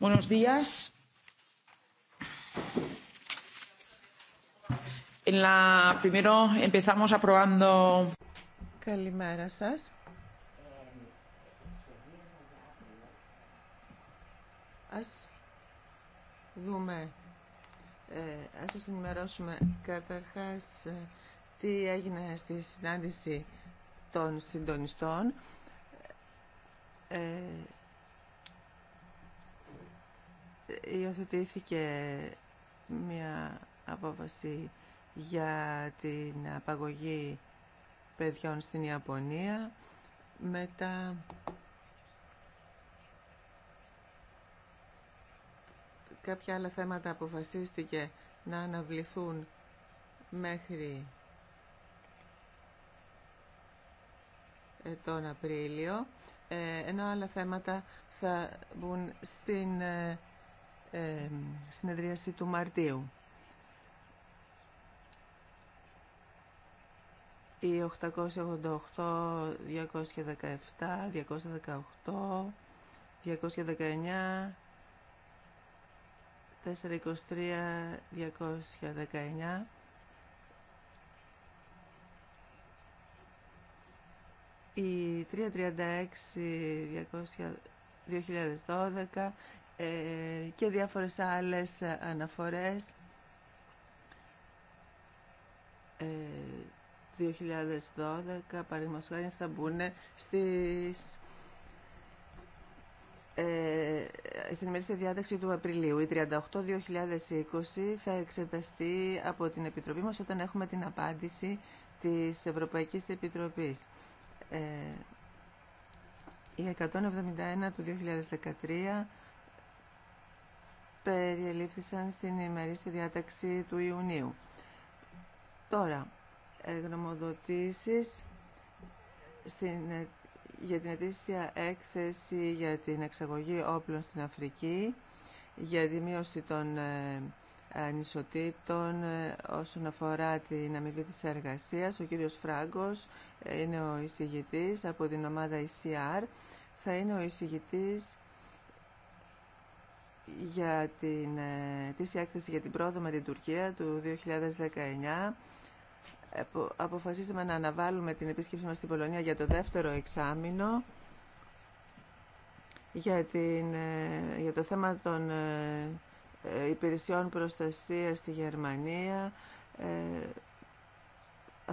Buenos días. En la... Καλημέρα σας. Ας δούμε, ε, ας ενημερώσουμε καταρχάς ε, τι έγινε στη συνάντηση των συντονιστών. Ε, υιοθετήθηκε μια απόφαση για την απαγωγή παιδιών στην Ιαπωνία. Μετά κάποια άλλα θέματα αποφασίστηκε να αναβληθούν μέχρι τον Απρίλιο, ε, ενώ άλλα θέματα θα μπουν στην ε, ε, συνεδρίαση του Μαρτίου. Οι 888, 217, 218, 219, 423, 219, η 336 2012, ε, και διάφορες άλλες αναφορές 2012 ε, παραδείγματος θα μπουν στις ε, στην ημερήσια διάταξη του Απριλίου. Η 38-2020 θα εξεταστεί από την Επιτροπή μας όταν έχουμε την απάντηση της Ευρωπαϊκής Επιτροπής. Ε, η 171 του 2013 περιελήφθησαν στην ημερήσια διάταξη του Ιουνίου. Τώρα, ε, γνωμοδοτήσεις στην, ε, για την ετήσια έκθεση για την εξαγωγή όπλων στην Αφρική, για τη μείωση των ε, ανισοτήτων όσον αφορά την αμοιβή της εργασίας. Ο κύριος Φράγκος είναι ο εισηγητής από την ομάδα ECR. Θα είναι ο εισηγητής για την ε, της έκθεση για την πρόοδο με την Τουρκία του 2019 αποφασίσαμε να αναβάλουμε την επίσκεψη μας στην Πολωνία για το δεύτερο εξάμεινο για, την, ε, για το θέμα των ε, υπηρεσιών προστασίας στη Γερμανία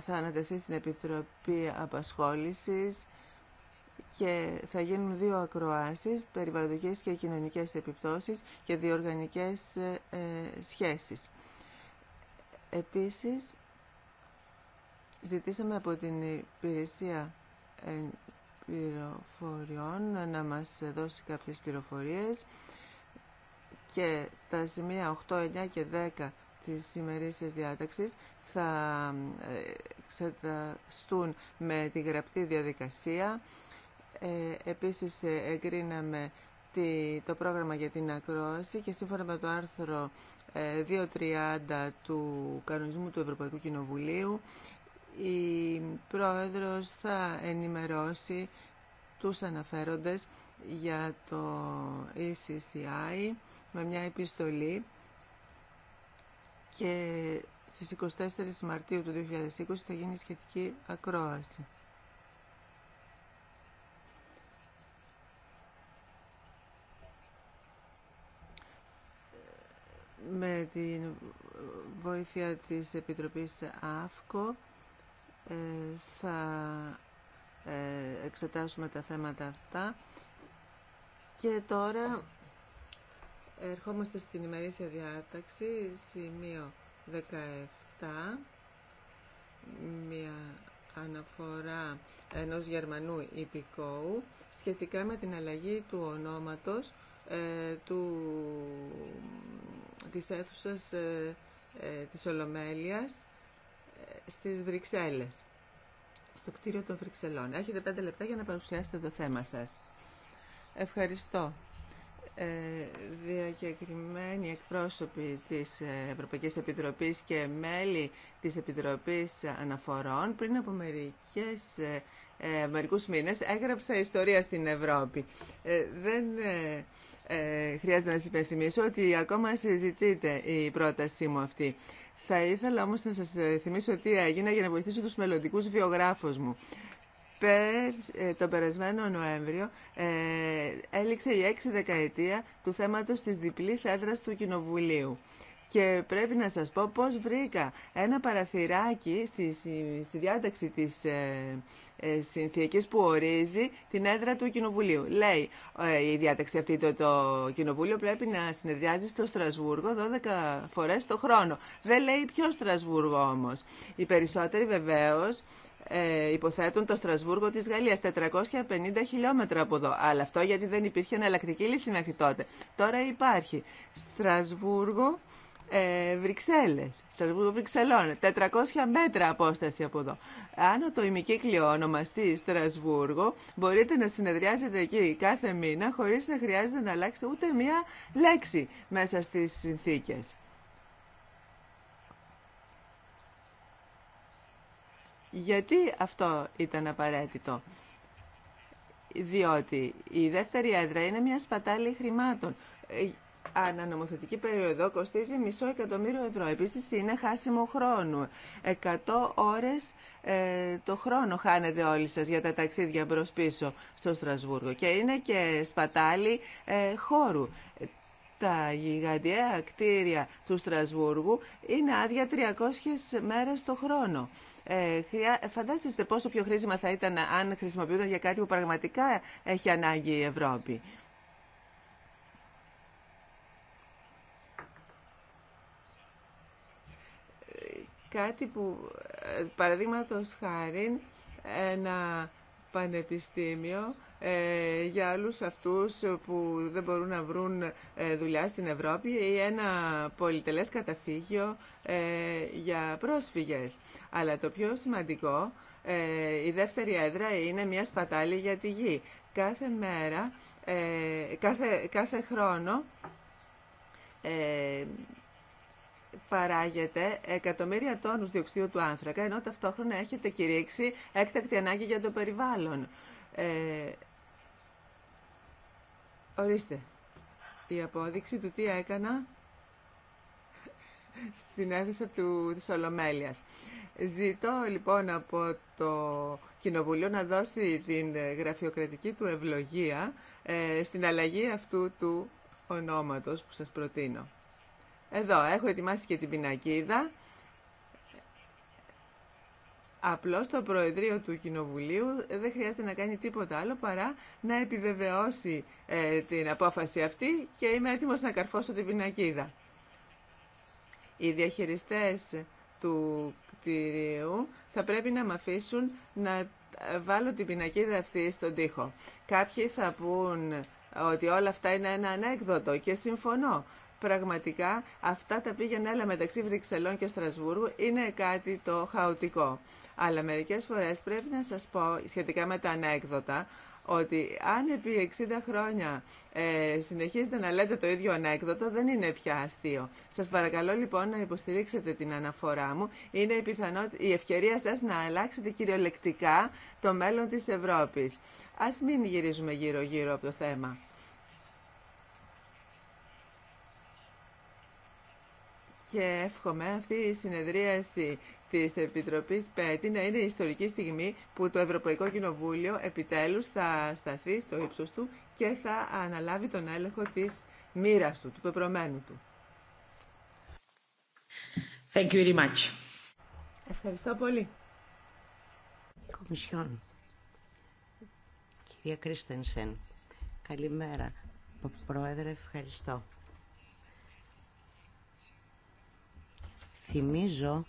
θα ανατεθεί στην Επιτροπή Απασχόλησης και θα γίνουν δύο ακροάσεις, περιβαλλοντικές και κοινωνικές επιπτώσεις και διοργανικές ε, ε σχέσεις. Επίσης, ζητήσαμε από την υπηρεσία ε, πληροφοριών να μας δώσει κάποιες πληροφορίες και τα σημεία 8, 9 και 10 της ημερήσιας διάταξης θα ε, εξεταστούν με τη γραπτή διαδικασία ε, επίσης ε, εγκρίναμε το πρόγραμμα για την ακρόαση και σύμφωνα με το άρθρο 2.30 ε, του κανονισμού του Ευρωπαϊκού Κοινοβουλίου η Πρόεδρος θα ενημερώσει τους αναφέροντες για το ECCI με μια επιστολή και στις 24 Μαρτίου του 2020 θα γίνει σχετική ακρόαση. με την βοήθεια της Επιτροπής ΑΦΚΟ ε, θα ε, εξετάσουμε τα θέματα αυτά και τώρα ερχόμαστε στην ημερήσια διάταξη σημείο 17 μια αναφορά ενός Γερμανού υπηκόου σχετικά με την αλλαγή του ονόματος ε, του της αίθουσας ε, ε, της Ολομέλειας ε, στις Βρυξέλλες, στο κτίριο των Βρυξελών. Έχετε πέντε λεπτά για να παρουσιάσετε το θέμα σας. Ευχαριστώ. Ε, διακεκριμένοι εκπρόσωποι της Ευρωπαϊκής Επιτροπής και μέλη της Επιτροπής Αναφορών, πριν από μερικές, ε, μερικούς μήνες έγραψα ιστορία στην Ευρώπη. δεν... Ε, χρειάζεται να σα υπενθυμίσω ότι ακόμα συζητείται η πρότασή μου αυτή. Θα ήθελα όμως να σα θυμίσω τι έγινε για να βοηθήσω του μελλοντικού βιογράφου μου. Ε, Το περασμένο Νοέμβριο ε, έληξε η έξι δεκαετία του θέματος της διπλής έδρας του Κοινοβουλίου. Και πρέπει να σας πω πώς βρήκα ένα παραθυράκι στη, στη διάταξη της ε, ε, συνθήκης που ορίζει την έδρα του Κοινοβουλίου. Λέει ε, η διάταξη αυτή το, το Κοινοβούλιο πρέπει να συνεδριάζει στο Στρασβούργο 12 φορές το χρόνο. Δεν λέει ποιο Στρασβούργο όμως. Οι περισσότεροι βεβαίως ε, υποθέτουν το Στρασβούργο της Γαλλίας, 450 χιλιόμετρα από εδώ. Αλλά αυτό γιατί δεν υπήρχε εναλλακτική λύση μέχρι τότε. Τώρα υπάρχει Στρασβούργο ε, Βρυξέλλες, Στρασβούργο Βρυξελών, 400 μέτρα απόσταση από εδώ. Αν το ημικύκλιο ονομαστεί Στρασβούργο, μπορείτε να συνεδριάζετε εκεί κάθε μήνα χωρίς να χρειάζεται να αλλάξετε ούτε μία λέξη μέσα στις συνθήκες. Γιατί αυτό ήταν απαραίτητο διότι η δεύτερη έδρα είναι μια σπατάλη χρημάτων. Ε, ανανομοθετική περίοδο κοστίζει μισό εκατομμύριο ευρώ. Επίση είναι χάσιμο χρόνο. 100 ώρες ε, το χρόνο χάνετε όλοι σα για τα ταξίδια μπρο πίσω στο Στρασβούργο. Και είναι και σπατάλη ε, χώρου. Τα γιγαντιαία κτίρια του Στρασβούργου είναι άδεια 300 μέρες το χρόνο. Ε, φαντάζεστε πόσο πιο χρήσιμα θα ήταν αν χρησιμοποιούνταν για κάτι που πραγματικά έχει ανάγκη η Ευρώπη. κάτι που, ε, παραδείγματο χάρη, ένα πανεπιστήμιο ε, για όλους αυτούς που δεν μπορούν να βρουν ε, δουλειά στην Ευρώπη ή ένα πολυτελές καταφύγιο ε, για πρόσφυγες. Αλλά το πιο σημαντικό, η δεύτερη έδρα είναι μια σπατάλη για τη γη. Κάθε μέρα, κάθε, κάθε χρόνο παράγεται εκατομμύρια τόνους διοξιδίου του άνθρακα, ενώ ταυτόχρονα έχετε κηρύξει έκτακτη ανάγκη για το περιβάλλον. Ε, ορίστε, η απόδειξη του τι έκανα στην αίθουσα του, της Ολομέλειας. Ζητώ λοιπόν από το Κοινοβουλίο να δώσει την γραφειοκρατική του ευλογία ε, στην αλλαγή αυτού του ονόματος που σας προτείνω. Εδώ έχω ετοιμάσει και την πινακίδα. Απλώς το Προεδρείο του Κοινοβουλίου δεν χρειάζεται να κάνει τίποτα άλλο παρά να επιβεβαιώσει ε, την απόφαση αυτή και είμαι έτοιμος να καρφώσω την πινακίδα. Οι διαχειριστές του κτηρίου θα πρέπει να με αφήσουν να ε, βάλω την πινακίδα αυτή στον τοίχο. Κάποιοι θα πούν ότι όλα αυτά είναι ένα ανέκδοτο και συμφωνώ πραγματικά αυτά τα πήγαινε μεταξύ Βρυξελών και Στρασβούργου είναι κάτι το χαοτικό. Αλλά μερικές φορές πρέπει να σας πω, σχετικά με τα ανέκδοτα, ότι αν επί 60 χρόνια ε, συνεχίζετε να λέτε το ίδιο ανέκδοτο, δεν είναι πια αστείο. Σας παρακαλώ λοιπόν να υποστηρίξετε την αναφορά μου. Είναι η, η ευκαιρία σας να αλλάξετε κυριολεκτικά το μέλλον της Ευρώπης. Ας μην γυρίζουμε γύρω-γύρω από το θέμα. και εύχομαι αυτή η συνεδρίαση της Επιτροπής ΠΕΤΗ να είναι η ιστορική στιγμή που το Ευρωπαϊκό Κοινοβούλιο επιτέλους θα σταθεί στο ύψος του και θα αναλάβει τον έλεγχο της μοίρα του, του πεπρωμένου του. Thank you very much. Ευχαριστώ πολύ. Κομισιόν. Κυρία Κρίστενσεν, καλημέρα. Πρόεδρε, ευχαριστώ. Θυμίζω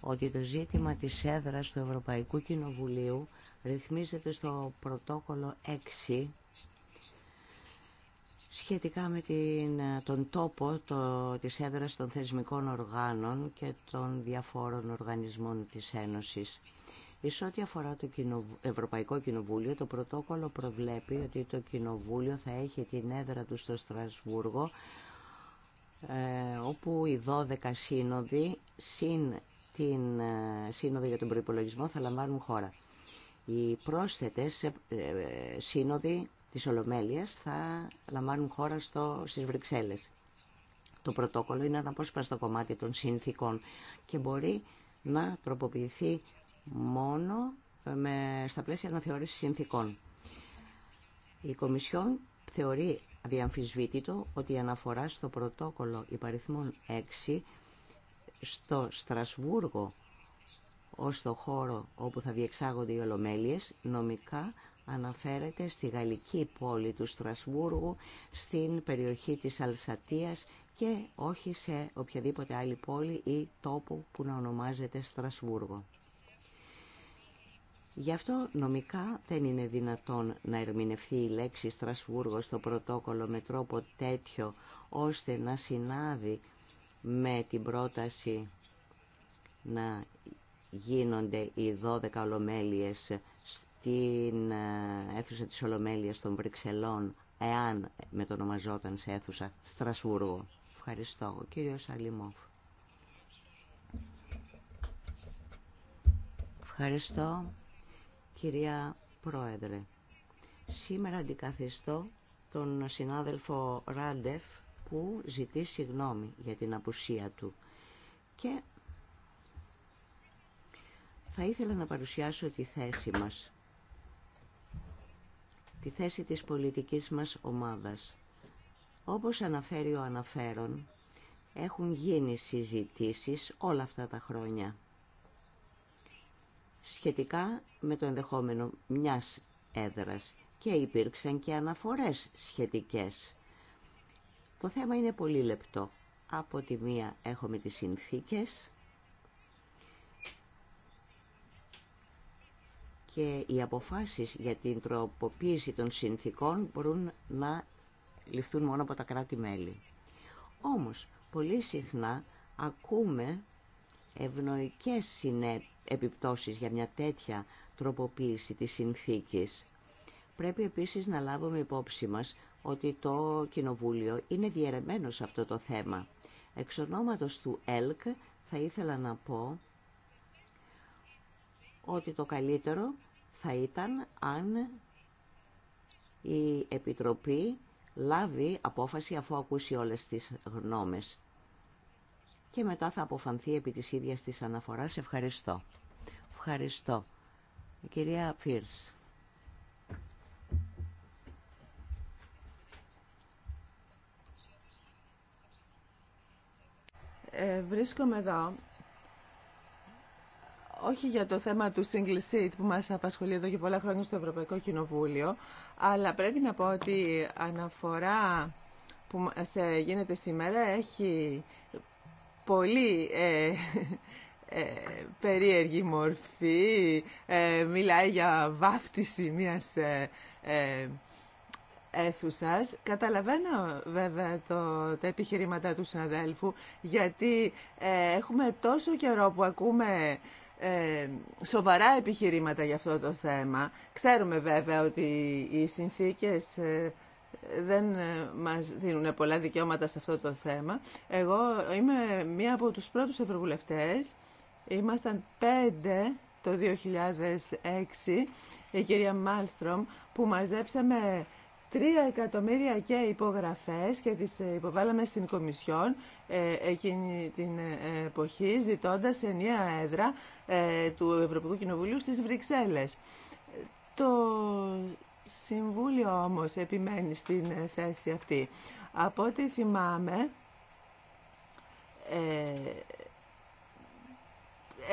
ότι το ζήτημα της έδρας του Ευρωπαϊκού Κοινοβουλίου ρυθμίζεται στο πρωτόκολλο 6 σχετικά με την, τον τόπο το, της έδρας των θεσμικών οργάνων και των διαφόρων οργανισμών της Ένωσης. Εις ό,τι αφορά το Ευρωπαϊκό Κοινοβούλιο, το πρωτόκολλο προβλέπει ότι το Κοινοβούλιο θα έχει την έδρα του στο Στρασβούργο ε, όπου οι 12 σύνοδοι συν την ε, σύνοδο για τον προϋπολογισμό θα λαμβάνουν χώρα. Οι πρόσθετες ε, σύνοδοι της Ολομέλειας θα λαμβάνουν χώρα στο, στις Βρυξέλλες. Το πρωτόκολλο είναι ένα απόσπαστο κομμάτι των συνθήκων και μπορεί να τροποποιηθεί μόνο με, στα πλαίσια αναθεώρησης συνθήκων. Η Κομισιόν θεωρεί αδιαμφισβήτητο ότι η αναφορά στο πρωτόκολλο υπαριθμών 6 στο Στρασβούργο ως το χώρο όπου θα διεξάγονται οι Ολομέλειες νομικά αναφέρεται στη γαλλική πόλη του Στρασβούργου, στην περιοχή της Αλσατίας και όχι σε οποιαδήποτε άλλη πόλη ή τόπο που να ονομάζεται Στρασβούργο. Γι' αυτό νομικά δεν είναι δυνατόν να ερμηνευθεί η λέξη Στρασβούργο στο πρωτόκολλο με τρόπο τέτοιο ώστε να συνάδει με την πρόταση να γίνονται οι 12 ολομέλειες στην ε, αίθουσα της Ολομέλειας των Βρυξελών εάν με ονομαζόταν σε αίθουσα Στρασβούργο. Ευχαριστώ. κύριος Αλιμόφ. Ευχαριστώ κυρία Πρόεδρε. Σήμερα αντικαθιστώ τον συνάδελφο Ράντεφ που ζητεί συγνώμη για την απουσία του. Και θα ήθελα να παρουσιάσω τη θέση μας. Τη θέση της πολιτικής μας ομάδας. Όπως αναφέρει ο αναφέρον, έχουν γίνει συζητήσεις όλα αυτά τα χρόνια σχετικά με το ενδεχόμενο μιας έδρας και υπήρξαν και αναφορές σχετικές. Το θέμα είναι πολύ λεπτό. Από τη μία έχουμε τις συνθήκες και οι αποφάσεις για την τροποποίηση των συνθήκων μπορούν να ληφθούν μόνο από τα κράτη-μέλη. Όμως, πολύ συχνά ακούμε ευνοϊκές συνέπειες επιπτώσεις για μια τέτοια τροποποίηση της συνθήκης. Πρέπει επίσης να λάβουμε υπόψη μας ότι το Κοινοβούλιο είναι διαιρεμένο σε αυτό το θέμα. Εξ του ΕΛΚ θα ήθελα να πω ότι το καλύτερο θα ήταν αν η Επιτροπή λάβει απόφαση αφού ακούσει όλες τις γνώμες και μετά θα αποφανθεί επί της ίδιας της αναφοράς. Ευχαριστώ. Ευχαριστώ. Η κυρία Φίρς. Ε, βρίσκομαι εδώ όχι για το θέμα του single seat που μας απασχολεί εδώ και πολλά χρόνια στο Ευρωπαϊκό Κοινοβούλιο, αλλά πρέπει να πω ότι αναφορά που σε γίνεται σήμερα έχει πολύ ε, ε, περίεργη μορφή. Ε, μιλάει για βάφτιση μιας ε, αίθουσας. Καταλαβαίνω βέβαια το, τα επιχειρήματα του συναδέλφου, γιατί έχουμε τόσο καιρό που ακούμε σοβαρά επιχειρήματα για αυτό το θέμα. Ξέρουμε βέβαια ότι οι συνθήκες δεν ε, μας δίνουν πολλά δικαιώματα σε αυτό το θέμα. Εγώ είμαι μία από τους πρώτους ευρωβουλευτές. Ήμασταν πέντε το 2006, η κυρία Μάλστρομ, που μαζέψαμε τρία εκατομμύρια και υπογραφές και τις ε, υποβάλαμε στην Κομισιόν ε, εκείνη την εποχή ζητώντας ενιαία έδρα του Ευρωπαϊκού Κοινοβουλίου στις Βρυξέλλες. Το Συμβούλιο όμως επιμένει στην ε, θέση αυτή. Από ό,τι θυμάμαι, ε,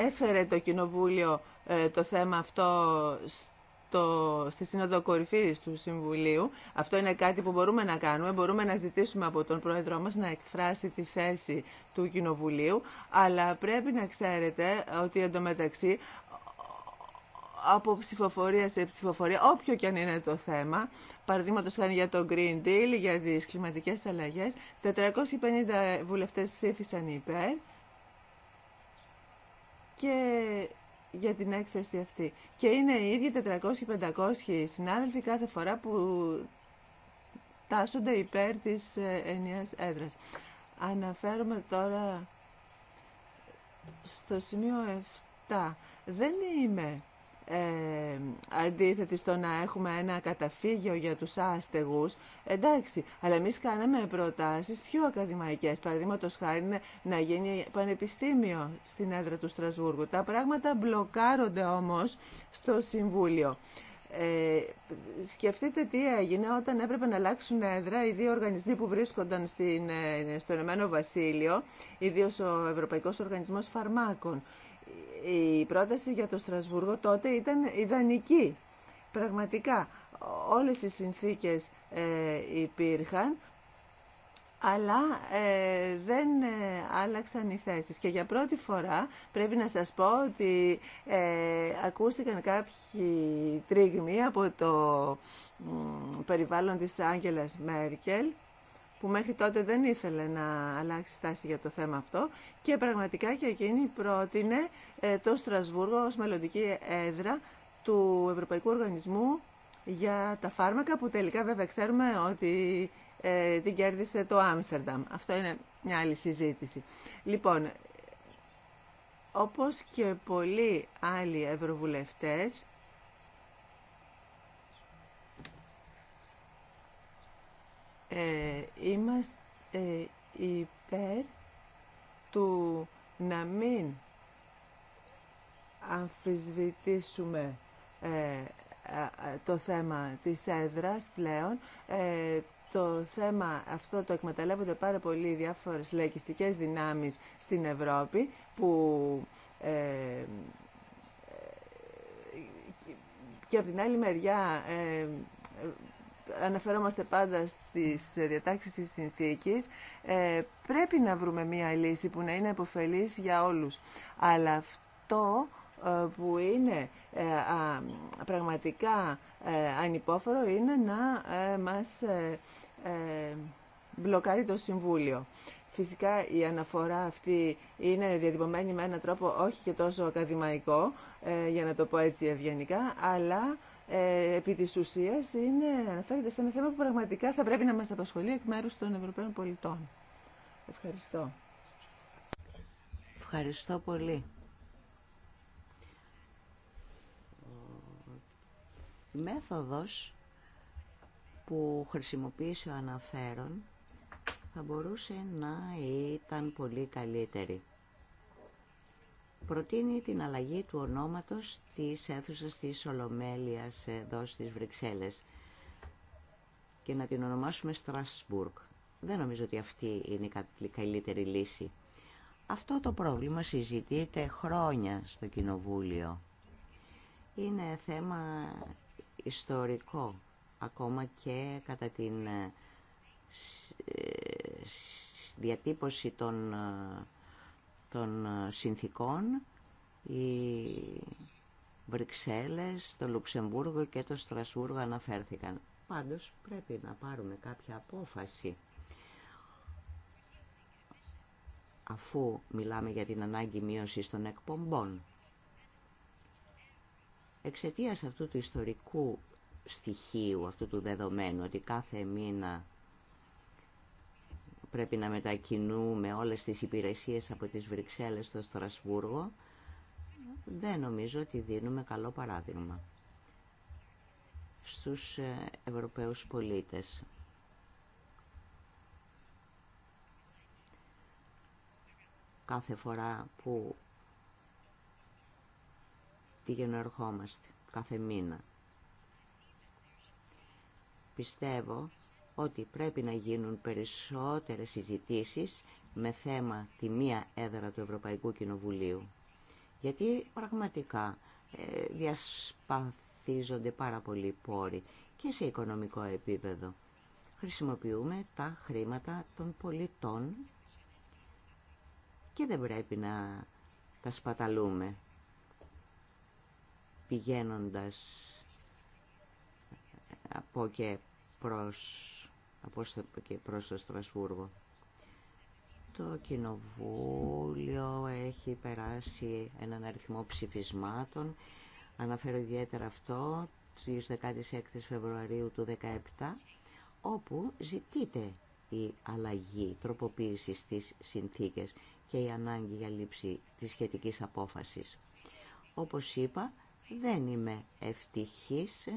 έφερε το Κοινοβούλιο ε, το θέμα αυτό στο, στη Σύνοδο του Συμβουλίου. Αυτό είναι κάτι που μπορούμε να κάνουμε. Μπορούμε να ζητήσουμε από τον Πρόεδρό μας να εκφράσει τη θέση του Κοινοβουλίου. Αλλά πρέπει να ξέρετε ότι εντωμεταξύ από ψηφοφορία σε ψηφοφορία, όποιο και αν είναι το θέμα, παραδείγματο χάρη για το Green Deal, για τι κλιματικέ αλλαγέ, 450 βουλευτέ ψήφισαν υπέρ και για την έκθεση αυτή. Και είναι οι ίδιοι 400-500 συνάδελφοι κάθε φορά που τάσσονται υπέρ της ε, ενιαίας έδρας. Αναφέρομαι τώρα στο σημείο 7. Δεν είμαι ε, αντίθετη στο να έχουμε ένα καταφύγιο για τους άστεγους, εντάξει, αλλά εμεί κάναμε προτάσεις πιο ακαδημαϊκές. Παραδείγματο χάρη είναι να γίνει πανεπιστήμιο στην έδρα του Στρασβούργου. Τα πράγματα μπλοκάρονται όμως στο Συμβούλιο. Ε, σκεφτείτε τι έγινε όταν έπρεπε να αλλάξουν έδρα οι δύο οργανισμοί που βρίσκονταν στην, ε, στο Ενωμένο Βασίλειο, ιδίω ο Ευρωπαϊκό Οργανισμό Φαρμάκων η πρόταση για το Στρασβούργο τότε ήταν ιδανική. Πραγματικά όλες οι συνθήκες ε, υπήρχαν, αλλά ε, δεν ε, άλλαξαν οι θέσεις. Και για πρώτη φορά πρέπει να σας πω ότι ε, ακούστηκαν κάποιοι τρίγμοι από το περιβάλλον της Άγγελας Μέρκελ, που μέχρι τότε δεν ήθελε να αλλάξει στάση για το θέμα αυτό και πραγματικά και εκείνη πρότεινε ε, το Στρασβούργο ως μελλοντική έδρα του Ευρωπαϊκού Οργανισμού για τα φάρμακα που τελικά βέβαια ξέρουμε ότι ε, την κέρδισε το Άμστερνταμ. Αυτό είναι μια άλλη συζήτηση. Λοιπόν, ε, όπως και πολλοί άλλοι ευρωβουλευτές, Ε, είμαστε ε, υπέρ του να μην αμφισβητήσουμε ε, το θέμα της έδρας πλέον. Το θέμα αυτό το εκμεταλλεύονται πάρα πολύ διάφορες λαϊκιστικές δυνάμεις στην Ευρώπη που και από την άλλη μεριά αναφερόμαστε πάντα στις διατάξεις της συνθήκης, ε, πρέπει να βρούμε μία λύση που να είναι επωφελής για όλους. Αλλά αυτό ε, που είναι ε, πραγματικά ανυπόφορο είναι να μας μπλοκάρει το Συμβούλιο. Φυσικά η αναφορά αυτή είναι διατυπωμένη με έναν τρόπο όχι και τόσο ακαδημαϊκό, για να το πω έτσι ευγενικά, αλλά ε, επί της ουσίας είναι, αναφέρεται σε ένα θέμα που πραγματικά θα πρέπει να μας απασχολεί εκ μέρους των Ευρωπαίων πολιτών. Ευχαριστώ. Ευχαριστώ πολύ. Η μέθοδος που χρησιμοποίησε ο αναφέρον θα μπορούσε να ήταν πολύ καλύτερη προτείνει την αλλαγή του ονόματος της αίθουσα της Ολομέλειας εδώ στις Βρυξέλλες και να την ονομάσουμε Στρασμπουργκ. Δεν νομίζω ότι αυτή είναι η καλύτερη λύση. Αυτό το πρόβλημα συζητείται χρόνια στο Κοινοβούλιο. Είναι θέμα ιστορικό, ακόμα και κατά την ε, ε, διατύπωση των ε, των ε, συνθήκων, οι Βρυξέλλες, το Λουξεμβούργο και το Στρασβούργο αναφέρθηκαν. Πάντως πρέπει να πάρουμε κάποια απόφαση. Αφού μιλάμε για την ανάγκη μείωση των εκπομπών. Εξαιτίας αυτού του ιστορικού στοιχείου, αυτού του δεδομένου, ότι κάθε μήνα πρέπει να μετακινούμε όλες τις υπηρεσίες από τις Βρυξέλλες στο Στρασβούργο, δεν νομίζω ότι δίνουμε καλό παράδειγμα στους ε, Ευρωπαίους πολίτες. Κάθε φορά που πηγαίνω ερχόμαστε, κάθε μήνα. Πιστεύω ότι πρέπει να γίνουν περισσότερες συζητήσεις με θέμα τη μία έδρα του Ευρωπαϊκού Κοινοβουλίου. Γιατί πραγματικά ε, διασπαθίζονται πάρα πολλοί πόροι και σε οικονομικό επίπεδο. Χρησιμοποιούμε τα χρήματα των πολιτών και δεν πρέπει να τα σπαταλούμε πηγαίνοντας από και προς προς το Στρασβούργο. Το Κοινοβούλιο έχει περάσει έναν αριθμό ψηφισμάτων. Αναφέρω ιδιαίτερα αυτό στις 16 Φεβρουαρίου του 2017, όπου ζητείται η αλλαγή, τροποποίηση στις συνθήκες και η ανάγκη για λήψη της σχετικής απόφασης. Όπως είπα, δεν είμαι ευτυχής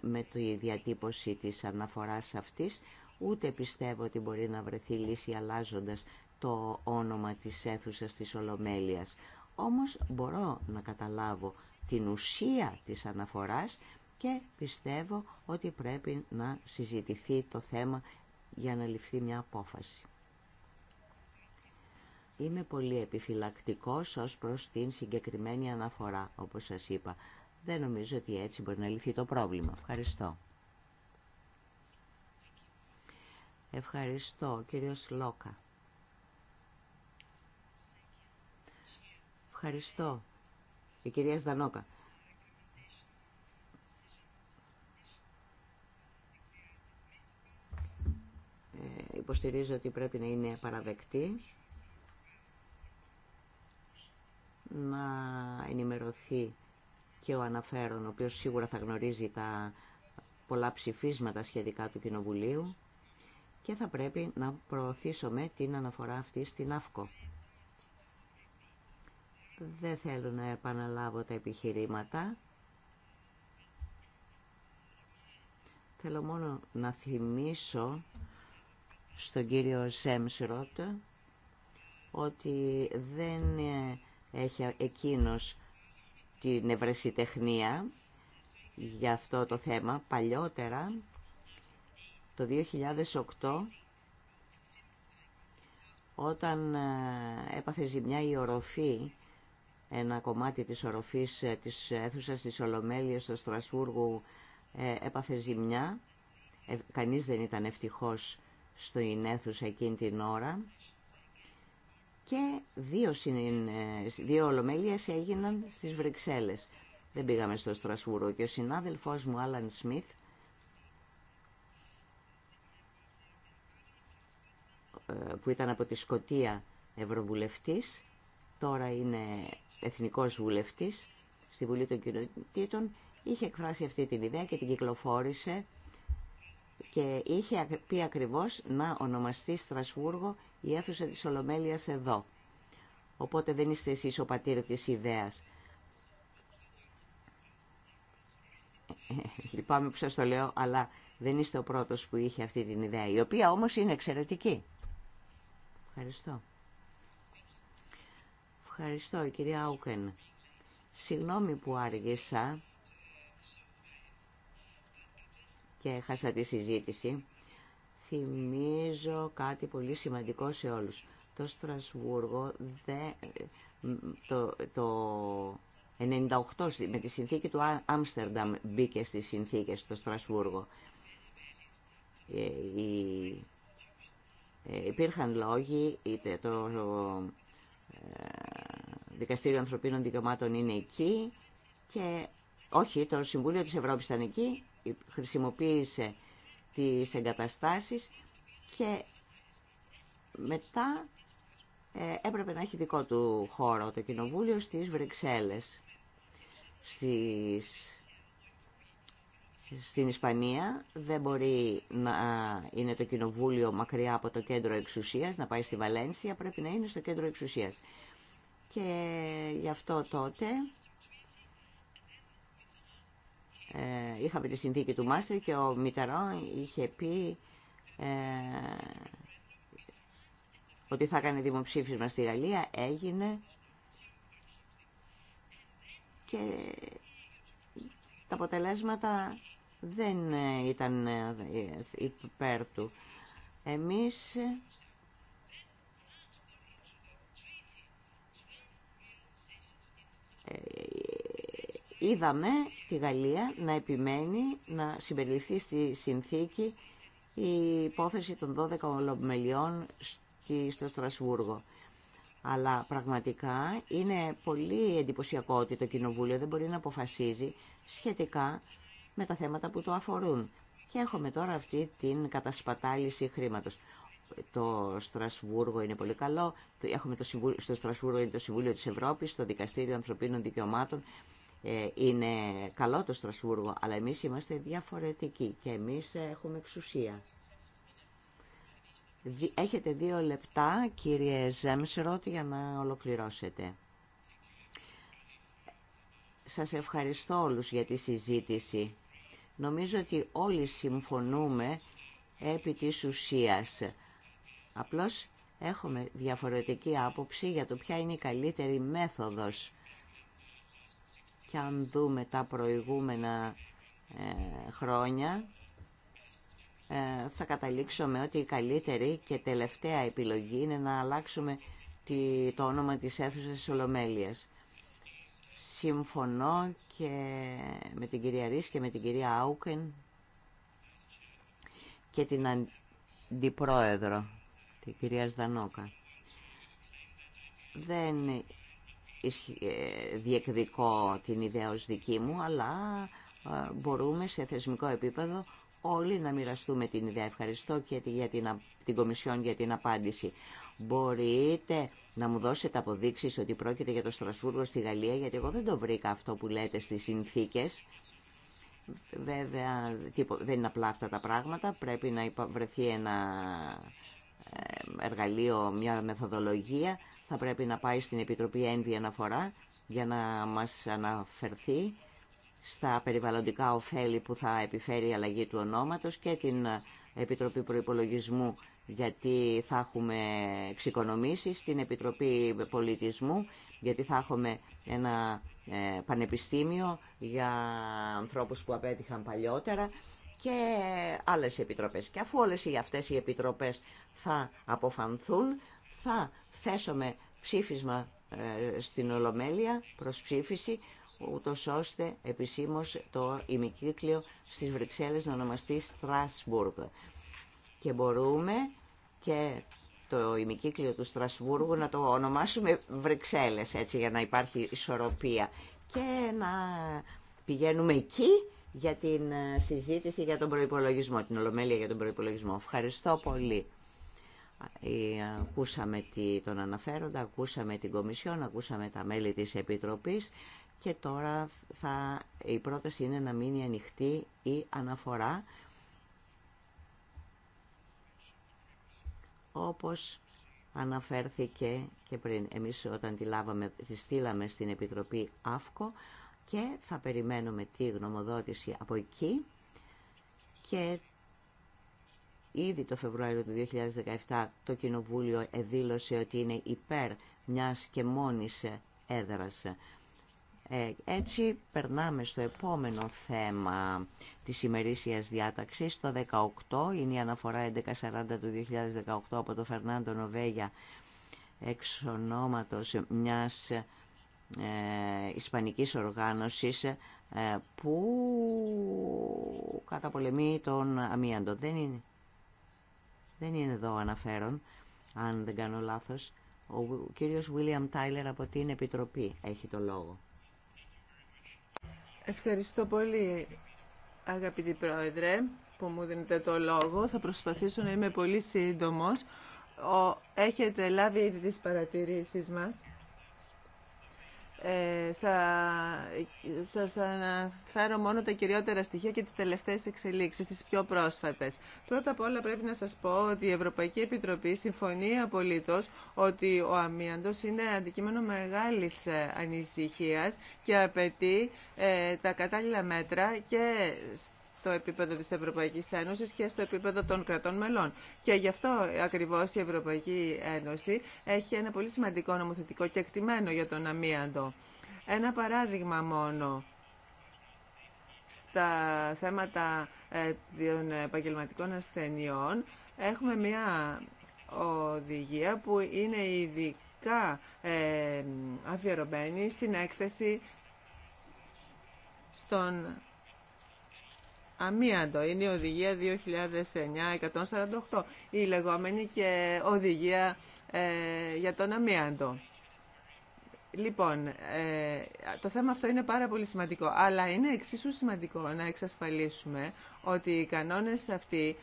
με τη διατύπωση της αναφοράς αυτής, ούτε πιστεύω ότι μπορεί να βρεθεί λύση αλλάζοντα το όνομα της αίθουσα της Ολομέλειας. Όμως μπορώ να καταλάβω την ουσία της αναφοράς και πιστεύω ότι πρέπει να συζητηθεί το θέμα για να ληφθεί μια απόφαση. Είμαι πολύ επιφυλακτικός ως προς την συγκεκριμένη αναφορά, όπως σας είπα. Δεν νομίζω ότι έτσι μπορεί να λυθεί το πρόβλημα. Ευχαριστώ. Ευχαριστώ, κύριος Λόκα. Ευχαριστώ, η κυρία Στανόκα. Ε, υποστηρίζω ότι πρέπει να είναι παραδεκτή, να ενημερωθεί και ο αναφέρον, ο οποίος σίγουρα θα γνωρίζει τα πολλά ψηφίσματα σχετικά του Κοινοβουλίου και θα πρέπει να προωθήσουμε την αναφορά αυτή στην ΑΦΚΟ. Δεν θέλω να επαναλάβω τα επιχειρήματα. Θέλω μόνο να θυμίσω στον κύριο Σέμσροτ ότι δεν έχει εκείνος την ευρεσιτεχνία για αυτό το θέμα. Παλιότερα, το 2008, όταν ε, έπαθε ζημιά η οροφή, ένα κομμάτι της οροφής ε, της αίθουσας της Ολομέλειας στο Στρασβούργο ε, έπαθε ζημιά. Κανείς δεν ήταν ευτυχώς στο αίθουσα εκείνη την ώρα και δύο, δύο ολομέλειες έγιναν στις Βρυξέλλες. Δεν πήγαμε στο Στρασβούργο. και ο συνάδελφός μου Άλαν Σμιθ ε, που ήταν από τη Σκοτία Ευρωβουλευτής, τώρα είναι Εθνικός Βουλευτής στη Βουλή των Κοινοτήτων, είχε εκφράσει αυτή την ιδέα και την κυκλοφόρησε και είχε πει ακριβώς να ονομαστεί Στρασβούργο η αίθουσα της Ολομέλειας εδώ. Οπότε δεν είστε εσείς ο πατήρ της ιδέας. Ε, ε, λυπάμαι που σας το λέω, αλλά δεν είστε ο πρώτος που είχε αυτή την ιδέα, η οποία όμως είναι εξαιρετική. Ευχαριστώ. Ευχαριστώ, κυρία Άουκεν. Συγγνώμη που άργησα και έχασα τη συζήτηση θυμίζω κάτι πολύ σημαντικό σε όλους. Το Στρασβούργο δε, το, το 98 με τη συνθήκη του Άμστερνταμ μπήκε στις συνθήκες στο Στρασβούργο. Ε, ε, υπήρχαν λόγοι, είτε το ε, Δικαστήριο Ανθρωπίνων Δικαιωμάτων είναι εκεί και όχι, το Συμβούλιο της Ευρώπης ήταν εκεί, χρησιμοποίησε τις εγκαταστάσεις και μετά ε, έπρεπε να έχει δικό του χώρο το κοινοβούλιο στις Βρυξέλλες. Στις... Στην Ισπανία δεν μπορεί να είναι το κοινοβούλιο μακριά από το κέντρο εξουσίας, να πάει στη Βαλένσια, πρέπει να είναι στο κέντρο εξουσίας. Και γι' αυτό τότε ε, είχαμε τη συνθήκη του Μάστερ και ο Μιτερό είχε πει ε, ότι θα έκανε δημοψήφισμα στη Γαλλία, έγινε και τα αποτελέσματα δεν ε, ήταν ε, υπέρ του. Εμείς είδαμε τη Γαλλία να επιμένει να συμπεριληφθεί στη συνθήκη η υπόθεση των 12 ολομελιών στο Στρασβούργο. Αλλά πραγματικά είναι πολύ εντυπωσιακό ότι το Κοινοβούλιο δεν μπορεί να αποφασίζει σχετικά με τα θέματα που το αφορούν. Και έχουμε τώρα αυτή την κατασπατάληση χρήματος. Το Στρασβούργο είναι πολύ καλό. Έχουμε το, στο Στρασβούργο είναι το Συμβούλιο της Ευρώπης, το Δικαστήριο Ανθρωπίνων Δικαιωμάτων ε, είναι καλό το Στρασβούργο, αλλά εμείς είμαστε διαφορετικοί και εμείς έχουμε εξουσία. Έχετε δύο λεπτά, κύριε Ζέμσρωτ, για να ολοκληρώσετε. Σας ευχαριστώ όλους για τη συζήτηση. Νομίζω ότι όλοι συμφωνούμε επί της ουσίας. Απλώς έχουμε διαφορετική άποψη για το ποια είναι η καλύτερη μέθοδος και αν δούμε τα προηγούμενα ε, χρόνια ε, θα καταλήξουμε ότι η καλύτερη και τελευταία επιλογή είναι να αλλάξουμε το όνομα της αίθουσας της Ολομέλειας. Συμφωνώ και με την κυρία Ρής και με την κυρία Άουκεν και την αντιπρόεδρο, την κυρία Σδανόκα. Δεν ε, διεκδικώ την ιδέα ως δική μου, αλλά ε, μπορούμε σε θεσμικό επίπεδο όλοι να μοιραστούμε την ιδέα. Ευχαριστώ και για την, την Κομισιόν για την απάντηση. Μπορείτε να μου δώσετε αποδείξεις ότι πρόκειται για το Στρασβούργο στη Γαλλία, γιατί εγώ δεν το βρήκα αυτό που λέτε στις συνθήκες. Βέβαια, δεν είναι απλά αυτά τα πράγματα. Πρέπει να βρεθεί ένα ε, εργαλείο, μια μεθοδολογία θα πρέπει να πάει στην Επιτροπή Ένβη Αναφορά για να μας αναφερθεί στα περιβαλλοντικά ωφέλη που θα επιφέρει η αλλαγή του ονόματος και την Επιτροπή Προϋπολογισμού γιατί θα έχουμε εξοικονομήσει στην Επιτροπή Πολιτισμού, γιατί θα έχουμε ένα ε, πανεπιστήμιο για ανθρώπους που απέτυχαν παλιότερα και άλλες επιτροπές. Και αφού όλες οι αυτές οι επιτροπές θα αποφανθούν, θα θέσουμε ψήφισμα ε, στην Ολομέλεια προς ψήφιση ούτως ώστε επισήμως το ημικύκλιο στις Βρυξέλλες να ονομαστεί Στρασβούργ. Και μπορούμε και το ημικύκλιο του Στρασβούργου να το ονομάσουμε Βρυξέλλες έτσι για να υπάρχει ισορροπία και να πηγαίνουμε εκεί για την ε, συζήτηση για τον προϋπολογισμό, την Ολομέλεια για τον προϋπολογισμό. Ευχαριστώ πολύ. Ε, ακούσαμε τον αναφέροντα, ακούσαμε την Κομισιόν, ακούσαμε τα μέλη της Επιτροπής και τώρα θα, η πρόταση είναι να μείνει ανοιχτή η αναφορά όπως αναφέρθηκε και πριν. Εμείς όταν τη, λάβαμε, τη στείλαμε στην Επιτροπή ΑΦΚΟ και θα περιμένουμε τη γνωμοδότηση από εκεί και Ήδη το Φεβρουάριο του 2017 το Κοινοβούλιο εδήλωσε ότι είναι υπέρ μιας και μόνης έδρας. Ε, έτσι περνάμε στο επόμενο θέμα της ημερήσιας διάταξης, το 18, είναι η αναφορά 1140 του 2018 από το Φερνάντο Νοβέγια εξ ονόματος μιας ε, ισπανικής οργάνωσης ε, που καταπολεμεί τον αμίαντο. Δεν είναι δεν είναι εδώ αναφέρον, αν δεν κάνω λάθος. Ο κύριος Βίλιαμ Τάιλερ από την Επιτροπή έχει το λόγο. Ευχαριστώ πολύ, αγαπητή Πρόεδρε, που μου δίνετε το λόγο. Θα προσπαθήσω να είμαι πολύ σύντομος. Έχετε λάβει ήδη τις παρατηρήσεις μας. Ε, θα σας αναφέρω μόνο τα κυριότερα στοιχεία και τις τελευταίες εξελίξεις, τις πιο πρόσφατες. Πρώτα απ' όλα πρέπει να σας πω ότι η Ευρωπαϊκή Επιτροπή συμφωνεί απολύτως ότι ο αμύαντος είναι αντικείμενο μεγάλης ε, ανησυχίας και απαιτεί ε, τα κατάλληλα μέτρα και στο επίπεδο της Ευρωπαϊκής Ένωσης και στο επίπεδο των κρατών μελών. Και γι' αυτό ακριβώς η Ευρωπαϊκή Ένωση έχει ένα πολύ σημαντικό νομοθετικό και εκτιμένο για τον αμίαντο. Ένα παράδειγμα μόνο στα θέματα ε, των επαγγελματικών ασθενειών έχουμε μια οδηγία που είναι ειδικά ε, αφιερωμένη στην έκθεση στον αμίαντο. Είναι η οδηγία 2009-148, η λεγόμενη και οδηγία ε, για τον αμίαντο. Λοιπόν, ε, το θέμα αυτό είναι πάρα πολύ σημαντικό, αλλά είναι εξίσου σημαντικό να εξασφαλίσουμε ότι οι κανόνες αυτοί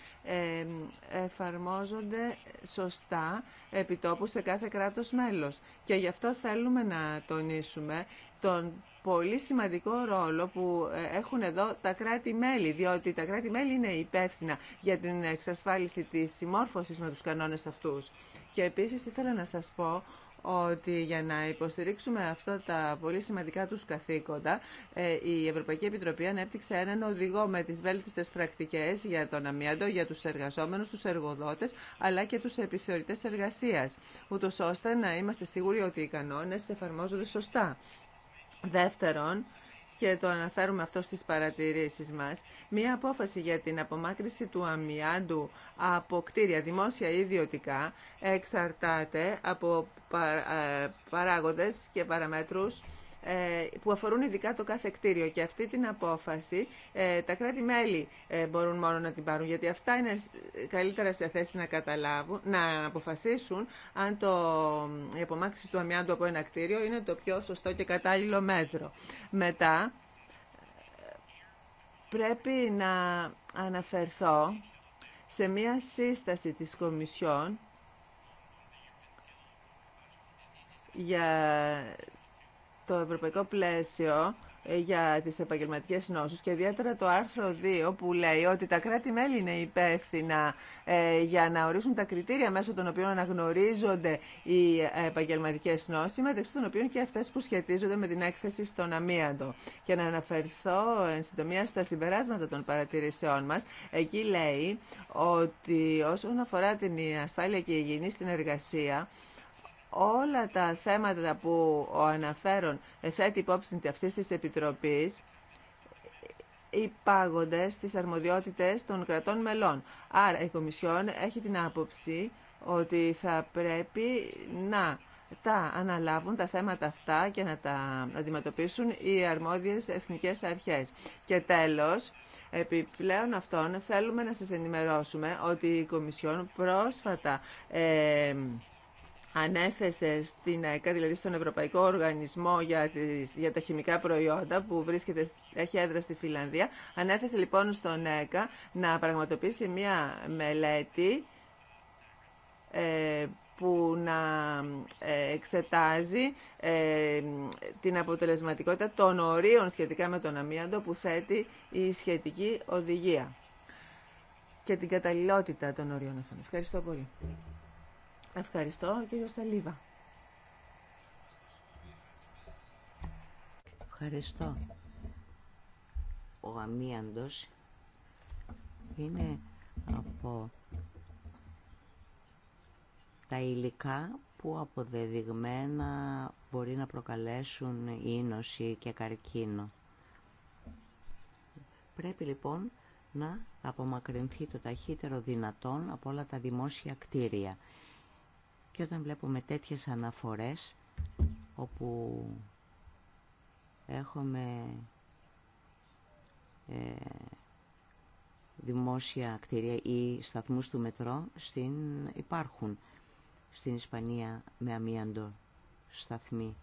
εφαρμόζονται σωστά επιτόπου σε κάθε κράτος μέλος. Και γι' αυτό θέλουμε να τονίσουμε τον πολύ σημαντικό ρόλο που ε, έχουν εδώ τα κράτη-μέλη, διότι τα κράτη-μέλη είναι υπεύθυνα για την εξασφάλιση της συμμόρφωσης με τους κανόνες αυτούς. Και επίσης ήθελα να σας πω ότι για να υποστηρίξουμε αυτά τα πολύ σημαντικά τους καθήκοντα, ε, η Ευρωπαϊκή Επιτροπή ανέπτυξε έναν οδηγό με τις βέλτιστες πρακτικές για τον αμύαντο, για τους εργαζόμενους, τους εργοδότες, αλλά και τους επιθεωρητές εργασίας, ούτως ώστε να είμαστε σίγουροι ότι οι κανόνες εφαρμόζονται σωστά. Δεύτερον, και το αναφέρουμε αυτό στις παρατηρήσεις μας, μία απόφαση για την απομάκρυση του αμοιάντου από κτίρια δημόσια ή ιδιωτικά εξαρτάται από ε, παράγοντες και παραμέτρους ε, που αφορούν ειδικά το κάθε κτίριο. Και αυτή την απόφαση ε, τα κράτη-μέλη ε, μπορούν μόνο να την πάρουν, γιατί αυτά είναι καλύτερα σε θέση να καταλάβουν, να αποφασίσουν αν το, η απομάκρυνση του αμοιάντου από ένα κτίριο είναι το πιο σωστό και κατάλληλο μέτρο. Μετά, πρέπει να αναφερθώ σε μία σύσταση της Κομισιόν για το ευρωπαϊκό πλαίσιο ε, για τις επαγγελματικές νόσους και ιδιαίτερα το άρθρο 2 που λέει ότι τα κράτη-μέλη είναι υπεύθυνα ε, για να ορίσουν τα κριτήρια μέσω των οποίων αναγνωρίζονται οι επαγγελματικές νόσοι μεταξύ των οποίων και αυτές που σχετίζονται με την έκθεση στον αμίαντο. Και να αναφερθώ εν συντομία στα συμπεράσματα των παρατηρήσεών μας. Εκεί λέει ότι όσον αφορά την ασφάλεια και η υγιεινή στην εργασία όλα τα θέματα που ο αναφέρον θέτει υπόψη αυτή της επιτροπή υπάγονται στι αρμοδιότητες των κρατών μελών. Άρα η Κομισιόν έχει την άποψη ότι θα πρέπει να τα αναλάβουν τα θέματα αυτά και να τα αντιμετωπίσουν οι αρμόδιες εθνικές αρχές. Και τέλος, επιπλέον αυτών θέλουμε να σας ενημερώσουμε ότι η Κομισιόν πρόσφατα... Ε, ανέθεσε στην ΕΚΑ, δηλαδή στον Ευρωπαϊκό Οργανισμό για, για τα Χημικά Προϊόντα, που βρίσκεται, έχει έδρα στη Φιλανδία, ανέθεσε λοιπόν στον ΕΚΑ να πραγματοποιήσει μία μελέτη ε, που να ε, εξετάζει ε, την αποτελεσματικότητα των ορίων σχετικά με τον αμίαντο που θέτει η σχετική οδηγία και την καταλληλότητα των ορίων αυτών. Ευχαριστώ πολύ. Ευχαριστώ, κύριο Σαλίβα. Ευχαριστώ. Ο αμίαντος είναι από τα υλικά που αποδεδειγμένα μπορεί να προκαλέσουν ίνωση και καρκίνο. Πρέπει λοιπόν να απομακρυνθεί το ταχύτερο δυνατόν από όλα τα δημόσια κτίρια και όταν βλέπουμε τέτοιες αναφορές όπου έχουμε ε, δημόσια κτίρια ή σταθμούς του μετρό στην, υπάρχουν στην Ισπανία με αμίαντο σταθμή.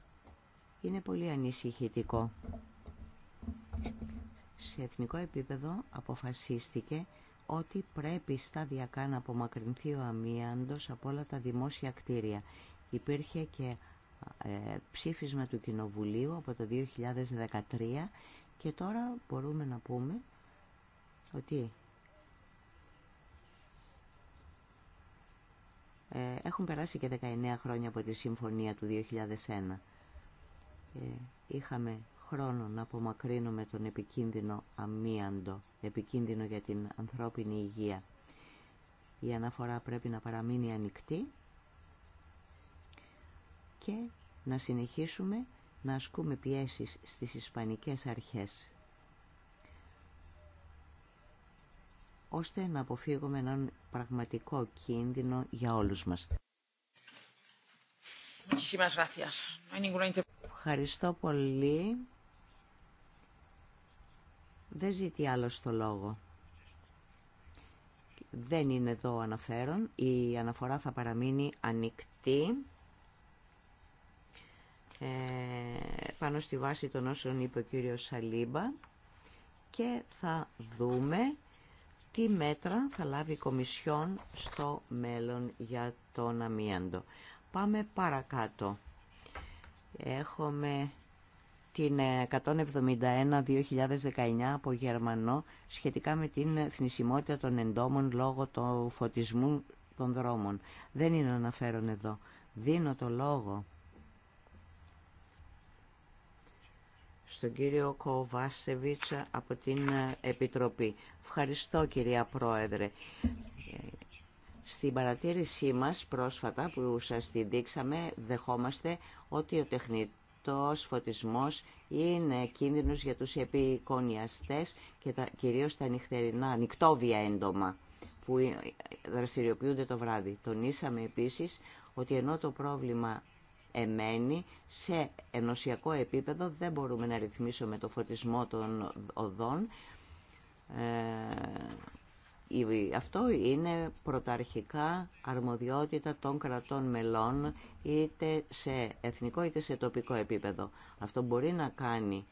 Είναι πολύ ανησυχητικό. Σε εθνικό επίπεδο αποφασίστηκε ότι πρέπει σταδιακά να απομακρυνθεί ο αμίαντος από όλα τα δημόσια κτίρια. Υπήρχε και ε, ψήφισμα του Κοινοβουλίου από το 2013 και τώρα μπορούμε να πούμε ότι ε, έχουν περάσει και 19 χρόνια από τη Συμφωνία του 2001. Ε, είχαμε χρόνο να απομακρύνουμε τον επικίνδυνο αμίαντο, επικίνδυνο για την ανθρώπινη υγεία. Η αναφορά πρέπει να παραμείνει ανοιχτή και να συνεχίσουμε να ασκούμε πιέσεις στις ισπανικές αρχές ώστε να αποφύγουμε έναν πραγματικό κίνδυνο για όλους μας. Ευχαριστώ πολύ. Δεν ζητεί άλλο το λόγο. Δεν είναι εδώ αναφέρον. Η αναφορά θα παραμείνει ανοιχτή ε, πάνω στη βάση των όσων είπε ο κύριος Σαλίμπα και θα δούμε τι μέτρα θα λάβει η Κομισιόν στο μέλλον για τον αμίαντο. Πάμε παρακάτω. Έχουμε την 171-2019 ε, από Γερμανό σχετικά με την θνησιμότητα των εντόμων λόγω του φωτισμού των δρόμων. Δεν είναι αναφέρον εδώ. Δίνω το λόγο στον κύριο Κοβάσεβιτς από την ε, Επιτροπή. Ευχαριστώ κυρία Πρόεδρε. Στην παρατήρησή μας πρόσφατα που σας τη δείξαμε δεχόμαστε ότι ο τεχνητή το φωτισμός είναι κίνδυνος για τους επικονιαστές και τα, κυρίως τα νυχτερινά, νυχτόβια έντομα που ε, δραστηριοποιούνται το βράδυ. Τονίσαμε επίσης ότι ενώ το πρόβλημα εμένει, σε ενωσιακό επίπεδο δεν μπορούμε να ρυθμίσουμε το φωτισμό των οδών, ε, αυτό είναι πρωταρχικά αρμοδιότητα των κρατών μελών είτε σε εθνικό είτε σε τοπικό επίπεδο. Αυτό μπορεί να κάνει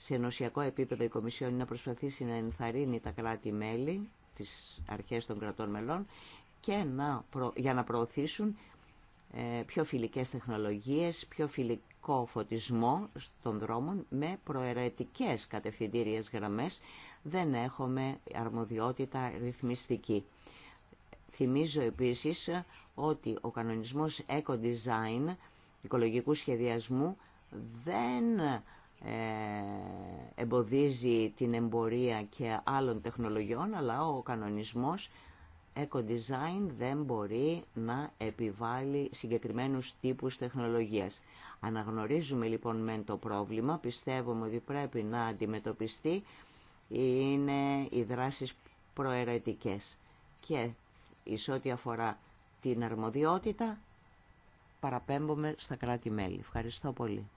σε ενωσιακό επίπεδο η Κομισιόν να προσπαθήσει να ενθαρρύνει τα κράτη-μέλη, τις αρχές των κρατών μελών, και να για να προωθήσουν ε, πιο φιλικές τεχνολογίες, πιο φιλικό φωτισμό των δρόμων με προαιρετικές κατευθυντήριες γραμμές δεν έχουμε αρμοδιότητα ρυθμιστική. Θυμίζω επίσης ότι ο κανονισμός Eco Design οικολογικού σχεδιασμού δεν ε, εμποδίζει την εμπορία και άλλων τεχνολογιών, αλλά ο κανονισμός eco-design δεν μπορεί να επιβάλλει συγκεκριμένους τύπους τεχνολογίας. Αναγνωρίζουμε λοιπόν μεν το πρόβλημα, πιστεύουμε ότι πρέπει να αντιμετωπιστεί είναι οι δράσεις προαιρετικές. Και εις ό,τι αφορά την αρμοδιότητα, παραπέμπουμε στα κράτη-μέλη. Ευχαριστώ πολύ.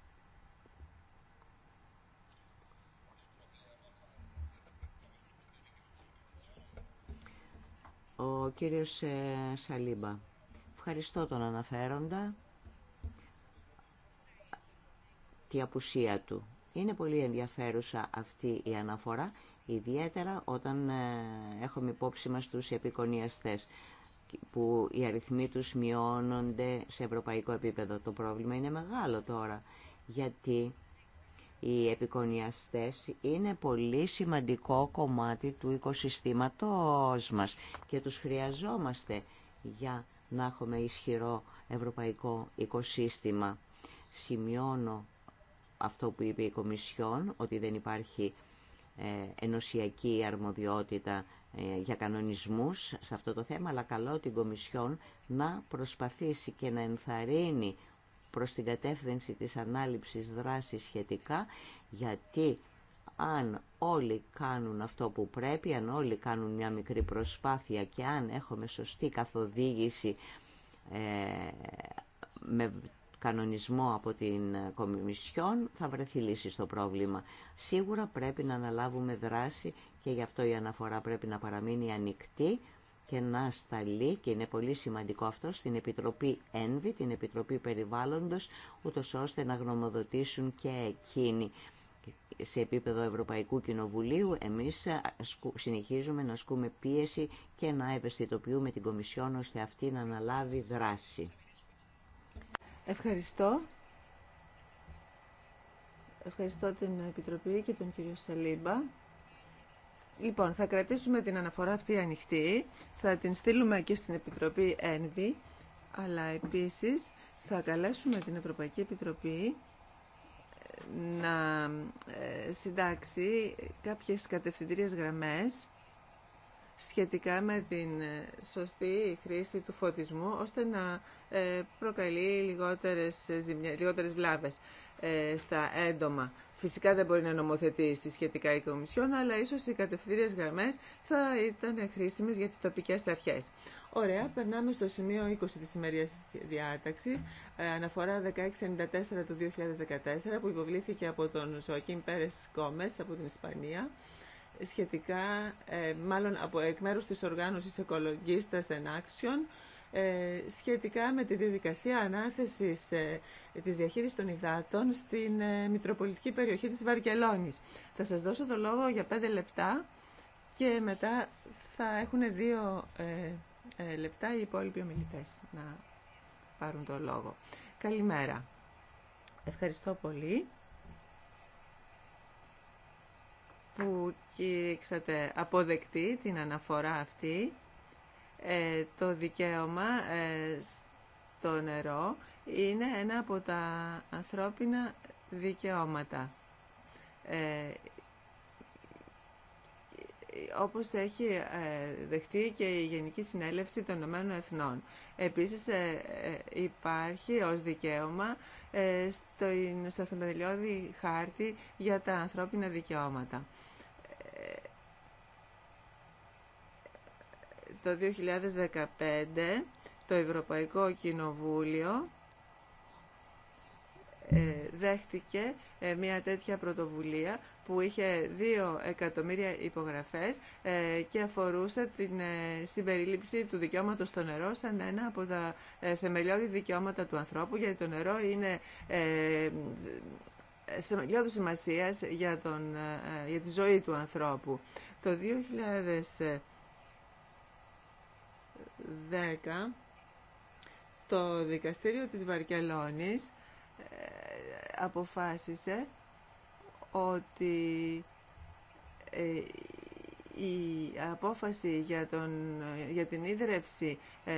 Ο κύριος ε, Σαλίμπα. Ευχαριστώ τον αναφέροντα τη απουσία του. Είναι πολύ ενδιαφέρουσα αυτή η αναφορά, ιδιαίτερα όταν ε, έχουμε υπόψη μας τους επικονιαστές που οι αριθμοί τους μειώνονται σε ευρωπαϊκό επίπεδο. Το πρόβλημα είναι μεγάλο τώρα, γιατί οι επικονιαστές είναι πολύ σημαντικό κομμάτι του οικοσυστήματός μας και τους χρειαζόμαστε για να έχουμε ισχυρό ευρωπαϊκό οικοσύστημα. Σημειώνω αυτό που είπε η Κομισιόν, ότι δεν υπάρχει ε, ενωσιακή αρμοδιότητα ε, για κανονισμούς σε αυτό το θέμα, αλλά καλό την Κομισιόν να προσπαθήσει και να ενθαρρύνει προς την κατεύθυνση της ανάληψης δράσης σχετικά, γιατί αν όλοι κάνουν αυτό που πρέπει, αν όλοι κάνουν μια μικρή προσπάθεια και αν έχουμε σωστή καθοδήγηση ε, με κανονισμό από την Κομισιόν θα βρεθεί λύση στο πρόβλημα. Σίγουρα πρέπει να αναλάβουμε δράση και γι' αυτό η αναφορά πρέπει να παραμείνει ανοιχτή και να σταλεί, και είναι πολύ σημαντικό αυτό, στην Επιτροπή ΕΝΒΗ, την Επιτροπή Περιβάλλοντος, ούτω ώστε να γνωμοδοτήσουν και εκείνοι. Σε επίπεδο Ευρωπαϊκού Κοινοβουλίου εμείς συνεχίζουμε να ασκούμε πίεση και να ευαισθητοποιούμε την Κομισιόν ώστε αυτή να αναλάβει δράση. Ευχαριστώ. Ευχαριστώ την Επιτροπή και τον κύριο Σαλίμπα. Λοιπόν, θα κρατήσουμε την αναφορά αυτή ανοιχτή. Θα την στείλουμε και στην Επιτροπή ΕΝΒΗ. Αλλά επίσης θα καλέσουμε την Ευρωπαϊκή Επιτροπή ε, να ε, συντάξει κάποιες κατευθυντήριες γραμμές σχετικά με την ε, σωστή χρήση του φωτισμού ώστε να ε, προκαλεί λιγότερες, ε, ζημιά, λιγότερες βλάβες στα έντομα. Φυσικά δεν μπορεί να νομοθετήσει σχετικά η Κομισιόν, αλλά ίσως οι κατευθύνες γραμμές θα ήταν χρήσιμες για τις τοπικές αρχές. Ωραία, περνάμε στο σημείο 20 της ημερίας διάταξης, αναφορά 1694 του 2014, που υποβλήθηκε από τον Ζωακίν Πέρες Κόμες από την Ισπανία σχετικά, ε, μάλλον από εκ μέρους της οργάνωσης οικολογίστας εν Action, ε, σχετικά με τη διαδικασία ανάθεσης ε, της διαχείρισης των υδάτων στην Μητροπολιτική περιοχή της Βαρκελόνης. Θα σας δώσω το λόγο για πέντε λεπτά και μετά θα έχουν δύο λεπτά οι υπόλοιποι ομιλητές να πάρουν το λόγο. Καλημέρα. Ευχαριστώ πολύ. που κηρύξατε αποδεκτή την αναφορά αυτή, ε, το δικαίωμα ε, στο νερό είναι ένα από τα ανθρώπινα δικαιώματα. Ε, όπως έχει ε, δεχτεί και η Γενική Συνέλευση των Ηνωμένων Εθνών. Επίσης ε, ε, υπάρχει ως δικαίωμα στο, στο θεμελιώδη χάρτη για τα ανθρώπινα δικαιώματα. Το 2015 το Ευρωπαϊκό Κοινοβούλιο δέχτηκε μια τέτοια πρωτοβουλία που είχε 2 εκατομμύρια υπογραφές ε, και αφορούσε την ε, συμπερίληψη του δικαιώματος στο νερό σαν ένα από τα ε, θεμελιώδη δικαιώματα του ανθρώπου, γιατί το νερό είναι θεμελιώδη σημασία για, για τη ζωή του ανθρώπου. Το 2010 το δικαστήριο της Βαρκελόνης αποφάσισε ότι ε, η απόφαση για, τον, για την ίδρυυση ε,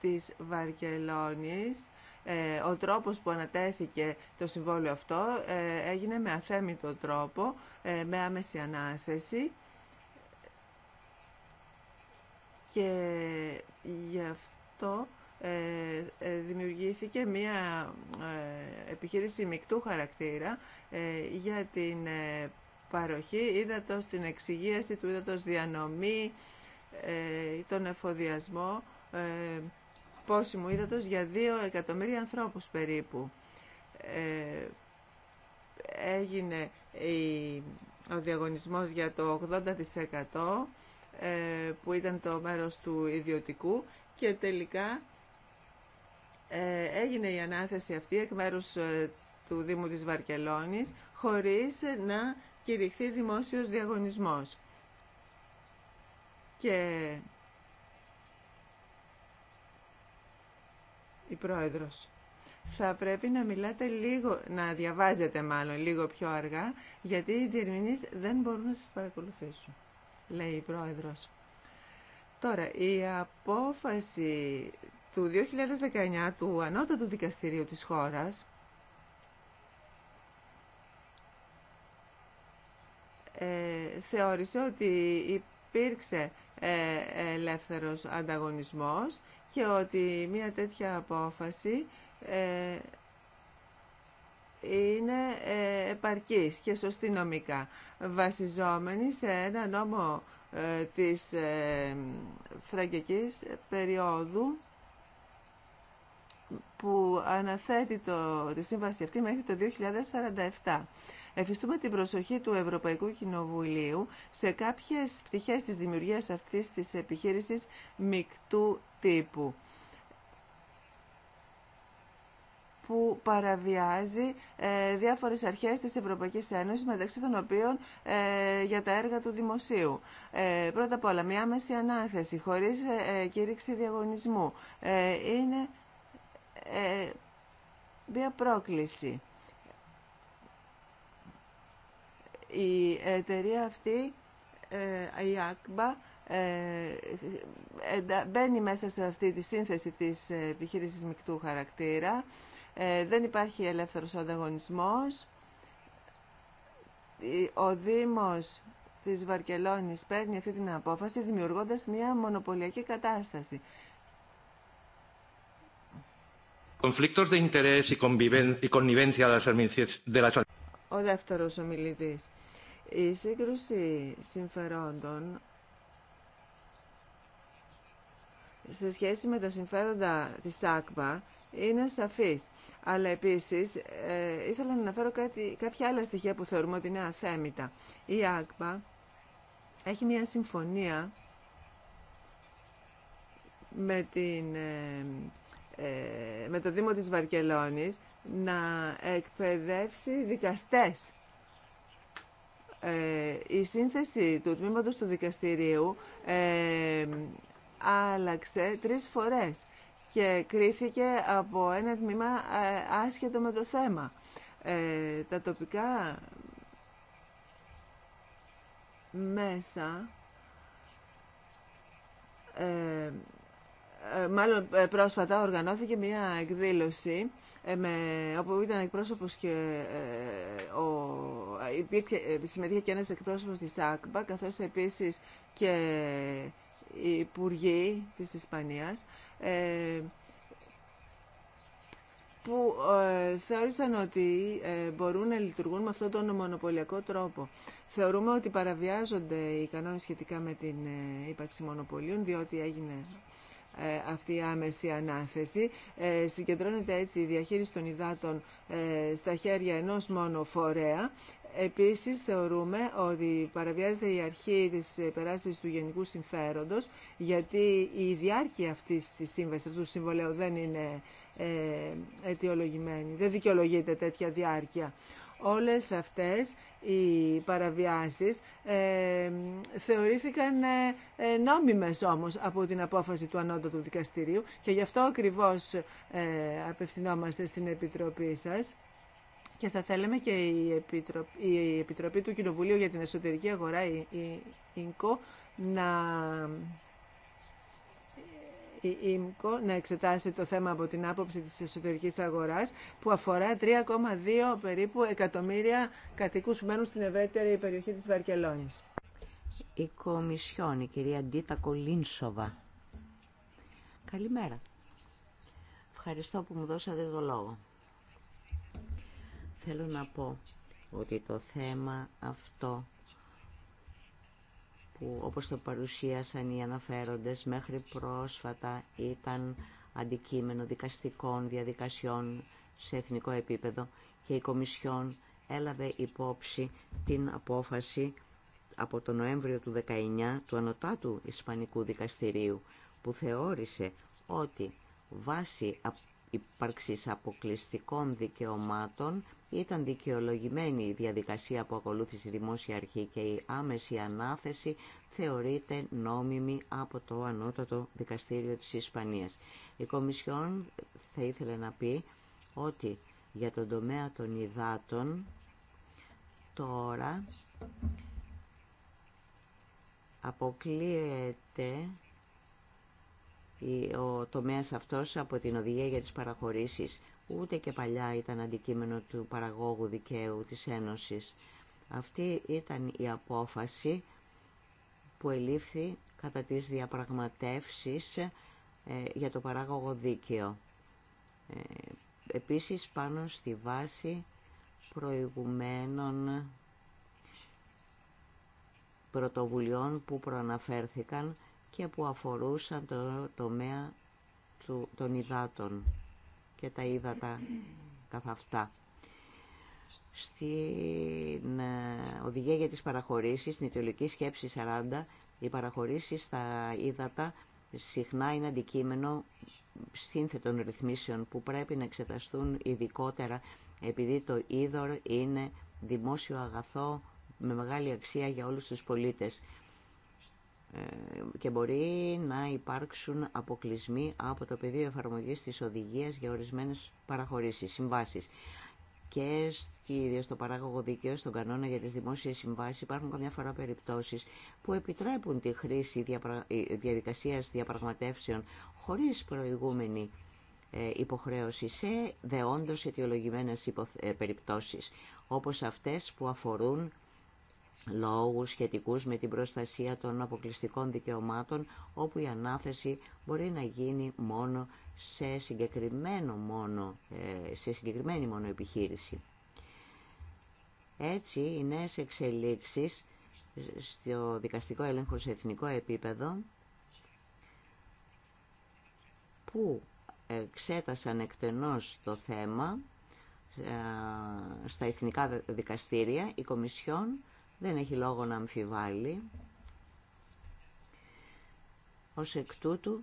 της Βαρκελόνης, ε, ο τρόπος που ανατέθηκε το συμβόλαιο αυτό ε, έγινε με αθέμητο τρόπο, με άμεση ανάθεση και γι' αυτό ε, ε, δημιουργήθηκε μια ε, επιχείρηση μεικτού χαρακτήρα για την παροχή είδατο την εξυγίαση του ύδατος, διανομή, τον εφοδιασμό πόσιμου ύδατος για δύο εκατομμύρια ανθρώπους περίπου. Έγινε ο διαγωνισμός για το 80% που ήταν το μέρος του ιδιωτικού και τελικά ε, έγινε η ανάθεση αυτή εκ μέρους ε, του Δήμου της Βαρκελόνης χωρίς ε, να κηρυχθεί δημόσιος διαγωνισμός. Και η πρόεδρος. Θα πρέπει να μιλάτε λίγο, να διαβάζετε μάλλον λίγο πιο αργά, γιατί οι διερμηνείς δεν μπορούν να σας παρακολουθήσουν, λέει η πρόεδρος. Τώρα, η απόφαση του 2019 του Ανώτατου Δικαστηρίου της χώρας ε, θεώρησε ότι υπήρξε ε, ελεύθερος ανταγωνισμός και ότι μια τέτοια απόφαση ε, είναι ε, επαρκής και σωστή νομικά, βασιζόμενη σε ένα νόμο ε, της φραγκικής περίοδου που αναθέτει το, τη σύμβαση αυτή μέχρι το 2047. Εφιστούμε την προσοχή του Ευρωπαϊκού Κοινοβουλίου σε κάποιες πτυχές της δημιουργίας αυτής της επιχείρησης μικτού τύπου που παραβιάζει ε, διάφορες αρχές της Ευρωπαϊκής Ένωσης, μεταξύ των οποίων ε, για τα έργα του δημοσίου. Ε, πρώτα απ' όλα, μια άμεση ανάθεση χωρίς ε, κήρυξη διαγωνισμού. Είναι ε, μία πρόκληση. Η εταιρεία αυτή, ε, η ΑΚΜΑ, ε, μπαίνει μέσα σε αυτή τη σύνθεση της ε, επιχείρησης μικτού χαρακτήρα. Δεν υπάρχει ελεύθερος ανταγωνισμός. Ο Δήμος της Βαρκελόνης παίρνει αυτή την απόφαση δημιουργώντας μια μονοπωλιακή κατάσταση. Ο δεύτερο ομιλητή. Η σύγκρουση συμφερόντων σε σχέση με τα συμφέροντα τη ΑΚΠΑ είναι σαφής. Αλλά επίση, ε, ήθελα να αναφέρω κάποια άλλα στοιχεία που θεωρούμε ότι είναι αθέμητα. Η ΑΚΠΑ έχει μια συμφωνία με την ε, ε, με το Δήμο της Βαρκελόνης να εκπαιδεύσει δικαστές. Ε, η σύνθεση του τμήματος του δικαστηρίου ε, άλλαξε τρεις φορές και κρίθηκε από ένα τμήμα άσχετο με το θέμα. Τα τοπικά μέσα ε, μάλλον ε, πρόσφατα οργανώθηκε μια εκδήλωση ε, με, όπου ήταν εκπρόσωπος και ο, συμμετείχε και ένας εκπρόσωπος της ΑΚΠΑ καθώς επίσης και οι υπουργοί της Ισπανίας που θεώρησαν ότι μπορούν να λειτουργούν με αυτόν τον μονοπωλιακό τρόπο. Θεωρούμε ότι παραβιάζονται οι κανόνες σχετικά με την ύπαρξη μονοπωλίων, διότι έγινε ε, αυτή η άμεση ανάθεση. Ε, συγκεντρώνεται έτσι η διαχείριση των υδάτων ε, στα χέρια ενός μόνο φορέα. Επίσης θεωρούμε ότι παραβιάζεται η αρχή της περάσπισης του γενικού συμφέροντος γιατί η διάρκεια αυτής της σύμβασης, αυτού του συμβολέου δεν είναι αιτιολογημένη, δεν δικαιολογείται τέτοια διάρκεια. Όλες αυτές οι παραβιάσεις ε, θεωρήθηκαν ε, ε, νόμιμες όμως από την απόφαση του Ανώτατου Δικαστηρίου και γι' αυτό ακριβώς ε, απευθυνόμαστε στην Επιτροπή σας. Και θα θέλαμε και η Επιτροπή, του Κοινοβουλίου για την Εσωτερική Αγορά, η, η ΙΝΚΟ, να η ΙΜΚΟ να εξετάσει το θέμα από την άποψη της εσωτερικής αγοράς που αφορά 3,2 περίπου εκατομμύρια κατοικούς που μένουν στην ευρύτερη περιοχή της Βαρκελόνης. Η Κομισιόν, η κυρία Ντίτα Κολίνσοβα. Καλημέρα. Ευχαριστώ που μου δώσατε το λόγο. Θέλω να πω ότι το θέμα αυτό που όπως το παρουσίασαν οι αναφέροντες μέχρι πρόσφατα ήταν αντικείμενο δικαστικών διαδικασιών σε εθνικό επίπεδο και η Κομισιόν έλαβε υπόψη την απόφαση από τον Νοέμβριο του 19 του Ανωτάτου Ισπανικού Δικαστηρίου που θεώρησε ότι βάσει ύπαρξης αποκλειστικών δικαιωμάτων ήταν δικαιολογημένη η διαδικασία που ακολούθησε η Δημόσια Αρχή και η άμεση ανάθεση θεωρείται νόμιμη από το Ανώτατο Δικαστήριο της Ισπανίας. Η Κομισιόν θα ήθελε να πει ότι για τον τομέα των υδάτων τώρα αποκλείεται ο τομέας αυτός από την οδηγία για τις παραχωρήσεις. Ούτε και παλιά ήταν αντικείμενο του παραγόγου δικαίου της Ένωσης. Αυτή ήταν η απόφαση που ελήφθη κατά τις διαπραγματεύσεις ε, για το παράγωγο δίκαιο. Ε, επίσης πάνω στη βάση προηγουμένων πρωτοβουλειών που προαναφέρθηκαν που αφορούσαν το τομέα των υδάτων και τα ύδατα καθ' αυτά. Στην ε, οδηγία για τις παραχωρήσεις, στην ιδεολογική σκέψη 40, οι παραχωρήσεις στα ύδατα συχνά είναι αντικείμενο σύνθετων ρυθμίσεων που πρέπει να εξεταστούν ειδικότερα επειδή το είδωρ είναι δημόσιο αγαθό με μεγάλη αξία για όλους τους πολίτες. Ε, και μπορεί να υπάρξουν αποκλεισμοί από το πεδίο εφαρμογή τη οδηγία για ορισμένε παραχωρήσει συμβάσεις. Και ιδίω στο παράγωγο δίκαιο, στον κανόνα για τι δημόσιε συμβάσει, υπάρχουν καμιά φορά περιπτώσει που επιτρέπουν τη χρήση διαπρα... Ε, διαπραγματεύσεων χωρίς προηγούμενη ε, υποχρέωση σε δεόντως αιτιολογημένες υποθε... περιπτώσεις, όπως αυτές που αφορούν λόγους σχετικούς με την προστασία των αποκλειστικών δικαιωμάτων, όπου η ανάθεση μπορεί να γίνει μόνο σε, συγκεκριμένο μόνο, ε, σε συγκεκριμένη μόνο επιχείρηση. Έτσι, οι νέες εξελίξεις στο δικαστικό έλεγχο σε εθνικό επίπεδο που εξέτασαν εκτενώς το θέμα ε, στα εθνικά δικαστήρια, η Κομισιόν δεν έχει λόγο να αμφιβάλλει. Ως εκ τούτου,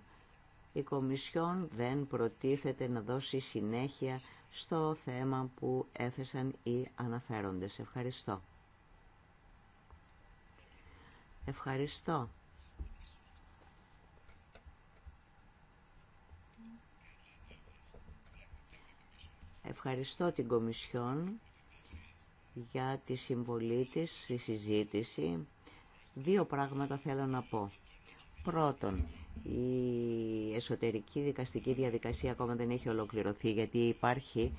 η Κομισιόν δεν προτίθεται να δώσει συνέχεια στο θέμα που έθεσαν οι αναφέροντες. Ευχαριστώ. Ευχαριστώ. Ευχαριστώ την Κομισιόν για τη συμβολή της στη συζήτηση. Δύο πράγματα θέλω να πω. Πρώτον, η εσωτερική δικαστική διαδικασία ακόμα δεν έχει ολοκληρωθεί γιατί υπάρχει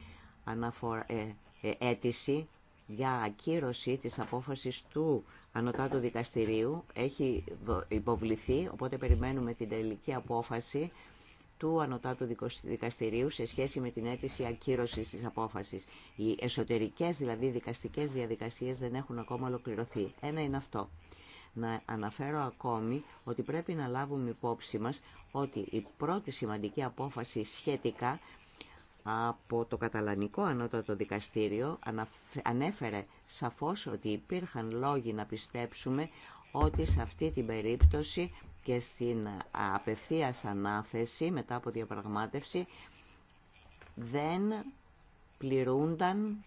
αναφορά, ε, ε, αίτηση για ακύρωση της απόφασης του Ανωτάτου Δικαστηρίου. Έχει υποβληθεί, οπότε περιμένουμε την τελική απόφαση του Ανωτάτου Δικαστηρίου σε σχέση με την αίτηση ακύρωση της απόφασης. Οι εσωτερικές δηλαδή δικαστικές διαδικασίες δεν έχουν ακόμα ολοκληρωθεί. Ένα είναι αυτό. Να αναφέρω ακόμη ότι πρέπει να λάβουμε υπόψη μας ότι η πρώτη σημαντική απόφαση σχετικά από το Καταλανικό Ανώτατο Δικαστήριο ανέφερε σαφώς ότι υπήρχαν λόγοι να πιστέψουμε ότι σε αυτή την περίπτωση και στην απευθείας ανάθεση μετά από διαπραγμάτευση δεν πληρούνταν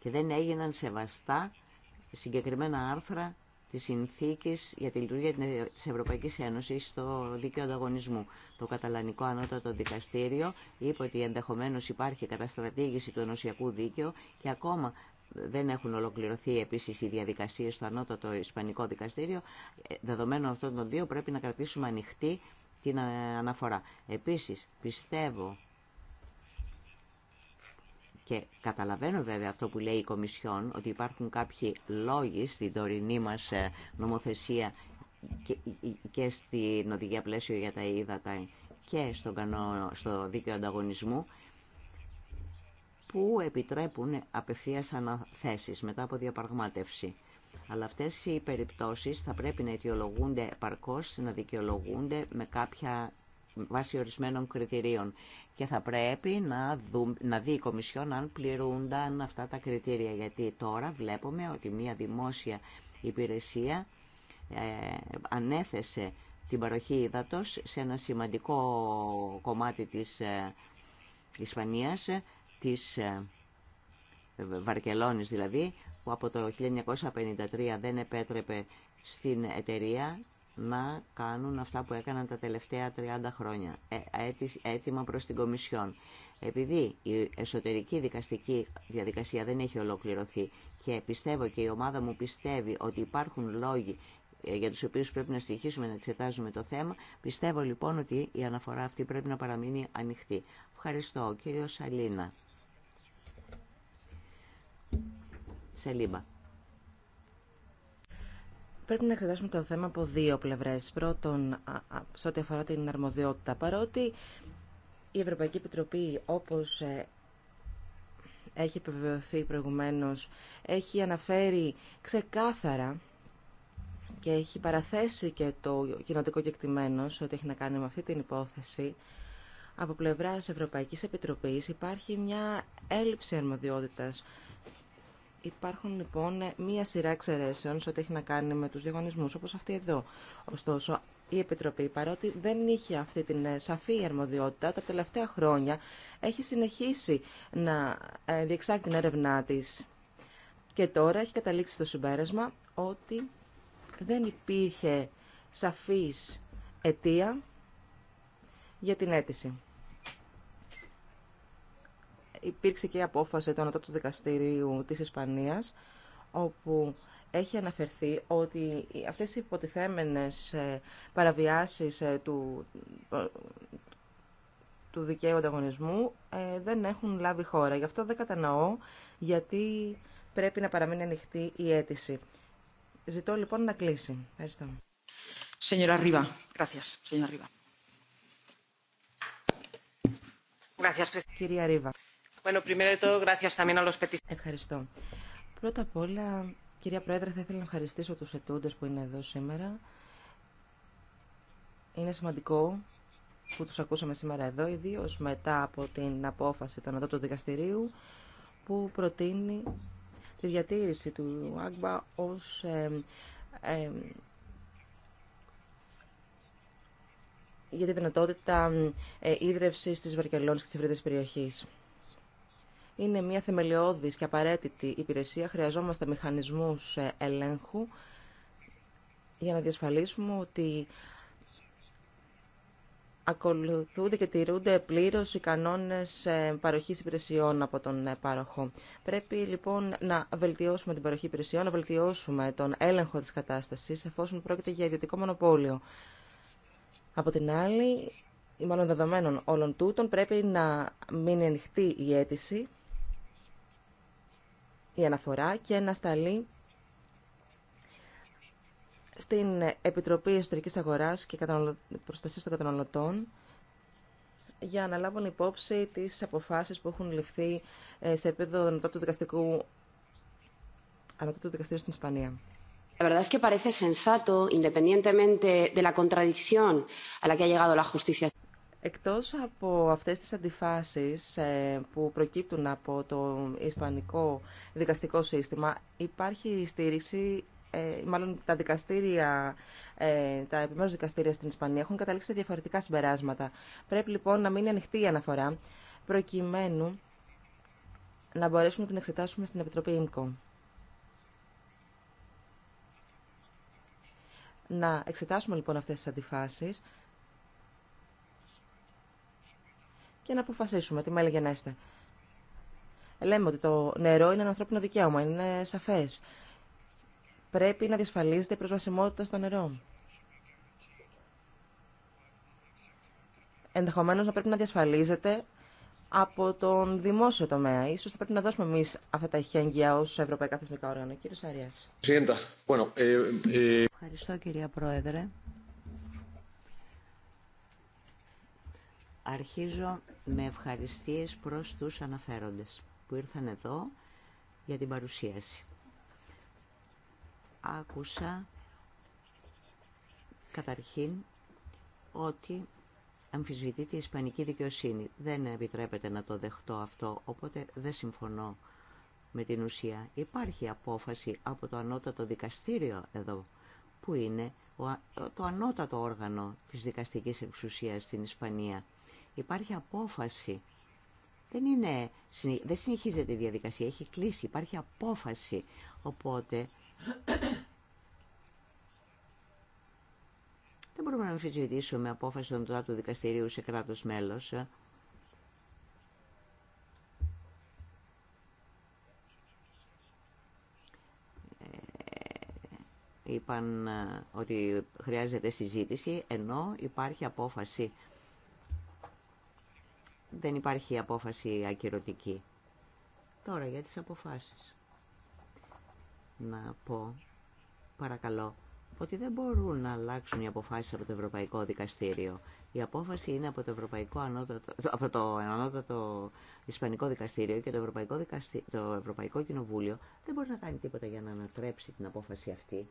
και δεν έγιναν σεβαστά συγκεκριμένα άρθρα της συνθήκης για τη λειτουργία της Ευρωπαϊκής Ένωσης στο δίκαιο ανταγωνισμού. Το Καταλανικό Ανώτατο Δικαστήριο είπε ότι ενδεχομένως υπάρχει καταστρατήγηση του ενωσιακού δίκαιου και ακόμα δεν έχουν ολοκληρωθεί επίση οι διαδικασίε στο ανώτατο Ισπανικό Δικαστήριο. Ε, δεδομένου αυτών των δύο πρέπει να κρατήσουμε ανοιχτή την ε, αναφορά. Επίση, πιστεύω και καταλαβαίνω βέβαια αυτό που λέει η Κομισιόν ότι υπάρχουν κάποιοι λόγοι στην τωρινή μα ε, νομοθεσία και στην οδηγία πλαίσιο για τα ύδατα και στο δίκαιο ανταγωνισμού που επιτρέπουν απευθείας αναθέσεις μετά από διαπραγμάτευση. Αλλά αυτές οι περιπτώσεις θα πρέπει να αιτιολογούνται επαρκώς, να δικαιολογούνται με κάποια βάση ορισμένων κριτηρίων και θα πρέπει να, δου, να δει η Κομισιόν αν πληρούνταν αυτά τα κριτήρια γιατί τώρα βλέπουμε ότι μια δημόσια υπηρεσία ε, ανέθεσε την παροχή ύδατος σε ένα σημαντικό κομμάτι της ε, Ισπανίας της ε, Βαρκελόνης δηλαδή, που από το 1953 δεν επέτρεπε στην εταιρεία να κάνουν αυτά που έκαναν τα τελευταία 30 χρόνια. Ε, έτοιμα προς την Κομισιόν. Επειδή η εσωτερική δικαστική διαδικασία δεν έχει ολοκληρωθεί και πιστεύω και η ομάδα μου πιστεύει ότι υπάρχουν λόγοι ε, για τους οποίους πρέπει να συνεχίσουμε να εξετάζουμε το θέμα, πιστεύω λοιπόν ότι η αναφορά αυτή πρέπει να παραμείνει ανοιχτή. Ευχαριστώ. Κύριο Σαλίνα. σε Πρέπει να εξετάσουμε το θέμα από δύο πλευρές. Πρώτον, σε ό,τι αφορά την αρμοδιότητα, παρότι η Ευρωπαϊκή Επιτροπή, όπως ε, έχει επιβεβαιωθεί προηγουμένως, έχει αναφέρει ξεκάθαρα και έχει παραθέσει και το κοινοτικό κεκτημένο σε ό,τι έχει να κάνει με αυτή την υπόθεση. Από πλευράς Ευρωπαϊκής Επιτροπής υπάρχει μια έλλειψη αρμοδιότητας Υπάρχουν λοιπόν μία σειρά εξαιρέσεων σε ό,τι έχει να κάνει με τους διαγωνισμούς, όπως αυτή εδώ. Ωστόσο, η Επιτροπή, παρότι δεν είχε αυτή την ε, σαφή αρμοδιότητα, τα τελευταία χρόνια έχει συνεχίσει να ε, διεξάγει την έρευνά της. Και τώρα έχει καταλήξει το συμπέρασμα ότι δεν υπήρχε σαφής αιτία για την αίτηση υπήρξε και η απόφαση του Ανώτατου Δικαστηρίου της Ισπανίας, όπου έχει αναφερθεί ότι αυτές οι υποτιθέμενες ε, παραβιάσεις ε, του, ε, του δικαίου ανταγωνισμού δεν έχουν λάβει χώρα. Γι' αυτό δεν κατανοώ γιατί πρέπει να παραμείνει ανοιχτή η αίτηση. Ζητώ λοιπόν να κλείσει. Ευχαριστώ. Señora Ρίβα. gracias. Señora Κυρία Ρίβα. Ευχαριστώ. Πρώτα απ' όλα, κυρία Πρόεδρε, θα ήθελα να ευχαριστήσω τους ετούντες που είναι εδώ σήμερα. Είναι σημαντικό που τους ακούσαμε σήμερα εδώ, ιδίω μετά από την απόφαση του Ανατότου Δικαστηρίου, που προτείνει τη διατήρηση του ΑΚΜΑ ως ε, ε, για τη δυνατότητα ε, ίδρυυσης της Βαρκελόνης και της ευρύτερης περιοχής είναι μια θεμελιώδης και απαραίτητη υπηρεσία. Χρειαζόμαστε μηχανισμούς ε, ελέγχου για να διασφαλίσουμε ότι ακολουθούνται και τηρούνται πλήρως οι κανόνες ε, παροχής υπηρεσιών από τον ε, πάροχο. Πρέπει λοιπόν να βελτιώσουμε την παροχή υπηρεσιών, να βελτιώσουμε τον έλεγχο της κατάστασης, εφόσον πρόκειται για ιδιωτικό μονοπόλιο. Από την άλλη, μάλλον δεδομένων όλων τούτων, πρέπει να μείνει ανοιχτή η αίτηση η αναφορά και να σταλεί στην Επιτροπή Εσωτερικής Αγοράς και Προστασίας των Καταναλωτών για να λάβουν υπόψη τις αποφάσεις που έχουν ληφθεί ε, σε επίπεδο του δικαστικού του δικαστήριου στην Ισπανία. La verdad es que parece sensato, independientemente de la contradicción a la que ha llegado la justicia. Εκτός από αυτές τις αντιφάσεις ε, που προκύπτουν από το ισπανικό δικαστικό σύστημα, υπάρχει η στήριξη, ε, μάλλον τα δικαστήρια, ε, τα επιμέρους δικαστήρια στην Ισπανία έχουν καταλήξει σε διαφορετικά συμπεράσματα. Πρέπει λοιπόν να μείνει ανοιχτή η αναφορά, προκειμένου να μπορέσουμε να την εξετάσουμε στην Επιτροπή ΙΜΚΟ. Να εξετάσουμε λοιπόν αυτές τις αντιφάσεις και να αποφασίσουμε τι μέλη Λέμε ότι το νερό είναι ένα ανθρώπινο δικαίωμα, είναι σαφές. Πρέπει να διασφαλίζεται η προσβασιμότητα στο νερό. Ενδεχομένω να πρέπει να διασφαλίζεται από τον δημόσιο τομέα. Ίσως θα πρέπει να δώσουμε εμείς αυτά τα ειχέγγυα ως ευρωπαϊκά θεσμικά όργανα. Κύριε Σαριάς. Eh, eh, Ευχαριστώ κυρία Πρόεδρε. Αρχίζω με ευχαριστίες προς τους αναφέροντες που ήρθαν εδώ για την παρουσίαση. Άκουσα καταρχήν ότι αμφισβητείται η ισπανική δικαιοσύνη. Δεν επιτρέπεται να το δεχτώ αυτό, οπότε δεν συμφωνώ με την ουσία. Υπάρχει απόφαση από το ανώτατο δικαστήριο εδώ, που είναι το ανώτατο όργανο της δικαστικής εξουσίας στην Ισπανία. Υπάρχει απόφαση. Δεν, είναι, δεν συνεχίζεται η διαδικασία, έχει κλείσει, υπάρχει απόφαση. Οπότε δεν μπορούμε να αμφισβητήσουμε απόφαση των του δικαστηρίου σε κράτος μέλος. Ε, είπαν ε, ότι χρειάζεται συζήτηση, ενώ υπάρχει απόφαση δεν υπάρχει απόφαση ακυρωτική. Τώρα για τις αποφάσεις. Να πω, παρακαλώ, ότι δεν μπορούν να αλλάξουν οι αποφάσεις από το Ευρωπαϊκό Δικαστήριο. Η απόφαση είναι από το, Ευρωπαϊκό Ανώτατο, από το Ανώτατο Ισπανικό Δικαστήριο και το Ευρωπαϊκό, Δικαστή, το Ευρωπαϊκό Κοινοβούλιο δεν μπορεί να κάνει τίποτα για να ανατρέψει την απόφαση αυτή.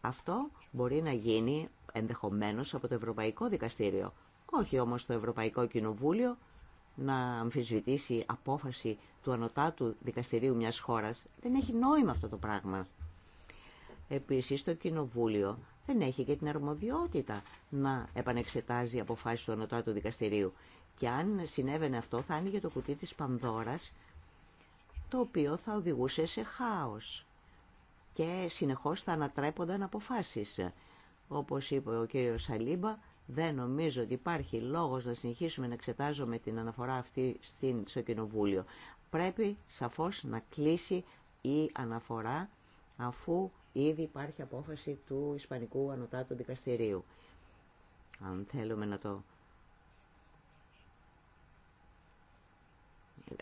Αυτό μπορεί να γίνει ενδεχομένως από το Ευρωπαϊκό Δικαστήριο, όχι όμως το Ευρωπαϊκό Κοινοβούλιο να αμφισβητήσει απόφαση του ανωτάτου δικαστηρίου μιας χώρας. Δεν έχει νόημα αυτό το πράγμα. Επίσης το Κοινοβούλιο δεν έχει και την αρμοδιότητα να επανεξετάζει αποφάσεις του ανωτάτου δικαστηρίου. Και αν συνέβαινε αυτό θα άνοιγε το κουτί της Πανδώρας, το οποίο θα οδηγούσε σε χάος. Και συνεχώς θα ανατρέπονταν αποφάσεις. Όπως είπε ο κύριος Σαλίμπα, δεν νομίζω ότι υπάρχει λόγος να συνεχίσουμε να εξετάζουμε την αναφορά αυτή στο Κοινοβούλιο. Πρέπει σαφώς να κλείσει η αναφορά αφού ήδη υπάρχει απόφαση του Ισπανικού Ανωτάτου Δικαστηρίου. Αν θέλουμε να το...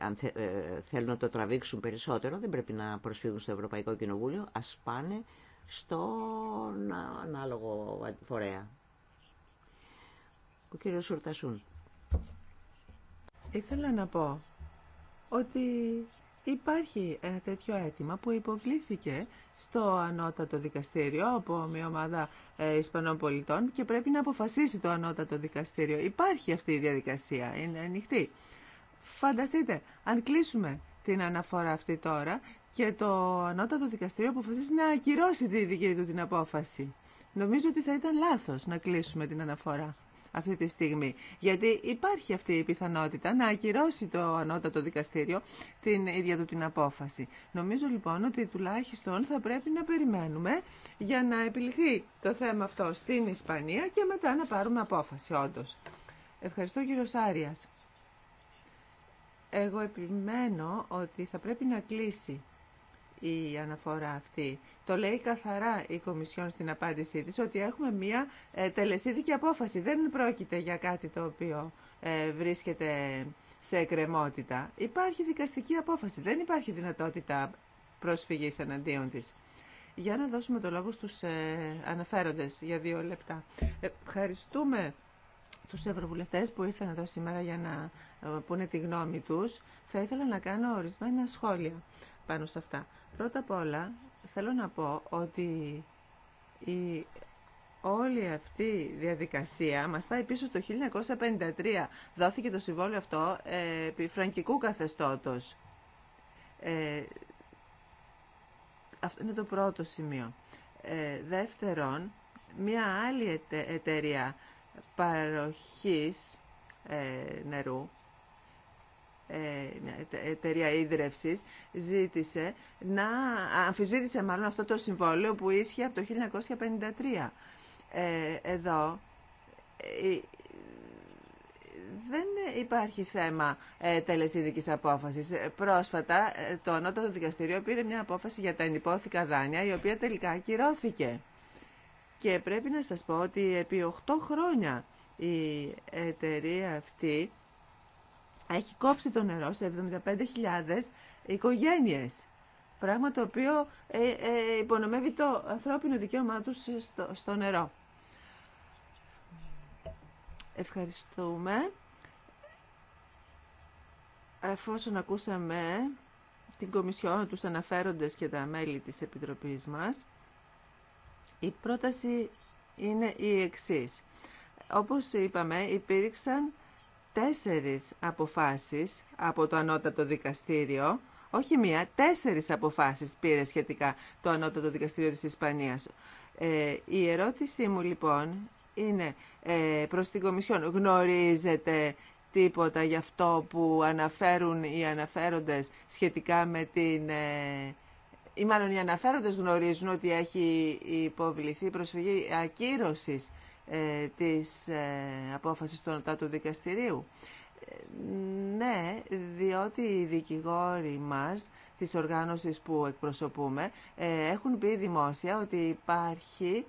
Αν ε, θέλουν να το τραβήξουν περισσότερο, δεν πρέπει να προσφύγουν στο Ευρωπαϊκό Κοινοβούλιο, ας πάνε στον ανάλογο φορέα. Ο κύριο Σουρτασούν. Ήθελα να πω ότι υπάρχει ένα τέτοιο αίτημα που υποβλήθηκε στο ανώτατο δικαστήριο από μια ομάδα ε, Ισπανών πολιτών και πρέπει να αποφασίσει το ανώτατο δικαστήριο. Υπάρχει αυτή η διαδικασία, είναι ανοιχτή. Φανταστείτε, αν κλείσουμε την αναφορά αυτή τώρα και το ανώτατο δικαστήριο αποφασίσει να ακυρώσει τη δική του την απόφαση. Νομίζω ότι θα ήταν λάθος να κλείσουμε την αναφορά αυτή τη στιγμή. Γιατί υπάρχει αυτή η πιθανότητα να ακυρώσει το ανώτατο δικαστήριο την ίδια του την απόφαση. Νομίζω λοιπόν ότι τουλάχιστον θα πρέπει να περιμένουμε για να επιληθεί το θέμα αυτό στην Ισπανία και μετά να πάρουμε απόφαση όντω. Ευχαριστώ κύριο Σάριας. Εγώ επιμένω ότι θα πρέπει να κλείσει η αναφορά αυτή. Το λέει καθαρά η Κομισιόν στην απάντησή της ότι έχουμε μία ε, τελεσίδικη απόφαση. Δεν πρόκειται για κάτι το οποίο ε, βρίσκεται σε εκκρεμότητα. Υπάρχει δικαστική απόφαση. Δεν υπάρχει δυνατότητα προσφυγής εναντίον της. Για να δώσουμε το λόγο στους ε, αναφέροντες για δύο λεπτά. Ευχαριστούμε τους ευρωβουλευτές που ήρθαν εδώ σήμερα για να πούνε τη γνώμη τους. Θα ήθελα να κάνω ορισμένα σχόλια πάνω σε αυτά. Πρώτα απ' όλα θέλω να πω ότι η όλη αυτή η διαδικασία μας πάει πίσω στο 1953. Δόθηκε το συμβόλαιο αυτό ε, επί φραγκικού καθεστώτος. Ε, αυτό είναι το πρώτο σημείο. Ε, δεύτερον, μια άλλη εταιρεία παροχής ε, νερού ε, εταιρεία ίδρυυση, ζήτησε να αμφισβήτησε μάλλον αυτό το συμβόλαιο που ίσχυε από το 1953. Ε, εδώ ε, δεν υπάρχει θέμα τελεσίδικης απόφασης. Πρόσφατα το Ανώτατο Δικαστηρίο πήρε μια απόφαση για τα ενυπόθηκα δάνεια η οποία τελικά ακυρώθηκε. Και πρέπει να σας πω ότι επί 8 χρόνια η εταιρεία αυτή έχει κόψει το νερό σε 75.000 οικογένειες. Πράγμα το οποίο ε, ε, υπονομεύει το ανθρώπινο δικαίωμά τους στο, στο νερό. Ευχαριστούμε. Εφόσον ακούσαμε την Κομισιόν, τους αναφέροντες και τα μέλη της Επιτροπής μας, η πρόταση είναι η εξής. Όπως είπαμε, υπήρξαν τέσσερις αποφάσεις από το Ανώτατο Δικαστήριο, όχι μία, τέσσερις αποφάσεις πήρε σχετικά το Ανώτατο Δικαστήριο της Ισπανίας. Ε, η ερώτησή μου λοιπόν είναι ε, προς την Κομισιόν. Γνωρίζετε τίποτα γι' αυτό που αναφέρουν οι αναφέροντες σχετικά με την... Ε, ή μάλλον οι αναφέροντες γνωρίζουν ότι έχει υποβληθεί προσφυγή ακύρωσης ε, της ε, απόφασης του Ανωτάτου Δικαστηρίου. Ε, ναι, διότι οι δικηγόροι μας της οργάνωσης που εκπροσωπούμε έχουν πει δημόσια ότι υπάρχει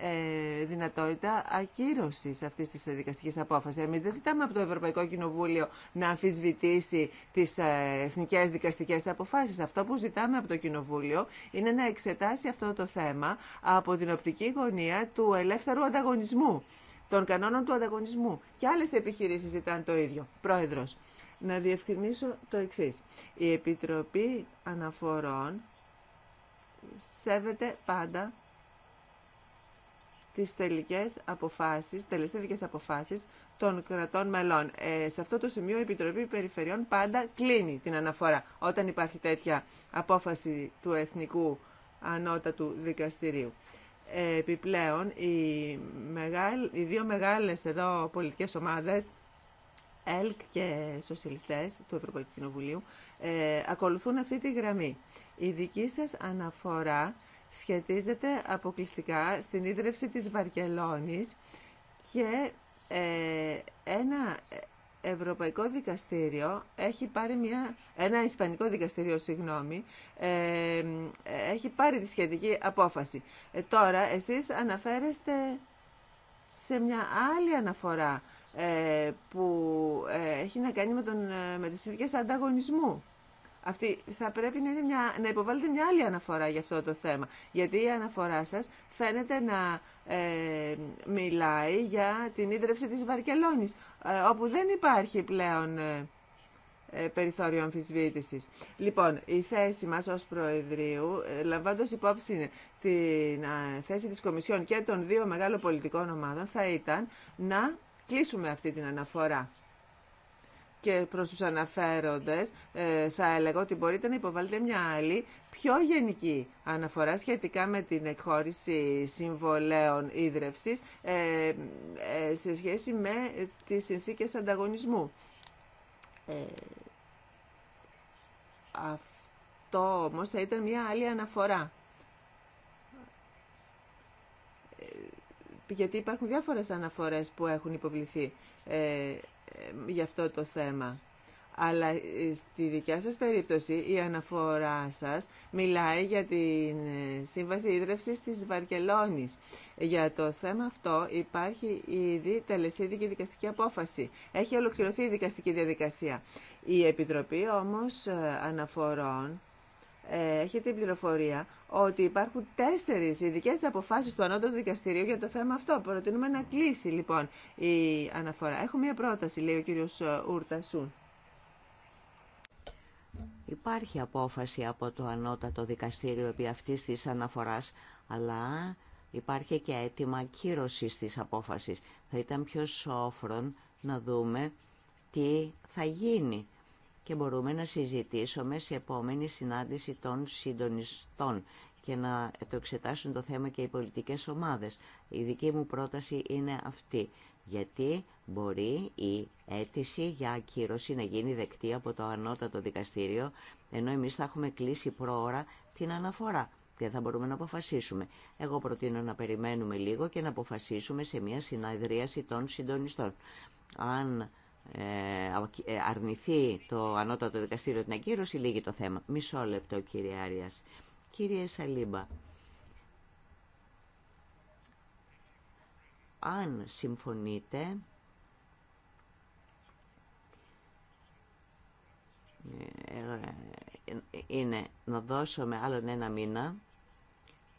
ε, δυνατότητα ακύρωση αυτή τη δικαστική απόφαση. Εμεί δεν ζητάμε από το Ευρωπαϊκό Κοινοβούλιο να αμφισβητήσει τι ε, εθνικέ δικαστικέ αποφάσει. Αυτό που ζητάμε από το Κοινοβούλιο είναι να εξετάσει αυτό το θέμα από την οπτική γωνία του ελεύθερου ανταγωνισμού, των κανόνων του ανταγωνισμού. Και άλλε επιχειρήσει ζητάνε το ίδιο. Πρόεδρο, να διευκρινίσω το εξή. Η Επιτροπή Αναφορών σέβεται πάντα τις τελικές αποφάσεις, τελεσίδικες αποφάσεις των κρατών μελών. Ε, σε αυτό το σημείο η Επιτροπή Περιφερειών πάντα κλείνει την αναφορά όταν υπάρχει τέτοια απόφαση του Εθνικού Ανώτατου Δικαστηρίου. Ε, επιπλέον, οι, μεγάλ, οι δύο μεγάλες εδώ πολιτικές ομάδες ΕΛΚ και σοσιαλιστές του Ευρωπαϊκού Κοινοβουλίου ε, ακολουθούν αυτή τη γραμμή. Η δική σας αναφορά σχετίζεται αποκλειστικά στην ίδρυυση της Βαρκελόνης και ε, ένα ευρωπαϊκό δικαστήριο έχει πάρει μια, ένα ισπανικό δικαστήριο, συγγνώμη, ε, έχει πάρει τη σχετική απόφαση. Ε, τώρα εσείς αναφέρεστε σε μια άλλη αναφορά που έχει να κάνει με, τον, με τις ανταγωνισμού. Αυτή θα πρέπει να, είναι μια, να υποβάλλετε μια άλλη αναφορά για αυτό το θέμα. Γιατί η αναφορά σας φαίνεται να ε, μιλάει για την ίδρυψη της Βαρκελόνης, ε, όπου δεν υπάρχει πλέον ε, περιθώριο αμφισβήτησης. Λοιπόν, η θέση μας ως Προεδρείου, λαμβάνοντας υπόψη την θέση της Κομισιόν και των δύο μεγάλων πολιτικών ομάδων, θα ήταν να κλείσουμε αυτή την αναφορά και προς τους αναφέροντες ε, θα έλεγα ότι μπορείτε να υποβάλλετε μια άλλη πιο γενική αναφορά σχετικά με την εκχώρηση συμβολέων ίδρευσης ε, ε, σε σχέση με τις συνθήκες ανταγωνισμού. Αυτό όμως θα ήταν μια άλλη αναφορά. Γιατί υπάρχουν διάφορες αναφορές που έχουν υποβληθεί ε, για αυτό το θέμα. Αλλά ε, στη δικιά σας περίπτωση η αναφορά σας μιλάει για την ε, Σύμβαση Ίδρευσης της Βαρκελόνης. Για το θέμα αυτό υπάρχει ήδη τελεσίδικη δικαστική απόφαση. Έχει ολοκληρωθεί η δικαστική διαδικασία. Η Επιτροπή όμως αναφορών έχει την πληροφορία ότι υπάρχουν τέσσερι ειδικέ αποφάσει του Ανώτατου Δικαστηρίου για το θέμα αυτό. Προτείνουμε να κλείσει λοιπόν η αναφορά. Έχω μία πρόταση, λέει ο κύριο ε, Ούρτασούν. Υπάρχει απόφαση από το Ανώτατο Δικαστήριο επί αυτής της αναφοράς, αλλά υπάρχει και αίτημα κύρωσης τη απόφαση. Θα ήταν πιο σόφρον να δούμε τι θα γίνει και μπορούμε να συζητήσουμε σε επόμενη συνάντηση των συντονιστών και να το εξετάσουν το θέμα και οι πολιτικές ομάδες. Η δική μου πρόταση είναι αυτή. Γιατί μπορεί η αίτηση για ακύρωση να γίνει δεκτή από το ανώτατο δικαστήριο, ενώ εμείς θα έχουμε κλείσει πρόωρα την αναφορά. και θα μπορούμε να αποφασίσουμε. Εγώ προτείνω να περιμένουμε λίγο και να αποφασίσουμε σε μια συναδρίαση των συντονιστών. Αν αρνηθεί το ανώτατο δικαστήριο την ακύρωση, λύγει το θέμα. Μισό λεπτό κύριε Άριας. Κύριε Σαλίμπα, αν συμφωνείτε, είναι να δώσω με άλλον ένα μήνα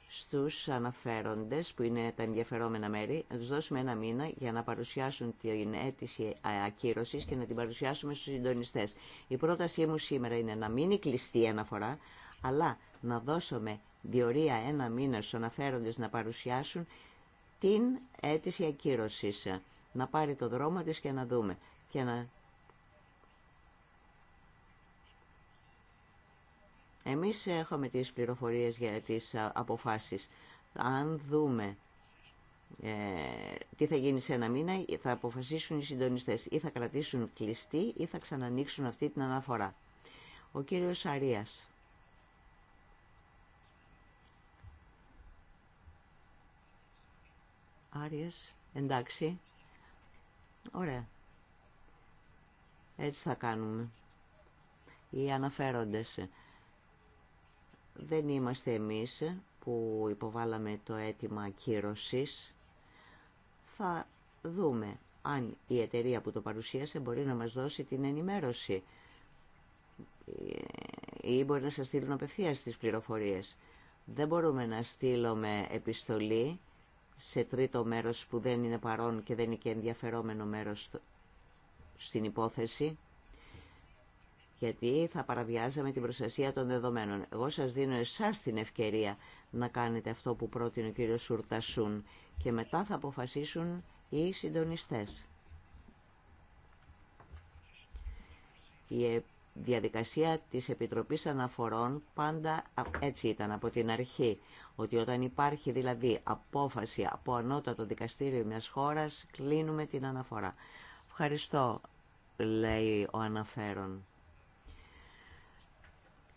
στους αναφέροντες που είναι τα ενδιαφερόμενα μέρη να τους δώσουμε ένα μήνα για να παρουσιάσουν την αίτηση ακύρωσης και να την παρουσιάσουμε στους συντονιστές. Η πρότασή μου σήμερα είναι να μην κλειστή αναφορά, αλλά να δώσουμε διορία ένα μήνα στους αναφέροντες να παρουσιάσουν την αίτηση ακύρωσης. Να πάρει το δρόμο της και να δούμε να Εμείς έχουμε τις πληροφορίες για τις ε, αποφάσεις. Αν δούμε ε, τι θα γίνει σε ένα μήνα, ε, θα αποφασίσουν οι συντονιστές. Ή θα κρατήσουν κλειστή ή θα ξανανοίξουν αυτή την αναφορά. Ο κύριος Αρίας. Αρίας, εντάξει. Ωραία. Έτσι θα κάνουμε. Οι αναφέροντες δεν είμαστε εμείς που υποβάλαμε το αίτημα κύρωσης. Θα δούμε αν η εταιρεία που το παρουσίασε μπορεί να μας δώσει την ενημέρωση ε, ή μπορεί να σας στείλουν απευθεία τις πληροφορίες. Δεν μπορούμε να στείλουμε επιστολή σε τρίτο μέρος που δεν είναι παρόν και δεν είναι και ενδιαφερόμενο μέρος στην υπόθεση γιατί θα παραβιάζαμε την προστασία των δεδομένων. Εγώ σας δίνω εσάς την ευκαιρία να κάνετε αυτό που πρότεινε ο κύριος Σουρτασούν και μετά θα αποφασίσουν οι συντονιστές. Η ε, διαδικασία της Επιτροπής Αναφορών πάντα έτσι ήταν από την αρχή, ότι όταν υπάρχει δηλαδή απόφαση από ανώτατο δικαστήριο μιας χώρας, κλείνουμε την αναφορά. Ευχαριστώ, λέει ο αναφέρον.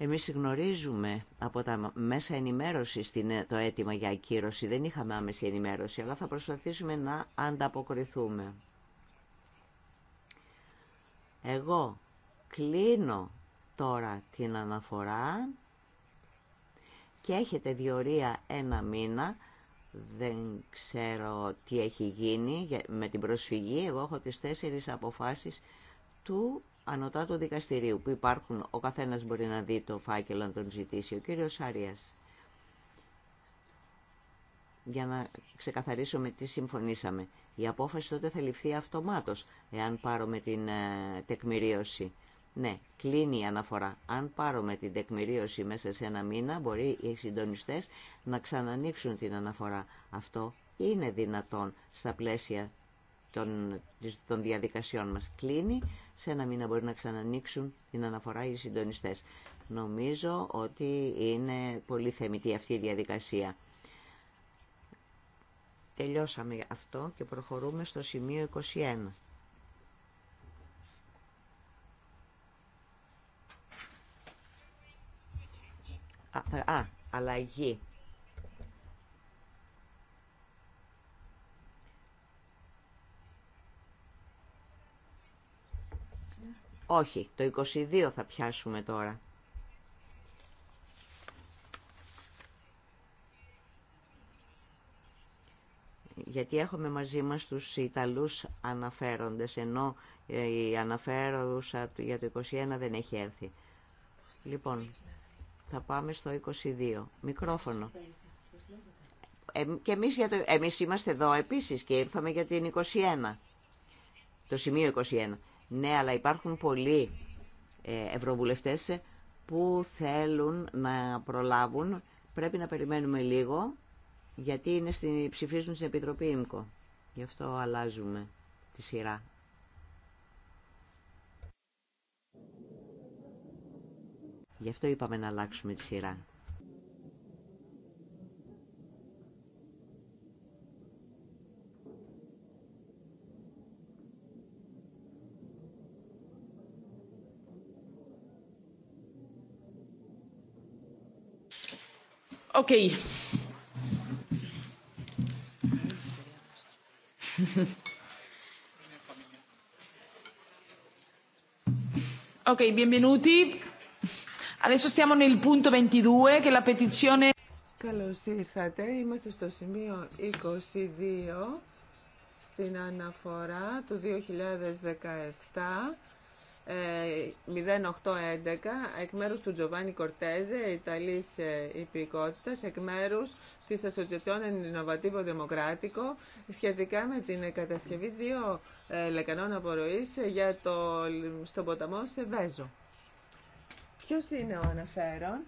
Εμείς γνωρίζουμε από τα μέσα ενημέρωσης το αίτημα για ακύρωση. Δεν είχαμε άμεση ενημέρωση, αλλά θα προσπαθήσουμε να ανταποκριθούμε. Εγώ κλείνω τώρα την αναφορά και έχετε διορία ένα μήνα. Δεν ξέρω τι έχει γίνει με την προσφυγή. Εγώ έχω τις τέσσερις αποφάσεις του του δικαστηρίου που υπάρχουν, ο καθένας μπορεί να δει το φάκελο να τον ζητήσει. Ο κύριος Άριας, για να ξεκαθαρίσουμε τι συμφωνήσαμε. Η απόφαση τότε θα ληφθεί αυτομάτως, εάν πάρουμε την ε, τεκμηρίωση. Ναι, κλείνει η αναφορά. Αν πάρουμε την τεκμηρίωση μέσα σε ένα μήνα, μπορεί οι συντονιστές να ξανανοίξουν την αναφορά. Αυτό είναι δυνατόν στα πλαίσια των, των διαδικασιών μας. Κλείνει, σε ένα μήνα μπορεί να ξανανοίξουν την αναφορά οι συντονιστές. Νομίζω ότι είναι πολύ θεμητή αυτή η διαδικασία. Τελειώσαμε αυτό και προχωρούμε στο σημείο 21. α αλλαγή Όχι, το 22 θα πιάσουμε τώρα. Γιατί έχουμε μαζί μας τους Ιταλούς αναφέροντες, ενώ η αναφέροντα για το 21 δεν έχει έρθει. Λοιπόν, θα πάμε στο 22. Μικρόφωνο. Ε, και εμείς, για το, εμείς είμαστε εδώ επίσης και ήρθαμε για την 21. Το σημείο 21. Ναι, αλλά υπάρχουν πολλοί ε, ευρωβουλευτές που θέλουν να προλάβουν. Πρέπει να περιμένουμε λίγο, γιατί είναι στην, ψηφίζουν στην Επιτροπή μκο. Γι' αυτό αλλάζουμε τη σειρά. Γι' αυτό είπαμε να αλλάξουμε τη σειρά. Okay. Ok, benvenuti. Adesso stiamo nel punto 22 che la petizione... Καλώς ήρθατε. Είμαστε στο σημείο 22 στην αναφορά του 2017 0811 ε, εκ μέρους του Τζοβάνι Κορτέζε, Ιταλής ε, υπηκότητας, εκ μέρους της Ασοτζετσιόν Innovativo Δημοκράτικο, σχετικά με την κατασκευή δύο ε, λεκανών απορροής για το, στον ποταμό Σεβέζο. Ποιος είναι ο αναφέρον?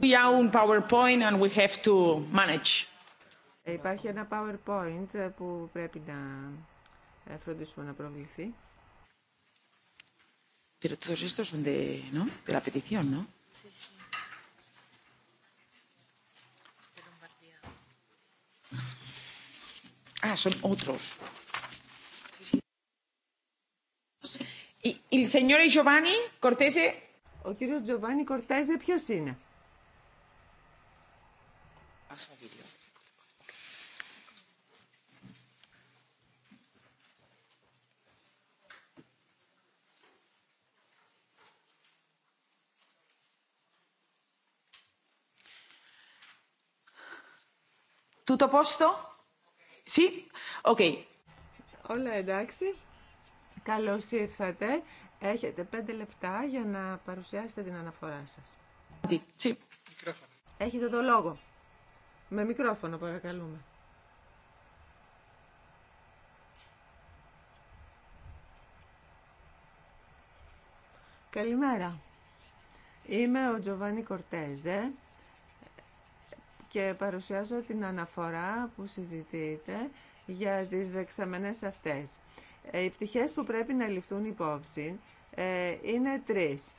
PowerPoint and we have to manage. Υπάρχει ένα PowerPoint που πρέπει να φροντίσουμε να προβληθεί. Pero todos estos son de, ¿no? De la petición, ¿no? Sí, sí. Ah, son otros. Sí, sí. El señor Giovanni Cortese. ¿O κύριος Giovanni Cortese ποιος είναι? Τούτο πώς Όλα εντάξει. Καλώς ήρθατε. Έχετε πέντε λεπτά για να παρουσιάσετε την αναφορά σας. Έχετε το λόγο. Με μικρόφωνο παρακαλούμε. Καλημέρα. Είμαι ο Τζοβάνι Κορτέζε και παρουσιάζω την αναφορά που συζητείτε για τις δεξαμενές αυτές. Ε, οι πτυχές που πρέπει να ληφθούν υπόψη ε, είναι τρεις.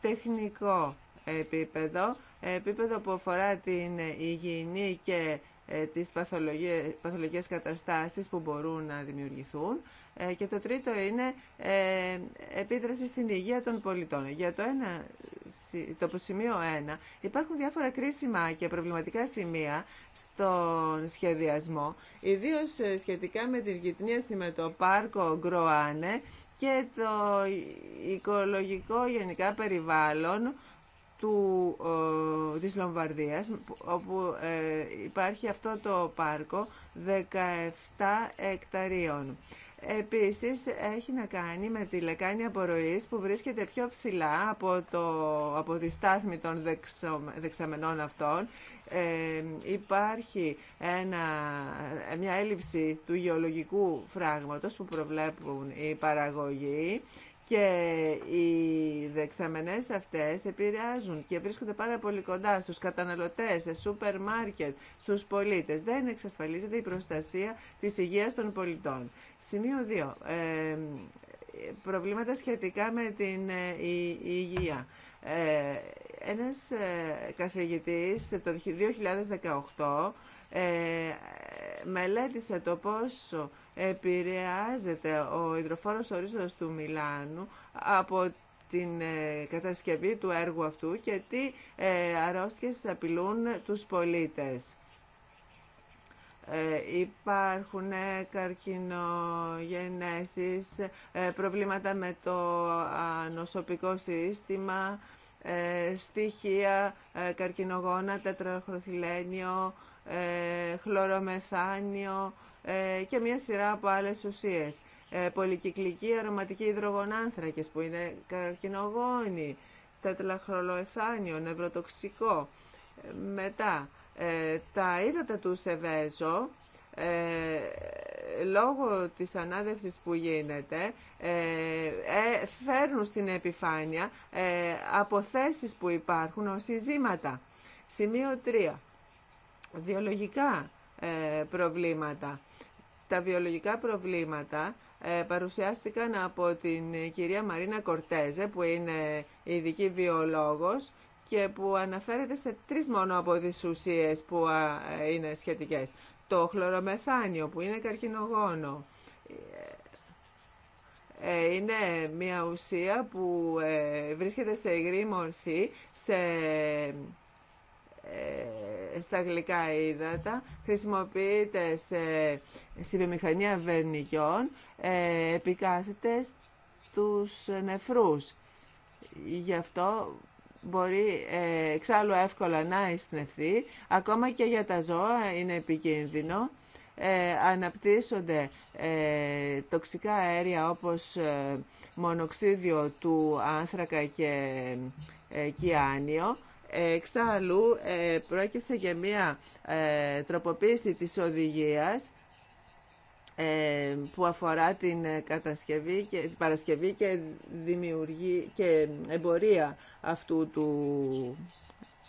Τεχνικό επίπεδο, επίπεδο που αφορά την υγιεινή και ε, τις παθολογικές καταστάσεις που μπορούν να δημιουργηθούν. Ε, και το τρίτο είναι ε, επίδραση στην υγεία των πολιτών. Για το, ένα, το σημείο 1 υπάρχουν διάφορα κρίσιμα και προβληματικά σημεία στον σχεδιασμό, ιδίως σχετικά με την γυτνίαση με το πάρκο Γκροάνε και το οικολογικό γενικά περιβάλλον, του, ε, της Λομβαρδίας, όπου ε, υπάρχει αυτό το πάρκο 17 εκταρίων. Επίσης, έχει να κάνει με τη λεκάνη απορροής που βρίσκεται πιο ψηλά από, το, από τη στάθμη των δεξο, δεξαμενών αυτών. Ε, υπάρχει ένα, μια έλλειψη του γεωλογικού φράγματος που προβλέπουν οι παραγωγοί και οι δεξαμενές αυτές επηρεάζουν και βρίσκονται πάρα πολύ κοντά στους καταναλωτές, σε σούπερ μάρκετ, στους πολίτες. Δεν εξασφαλίζεται η προστασία της υγείας των πολιτών. Σημείο 2. Ε, προβλήματα σχετικά με την ε, η, υγεία. Ε, ένας ε, καθηγητής το 2018 ε, μελέτησε το πόσο επηρεάζεται ο υδροφόρος ορίζοντας του Μιλάνου από την ε, κατασκευή του έργου αυτού και τι ε, αρρώστιες απειλούν τους πολίτες. Ε, υπάρχουν ε, καρκινογενέσεις, προβλήματα με το νοσοπικό σύστημα, στοιχεία καρκινογόνα, τετραχροθυλένιο, χλωρομεθάνιο, ε, και μια σειρά από άλλες ουσίες. Ε, πολυκυκλική αρωματική υδρογονάνθρακες που είναι καρκινογόνοι, τετλαχρολοεθάνιο, νευροτοξικό. Ε, μετά, τα ύδατα του Σεβέζο, λόγω της ανάδευσης που γίνεται φέρνουν στην επιφάνεια αποθέσεις που υπάρχουν ως ειζήματα. Σημείο 3. Βιολογικά ε, προβλήματα. Τα βιολογικά προβλήματα ε, παρουσιάστηκαν από την κυρία Μαρίνα Κορτέζε, που είναι ειδική βιολόγος και που αναφέρεται σε τρεις μόνο από τις ουσίες που ε, είναι σχετικές. Το χλωρομεθάνιο, που είναι καρκινογόνο, είναι μια ουσία που βρίσκεται σε υγρή μορφή, σε ε, στα γλυκά ύδατα, χρησιμοποιείται σε, στη βιομηχανία βερνικιών, ε, επικάθεται νεφρούς. Γι' αυτό μπορεί ε, εξάλλου εύκολα να εισπνευθεί, ακόμα και για τα ζώα είναι επικίνδυνο. Ε, αναπτύσσονται ε, τοξικά αέρια όπως μονοξίδιο του άνθρακα και κιάνιο Εξάλλου, ε, πρόκειψε για μια ε, τροποποίηση της οδηγίας ε, που αφορά την κατασκευή και την παρασκευή και δημιουργή και εμπορία αυτού του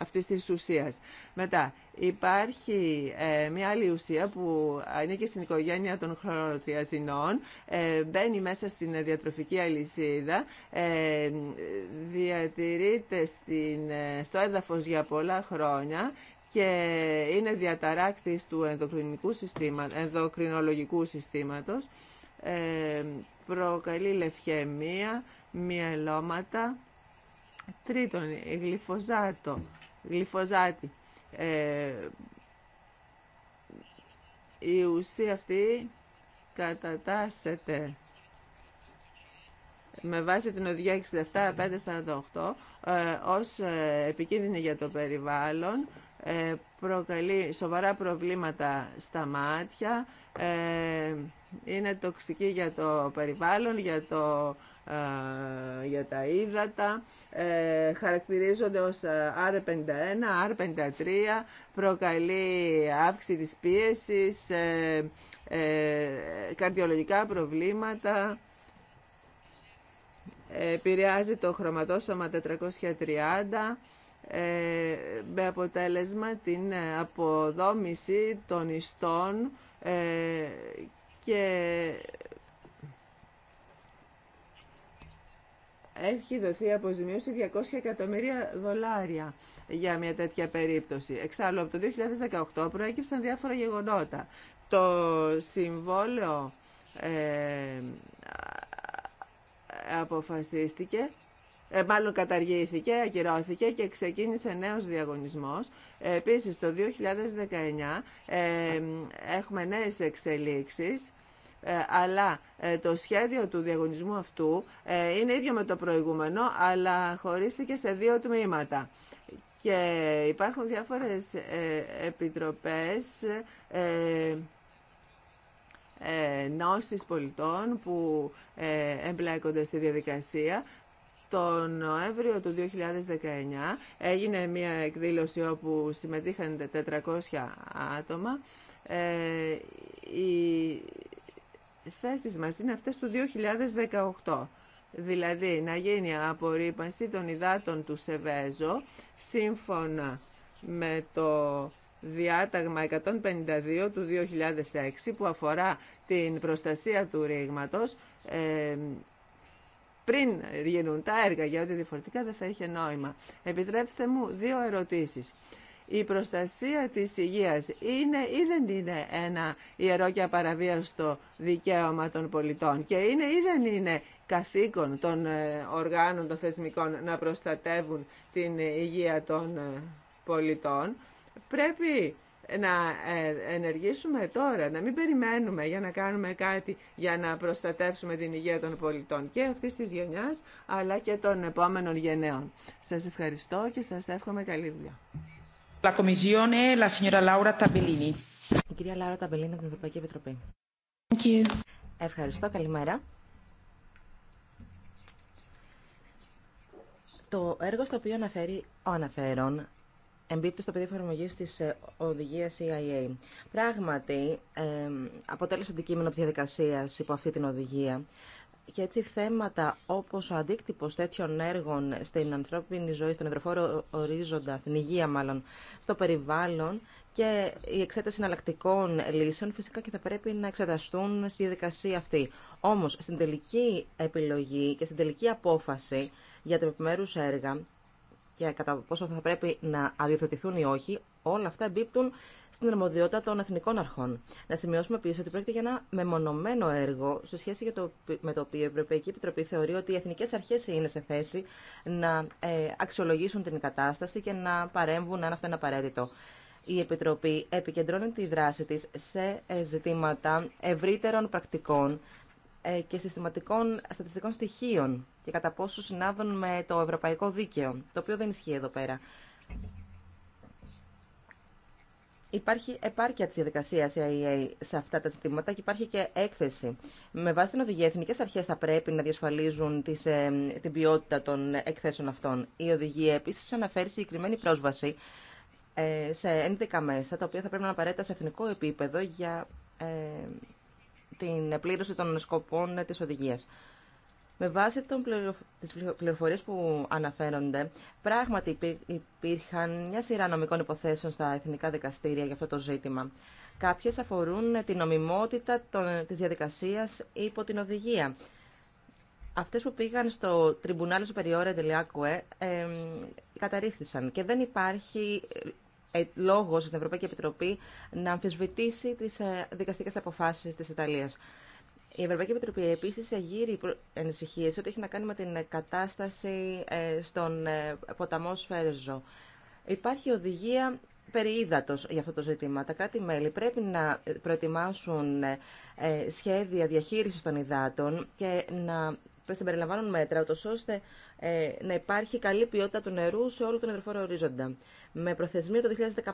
αυτής της ουσίας. Μετά, υπάρχει ε, μια άλλη ουσία που ανήκει στην οικογένεια των χρονοτριαζινών, ε, μπαίνει μέσα στην διατροφική αλυσίδα, ε, διατηρείται στην, στο έδαφος για πολλά χρόνια και είναι διαταράκτης του ενδοκρινικού συστήμα, ενδοκρινολογικού συστήματος, προκαλεί λευχαιμία, μυελώματα, τρίτον, η γλυφοζάτο γλυφοζάτη. Ε, η ουσία αυτή κατατάσσεται με βάση την οδηγια 67548 67-548 ε, ως ε, επικίνδυνη για το περιβάλλον ε, προκαλεί σοβαρά προβλήματα στα μάτια, ε, είναι τοξική για το περιβάλλον, για, το, ε, για τα ύδατα, χαρακτηρίζονται ως R51, R53, προκαλεί αύξηση της πίεσης, καρδιολογικά προβλήματα, επηρεάζει το χρωματόσωμα 430, ε, με αποτέλεσμα την ε, αποδόμηση των ιστών ε, και έχει δοθεί αποζημίωση 200 εκατομμύρια δολάρια για μια τέτοια περίπτωση. Εξάλλου, από το 2018 προέκυψαν διάφορα γεγονότα. Το συμβόλαιο ε, αποφασίστηκε ε, μάλλον καταργήθηκε, ακυρώθηκε και ξεκίνησε νέος διαγωνισμός. Ε, επίσης, το 2019 ε, έχουμε νέες εξελίξεις αλλά το σχέδιο του διαγωνισμού αυτού είναι ίδιο με το προηγούμενο, αλλά χωρίστηκε σε δύο τμήματα. Και υπάρχουν διάφορες επιτροπές νόσης πολιτών που εμπλέκονται στη διαδικασία τον Νοέμβριο του 2019 έγινε μια εκδήλωση όπου συμμετείχαν 400 άτομα. Ε, οι θέσεις μας είναι αυτές του 2018. Δηλαδή να γίνει απορρίπανση των υδάτων του Σεβέζο σύμφωνα με το διάταγμα 152 του 2006 που αφορά την προστασία του ρήγματος ε, πριν γίνουν τα έργα, ό,τι διαφορετικά δεν θα είχε νόημα. Επιτρέψτε μου δύο ερωτήσεις. Η προστασία της υγείας είναι ή δεν είναι ένα ιερό και απαραβίαστο δικαίωμα των πολιτών και είναι ή δεν είναι καθήκον των ε, οργάνων των θεσμικών να προστατεύουν την υγεία των ε, πολιτών. Πρέπει να ε, ενεργήσουμε τώρα, να μην περιμένουμε για να κάνουμε κάτι για να προστατεύσουμε την υγεία των πολιτών και αυτής της γενιάς αλλά και των επόμενων γενναίων. Σας ευχαριστώ και σας εύχομαι καλή δουλειά. La la signora Laura Tabellini. Η κυρία Λάρα Ταμπελίνη από την Επιτροπή. Thank Ευχαριστώ. Καλημέρα. Το έργο στο οποίο αναφέρει ο αναφέρον εμπίπτει στο πεδίο εφαρμογή τη ε, οδηγία EIA. Πράγματι, ε, αποτέλεσε αντικείμενο τη διαδικασία υπό αυτή την οδηγία. Και έτσι θέματα όπω ο αντίκτυπο τέτοιων έργων στην ανθρώπινη ζωή, στον εδροφόρο ορίζοντα, στην υγεία μάλλον, στο περιβάλλον και η εξέταση εναλλακτικών λύσεων φυσικά και θα πρέπει να εξεταστούν στη διαδικασία αυτή. Όμω, στην τελική επιλογή και στην τελική απόφαση για τα επιμέρου έργα και κατά πόσο θα πρέπει να αδειοδοτηθούν ή όχι, όλα αυτά εμπίπτουν στην αρμοδιότητα των εθνικών αρχών. Να σημειώσουμε επίση ότι πρόκειται για ένα μεμονωμένο έργο, σε σχέση με το οποίο η Ευρωπαϊκή Επιτροπή θεωρεί ότι οι εθνικέ αρχέ είναι σε θέση να ε, αξιολογήσουν την κατάσταση και να παρέμβουν αν αυτό είναι απαραίτητο. Η Επιτροπή επικεντρώνει τη δράση της σε ε, ζητήματα ευρύτερων πρακτικών ε, και συστηματικών στατιστικών στοιχείων και κατά πόσο συνάδουν με το ευρωπαϊκό δίκαιο, το οποίο δεν ισχύει εδώ πέρα. Υπάρχει επάρκεια τη διαδικασία CIA σε αυτά τα ζητήματα και υπάρχει και έκθεση. Με βάση την οδηγία, εθνικέ αρχέ θα πρέπει να διασφαλίζουν τις, ε, την ποιότητα των εκθέσεων αυτών. Η οδηγία επίση αναφέρει συγκεκριμένη πρόσβαση ε, σε ένδικα μέσα, τα οποία θα πρέπει να είναι απαραίτητα σε εθνικό επίπεδο για την πλήρωση των σκοπών της οδηγίας. Με βάση των τις πληροφορίες που αναφέρονται, πράγματι υπήρχαν μια σειρά νομικών υποθέσεων στα εθνικά δικαστήρια για αυτό το ζήτημα. Κάποιες αφορούν την νομιμότητα των... της διαδικασίας υπό την οδηγία. Αυτές που πήγαν στο Τριμπουνάλιο Superiore ε, ε, καταρρίφθησαν και δεν υπάρχει ε, λόγος στην Ευρωπαϊκή Επιτροπή να αμφισβητήσει τις ε, δικαστικές αποφάσεις της Ιταλίας. Η Ευρωπαϊκή Επιτροπή επίσης εγείρει ανησυχίε ότι έχει να κάνει με την κατάσταση ε, στον ποταμό Σφέρζο. Υπάρχει οδηγία περί ύδατος για αυτό το ζήτημα. Τα κράτη-μέλη πρέπει να προετοιμάσουν σχέδια διαχείρισης των υδάτων και να συμπεριλαμβάνουν μέτρα, ούτω ώστε ε, να υπάρχει καλή ποιότητα του νερού σε όλο τον υδροφόρο ορίζοντα. Με προθεσμία το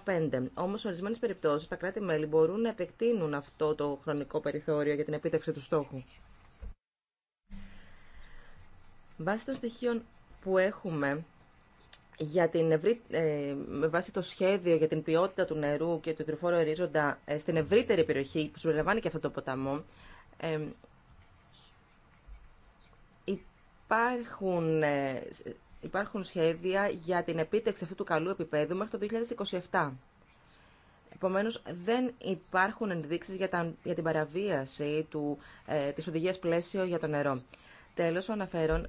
2015. Όμω, σε ορισμένε περιπτώσει, τα κράτη-μέλη μπορούν να επεκτείνουν αυτό το χρονικό περιθώριο για την επίτευξη του στόχου. Βάσει των στοιχείων που έχουμε για την ευρύ... ε, με βάση το σχέδιο για την ποιότητα του νερού και του εδρυφόρου ορίζοντα ε, στην ευρύτερη περιοχή που συμπεριλαμβάνει και αυτό το ποταμό, ε, υπάρχουν, ε, υπάρχουν σχέδια για την επίτευξη αυτού του καλού επίπεδου μέχρι το 2027. Επομένως, δεν υπάρχουν ενδείξεις για, για την παραβίαση του, ε, της οδηγίας πλαίσιο για το νερό. Τέλος, ο αναφέρον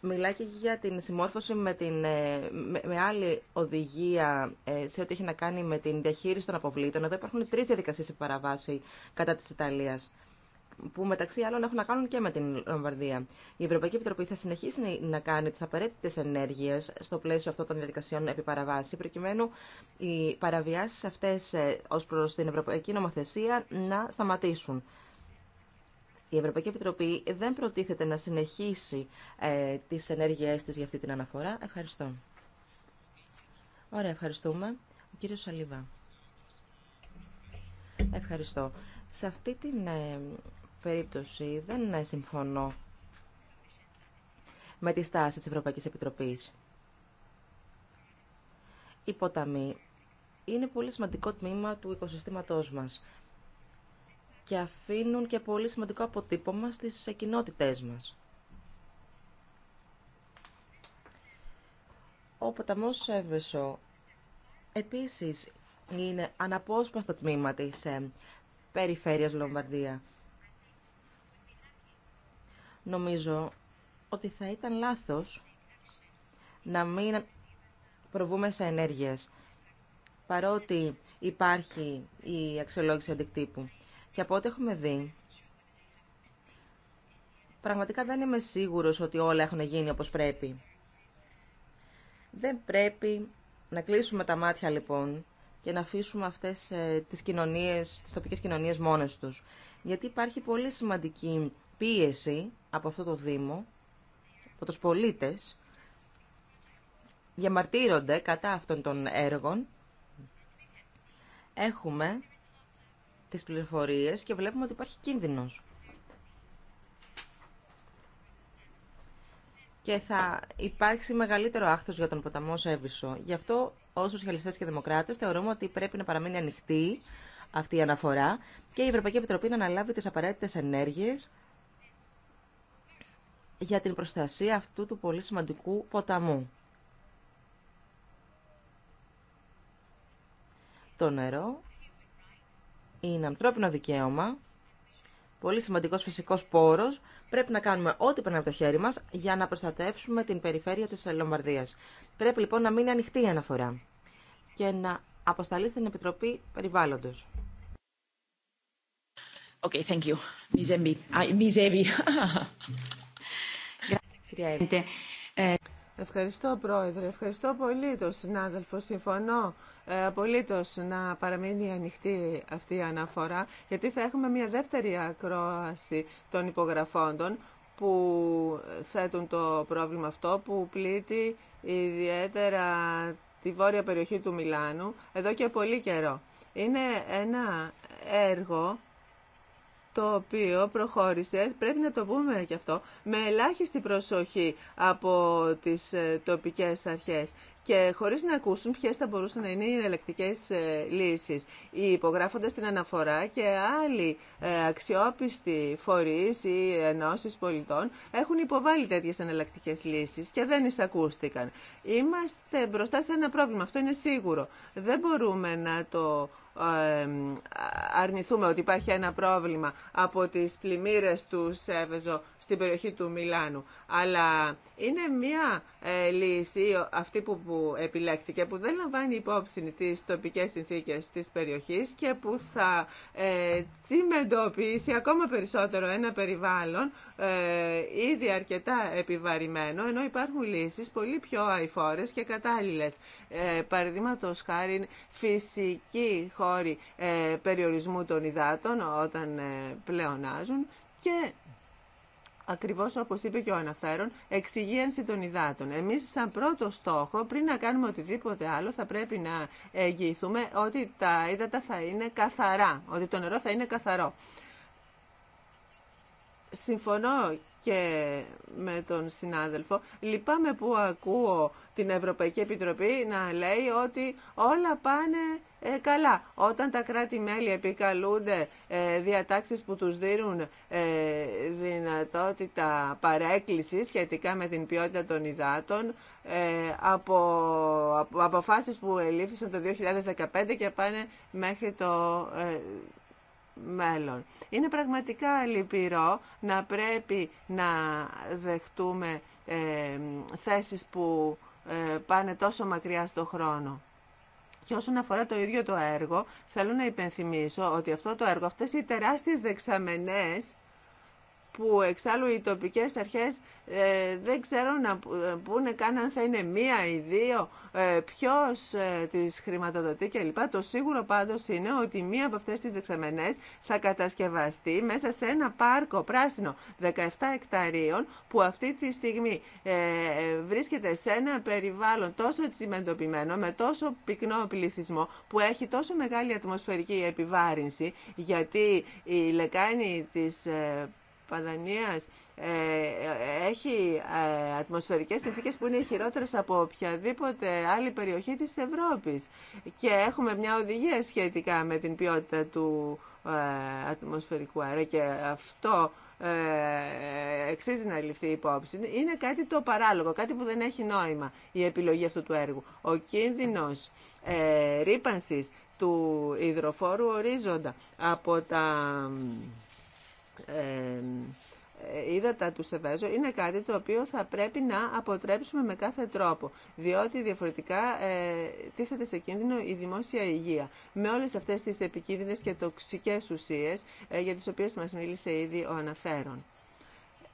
μιλάει και για την συμμόρφωση με, την, ε, με, άλλη οδηγία ε, σε ό,τι έχει να κάνει με την διαχείριση των αποβλήτων. Εδώ υπάρχουν τρεις διαδικασίες σε παραβάση κατά της Ιταλίας που μεταξύ άλλων έχουν να κάνουν και με την Λομβαρδία. Η Ευρωπαϊκή Επιτροπή θα συνεχίσει να κάνει τις απαραίτητε ενέργειε στο πλαίσιο αυτών των διαδικασιών επί παραβάση, προκειμένου οι παραβιάσεις αυτές ε, ως προς την Ευρωπαϊκή Νομοθεσία να σταματήσουν. Η Ευρωπαϊκή Επιτροπή δεν προτίθεται να συνεχίσει ε, τις ενέργειές της για αυτή την αναφορά. Ευχαριστώ. Ωραία, ευχαριστούμε. Ο κύριος Σαλίβα. Ευχαριστώ. Σε αυτή την ε, περίπτωση δεν συμφωνώ με τη στάση της Ευρωπαϊκής Επιτροπής. Η ποταμή είναι πολύ σημαντικό τμήμα του οικοσυστήματός μας και αφήνουν και πολύ σημαντικό αποτύπωμα στις κοινότητε μας. Ο ποταμός Σέβεσο επίσης είναι αναπόσπαστο τμήμα της ε, περιφέρειας Λομβαρδία. Νομίζω ότι θα ήταν λάθος να μην προβούμε σε ενέργειες, παρότι υπάρχει η αξιολόγηση αντικτύπου. Και από ό,τι έχουμε δει, πραγματικά δεν είμαι σίγουρος ότι όλα έχουν γίνει όπως πρέπει. Δεν πρέπει να κλείσουμε τα μάτια λοιπόν και να αφήσουμε αυτές ε, τις κοινωνίες, τις τοπικές κοινωνίες μόνες τους. Γιατί υπάρχει πολύ σημαντική πίεση από αυτό το Δήμο, από τους πολίτες, διαμαρτύρονται κατά αυτών των έργων. Έχουμε τις πληροφορίες και βλέπουμε ότι υπάρχει κίνδυνος. Και θα υπάρξει μεγαλύτερο άχθος για τον ποταμό Σέβισο. Γι' αυτό όσους σοσιαλιστές και δημοκράτες θεωρούμε ότι πρέπει να παραμείνει ανοιχτή αυτή η αναφορά και η Ευρωπαϊκή Επιτροπή να αναλάβει τις απαραίτητες ενέργειες για την προστασία αυτού του πολύ σημαντικού ποταμού. Το νερό είναι ανθρώπινο δικαίωμα, πολύ σημαντικός φυσικός πόρος. Πρέπει να κάνουμε ό,τι πρέπει από το χέρι μας για να προστατεύσουμε την περιφέρεια της Λομβαρδίας. Πρέπει λοιπόν να μείνει ανοιχτή η αναφορά και να αποσταλεί στην Επιτροπή Περιβάλλοντος. Okay, thank you. Ε, ευχαριστώ Πρόεδρε, ευχαριστώ πολύ τον συνάδελφο. Συμφωνώ ε, να παραμείνει ανοιχτή αυτή η αναφορά, γιατί θα έχουμε μια δεύτερη ακρόαση των υπογραφώντων που θέτουν το πρόβλημα αυτό που πλήττει ιδιαίτερα τη βόρεια περιοχή του Μιλάνου εδώ και πολύ καιρό. Είναι ένα έργο το οποίο προχώρησε, πρέπει να το πούμε και αυτό, με ελάχιστη προσοχή από τις ε, τοπικές αρχές και χωρίς να ακούσουν ποιες θα μπορούσαν να είναι οι εναλλακτικέ ε, λύσεις. Οι υπογράφοντας την αναφορά και άλλοι ε, αξιόπιστοι φορείς ή ενώσεις πολιτών έχουν υποβάλει τέτοιες εναλλακτικέ λύσεις και δεν εισακούστηκαν. Είμαστε μπροστά σε ένα πρόβλημα, αυτό είναι σίγουρο. Δεν μπορούμε να το αρνηθούμε ότι υπάρχει ένα πρόβλημα από τις πλημμύρες του Σέβεζο στην περιοχή του Μιλάνου. Αλλά είναι μια ε, λύση, αυτή που, που επιλέχθηκε, που δεν λαμβάνει υπόψη τις τοπικές συνθήκες της περιοχής και που θα ε, τσιμεντοποιήσει ακόμα περισσότερο ένα περιβάλλον ε, ήδη αρκετά επιβαρημένο, ενώ υπάρχουν λύσεις πολύ πιο αηφόρες και κατάλληλες. Ε, Παραδείγματος χάρη φυσικοί χώρη ε, περιορισμού των υδάτων όταν πλεονάζουν και ακριβώ όπω είπε και ο αναφέρον, εξυγίανση των υδάτων. Εμεί, σαν πρώτο στόχο, πριν να κάνουμε οτιδήποτε άλλο, θα πρέπει να εγγυηθούμε ότι τα ύδατα θα είναι καθαρά, ότι το νερό θα είναι καθαρό. Συμφωνώ και με τον συνάδελφο. Λυπάμαι που ακούω την Ευρωπαϊκή Επιτροπή να λέει ότι όλα πάνε ε, καλά, όταν τα κράτη-μέλη επικαλούνται ε, διατάξεις που τους δίνουν ε, δυνατότητα παρέκκληση σχετικά με την ποιότητα των υδάτων ε, από, από αποφάσεις που ελήφθησαν το 2015 και πάνε μέχρι το ε, μέλλον. Είναι πραγματικά λυπηρό να πρέπει να δεχτούμε θέσεις που πάνε τόσο μακριά στο χρόνο. Και όσον αφορά το ίδιο το έργο, θέλω να υπενθυμίσω ότι αυτό το έργο, αυτές οι τεράστιες δεξαμενές που εξάλλου οι τοπικές αρχές ε, δεν ξέρουν να ε, πούνε καν αν θα είναι μία ή δύο, ε, ποιος ε, τις χρηματοδοτεί κλπ. Το σίγουρο πάντως είναι ότι μία από αυτές τις δεξαμενές θα κατασκευαστεί μέσα σε ένα πάρκο πράσινο 17 εκταρίων που αυτή τη στιγμή ε, βρίσκεται σε ένα περιβάλλον τόσο τσιμεντοποιημένο με τόσο πυκνό πληθυσμό που έχει τόσο μεγάλη ατμοσφαιρική επιβάρυνση γιατί η λεκάνη της Πανανίας ε, ε, έχει ε, ατμοσφαιρικές συνθήκες που είναι χειρότερες από οποιαδήποτε άλλη περιοχή της Ευρώπης. Και έχουμε μια οδηγία σχετικά με την ποιότητα του ατμοσφαιρικού αέρα και αυτό ε, εξίζει να ληφθεί υπόψη. Είναι κάτι το παράλογο, κάτι που δεν έχει νόημα η επιλογή αυτού του έργου. Ο κίνδυνος ε, ρήπανσης του υδροφόρου ορίζοντα από τα ύδατα ε, ε, του Σεβέζο είναι κάτι το οποίο θα πρέπει να αποτρέψουμε με κάθε τρόπο, διότι διαφορετικά ε, τίθεται σε κίνδυνο η δημόσια υγεία. Με όλες αυτές τις επικίνδυνες και τοξικές ουσίες για τις οποίες μας μίλησε ήδη ο αναφέρον.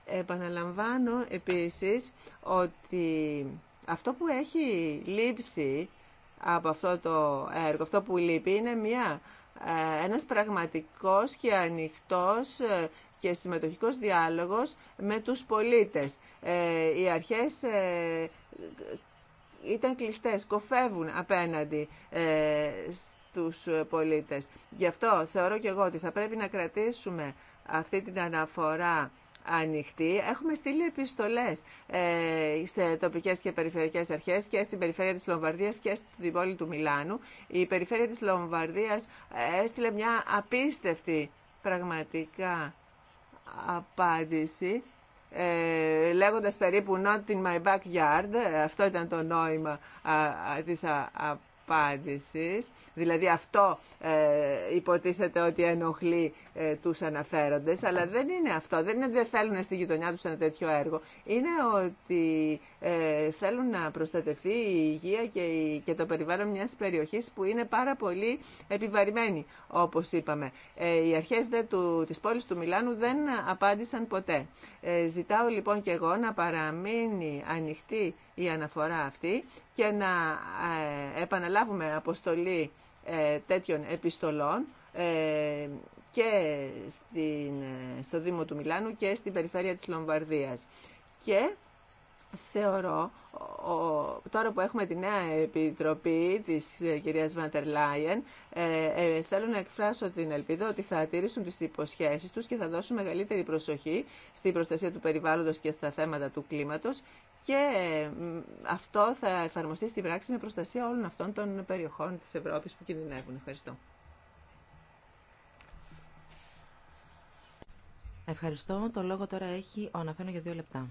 Επαναλαμβάνω επίσης ότι αυτό που έχει λείψει από αυτό το έργο, αυτό που λείπει είναι μια ε, ένας πραγματικός και ανοιχτός ε, και συμμετοχικός διάλογος με τους πολίτες. Ε, οι αρχές ήταν κλειστές, κοφεύουν απέναντι στους πολίτες. Γι' αυτό θεωρώ και εγώ ότι θα πρέπει να κρατήσουμε αυτή την αναφορά ανοιχτή. Έχουμε στείλει επιστολές ε, σε τοπικές και περιφερειακές αρχές και στην περιφέρεια της Λομβαρδίας και στην πόλη του Μιλάνου. Η περιφέρεια της Λομβαρδίας ε, έστειλε μια απίστευτη πραγματικά απάντηση ε, λέγοντας περίπου not in my backyard, ε, αυτό ήταν το νόημα α, α, της απάντησης, δηλαδή αυτό ε, υποτίθεται ότι ενοχλεί ε, τους αναφέροντες, αλλά δεν είναι αυτό, δεν είναι ότι δεν θέλουν στη γειτονιά τους ένα τέτοιο έργο, είναι ότι ε, θέλουν να προστατευτεί η υγεία και, και το περιβάλλον μιας περιοχής που είναι πάρα πολύ επιβαρημένη, όπως είπαμε. Ε, οι αρχές τη του, της πόλης του Μιλάνου δεν απάντησαν ποτέ. ζητάω λοιπόν και εγώ να παραμείνει ανοιχτή η αναφορά αυτή και να ε, επαναλάβουμε αποστολή ε, τέτοιων επιστολών ε, και στο Δήμο του Μιλάνου και στην περιφέρεια της Λομβαρδίας. Και θεωρώ, τώρα που έχουμε τη νέα επιτροπή της ε, κυρίας Βαντερ Λάιεν, ε, ε, θέλω να εκφράσω την ελπίδα ότι θα τηρήσουν τις υποσχέσεις τους και θα δώσουν μεγαλύτερη προσοχή στην προστασία του περιβάλλοντος και στα θέματα του κλίματος και αυτό θα εφαρμοστεί στην πράξη με προστασία όλων αυτών των περιοχών της Ευρώπης που κινδυνεύουν. Ευχαριστώ. Ευχαριστώ. Το λόγο τώρα έχει ο Αναφένο για δύο λεπτά.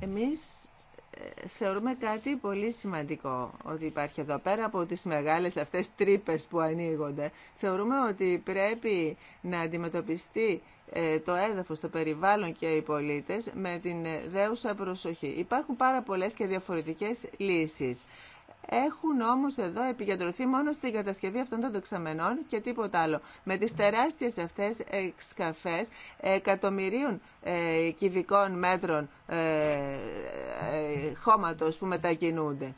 Εμείς ε, θεωρούμε κάτι πολύ σημαντικό ότι υπάρχει εδώ πέρα από τις μεγάλες αυτές τρύπες που ανοίγονται. Θεωρούμε ότι πρέπει να αντιμετωπιστεί ε, το έδαφος, το περιβάλλον και οι πολίτες με την δέουσα προσοχή. Υπάρχουν πάρα πολλές και διαφορετικές λύσεις έχουν όμως εδώ επικεντρωθεί μόνο στην κατασκευή αυτών των δεξαμενών και τίποτα άλλο. Με τις τεράστιες αυτές εξκαφές εκατομμυρίων ε, κυβικών μέτρων ε, ε, χώματος που μετακινούνται.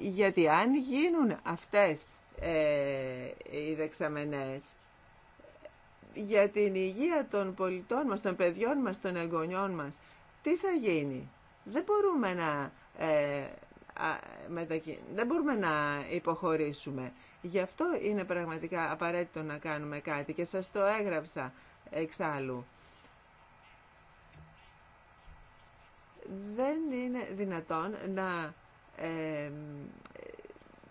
Γιατί αν γίνουν αυτές ε, οι δεξαμενέ για την υγεία των πολιτών μας, των παιδιών μας, των εγγονιών μας, τι θα γίνει. Δεν μπορούμε να δεν μπορούμε να υποχωρήσουμε. Γι' αυτό είναι πραγματικά απαραίτητο να κάνουμε κάτι και σας το έγραψα εξάλλου. Δεν είναι δυνατόν να ε,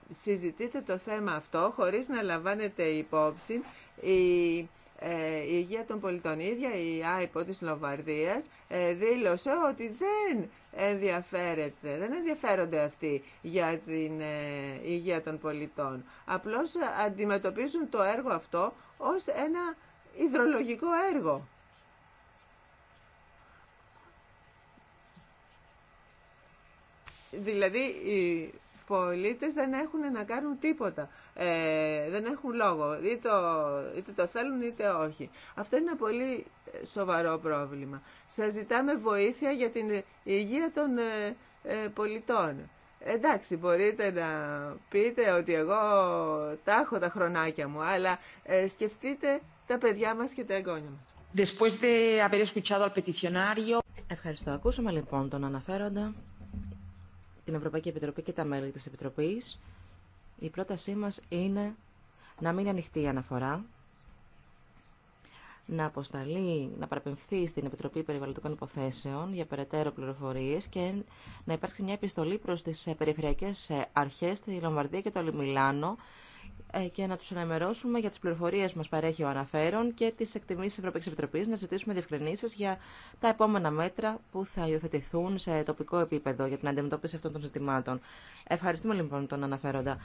συζητείτε το θέμα αυτό χωρίς να λαμβάνετε υπόψη ε, η Υγεία των Πολιτών, η ίδια η ΆΙΠΟ της Λομβαρδίας ε, δήλωσε ότι δεν ενδιαφέρεται, δεν ενδιαφέρονται αυτοί για την ε, Υγεία των Πολιτών. Απλώς αντιμετωπίζουν το έργο αυτό ως ένα υδρολογικό έργο. Δηλαδή, πολίτες δεν έχουν να κάνουν τίποτα. Ε, δεν έχουν λόγο. Είτε, είτε το θέλουν είτε όχι. Αυτό είναι ένα πολύ σοβαρό πρόβλημα. Σας ζητάμε βοήθεια για την υγεία των ε, ε, πολιτών. Εντάξει, μπορείτε να πείτε ότι εγώ τα έχω τα χρονάκια μου, αλλά ε, σκεφτείτε τα παιδιά μας και τα εγγόνια μας. Ευχαριστώ. Ακούσαμε λοιπόν τον αναφέροντα την Ευρωπαϊκή Επιτροπή και τα μέλη της Επιτροπής. Η πρότασή μας είναι να μην ανοιχτεί η αναφορά, να αποσταλεί, να παραπεμφθεί στην Επιτροπή Περιβαλλοντικών Υποθέσεων για περαιτέρω πληροφορίες και να υπάρξει μια επιστολή προς τις περιφερειακές αρχές στη Λομβαρδία και το Λιμιλάνο, ε, και να του ενημερώσουμε για τι πληροφορίε που μας παρέχει ο αναφέρον και τι εκτιμήσει τη Ευρωπαϊκή Επιτροπής να ζητήσουμε διευκρινήσει για τα επόμενα μέτρα που θα υιοθετηθούν σε τοπικό επίπεδο για την αντιμετώπιση αυτών των ζητημάτων. Ευχαριστούμε λοιπόν τον αναφέροντα.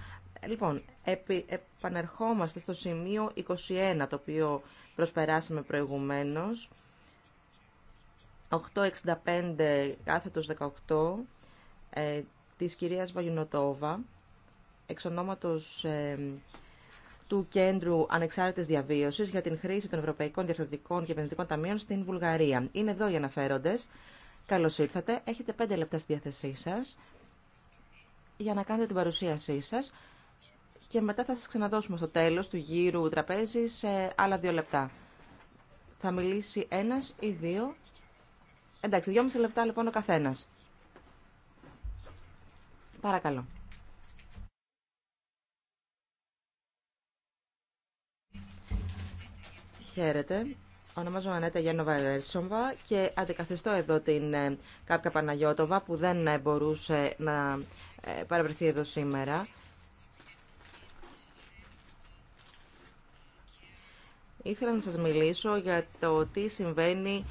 Λοιπόν, επι, επανερχόμαστε στο σημείο 21 το οποίο προσπεράσαμε προηγουμένως. 865 κάθετος 18 ε, της κυρίας Βαγιουνοτόβα εξ ονόματος ε, του Κέντρου Ανεξάρτητης Διαβίωσης για την χρήση των Ευρωπαϊκών Διαρθρωτικών και Επενδυτικών Ταμείων στην Βουλγαρία. Είναι εδώ οι αναφέροντες. Καλώς ήρθατε. Έχετε πέντε λεπτά στη διάθεσή σας για να κάνετε την παρουσίασή σας και μετά θα σας ξαναδώσουμε στο τέλος του γύρου τραπέζι σε άλλα δύο λεπτά. Θα μιλήσει ένας ή δύο. Εντάξει, δυόμιση λεπτά λοιπόν ο καθένας. Παρακαλώ. Χαίρετε. Ονομάζομαι Ανέτα Γιάννοβα Ελσόμβα και αντικαθιστώ εδώ την ε, Κάπκα Παναγιώτοβα που δεν ε, μπορούσε να ε, παραβρεθεί εδώ σήμερα. Ήθελα να σας μιλήσω για το τι συμβαίνει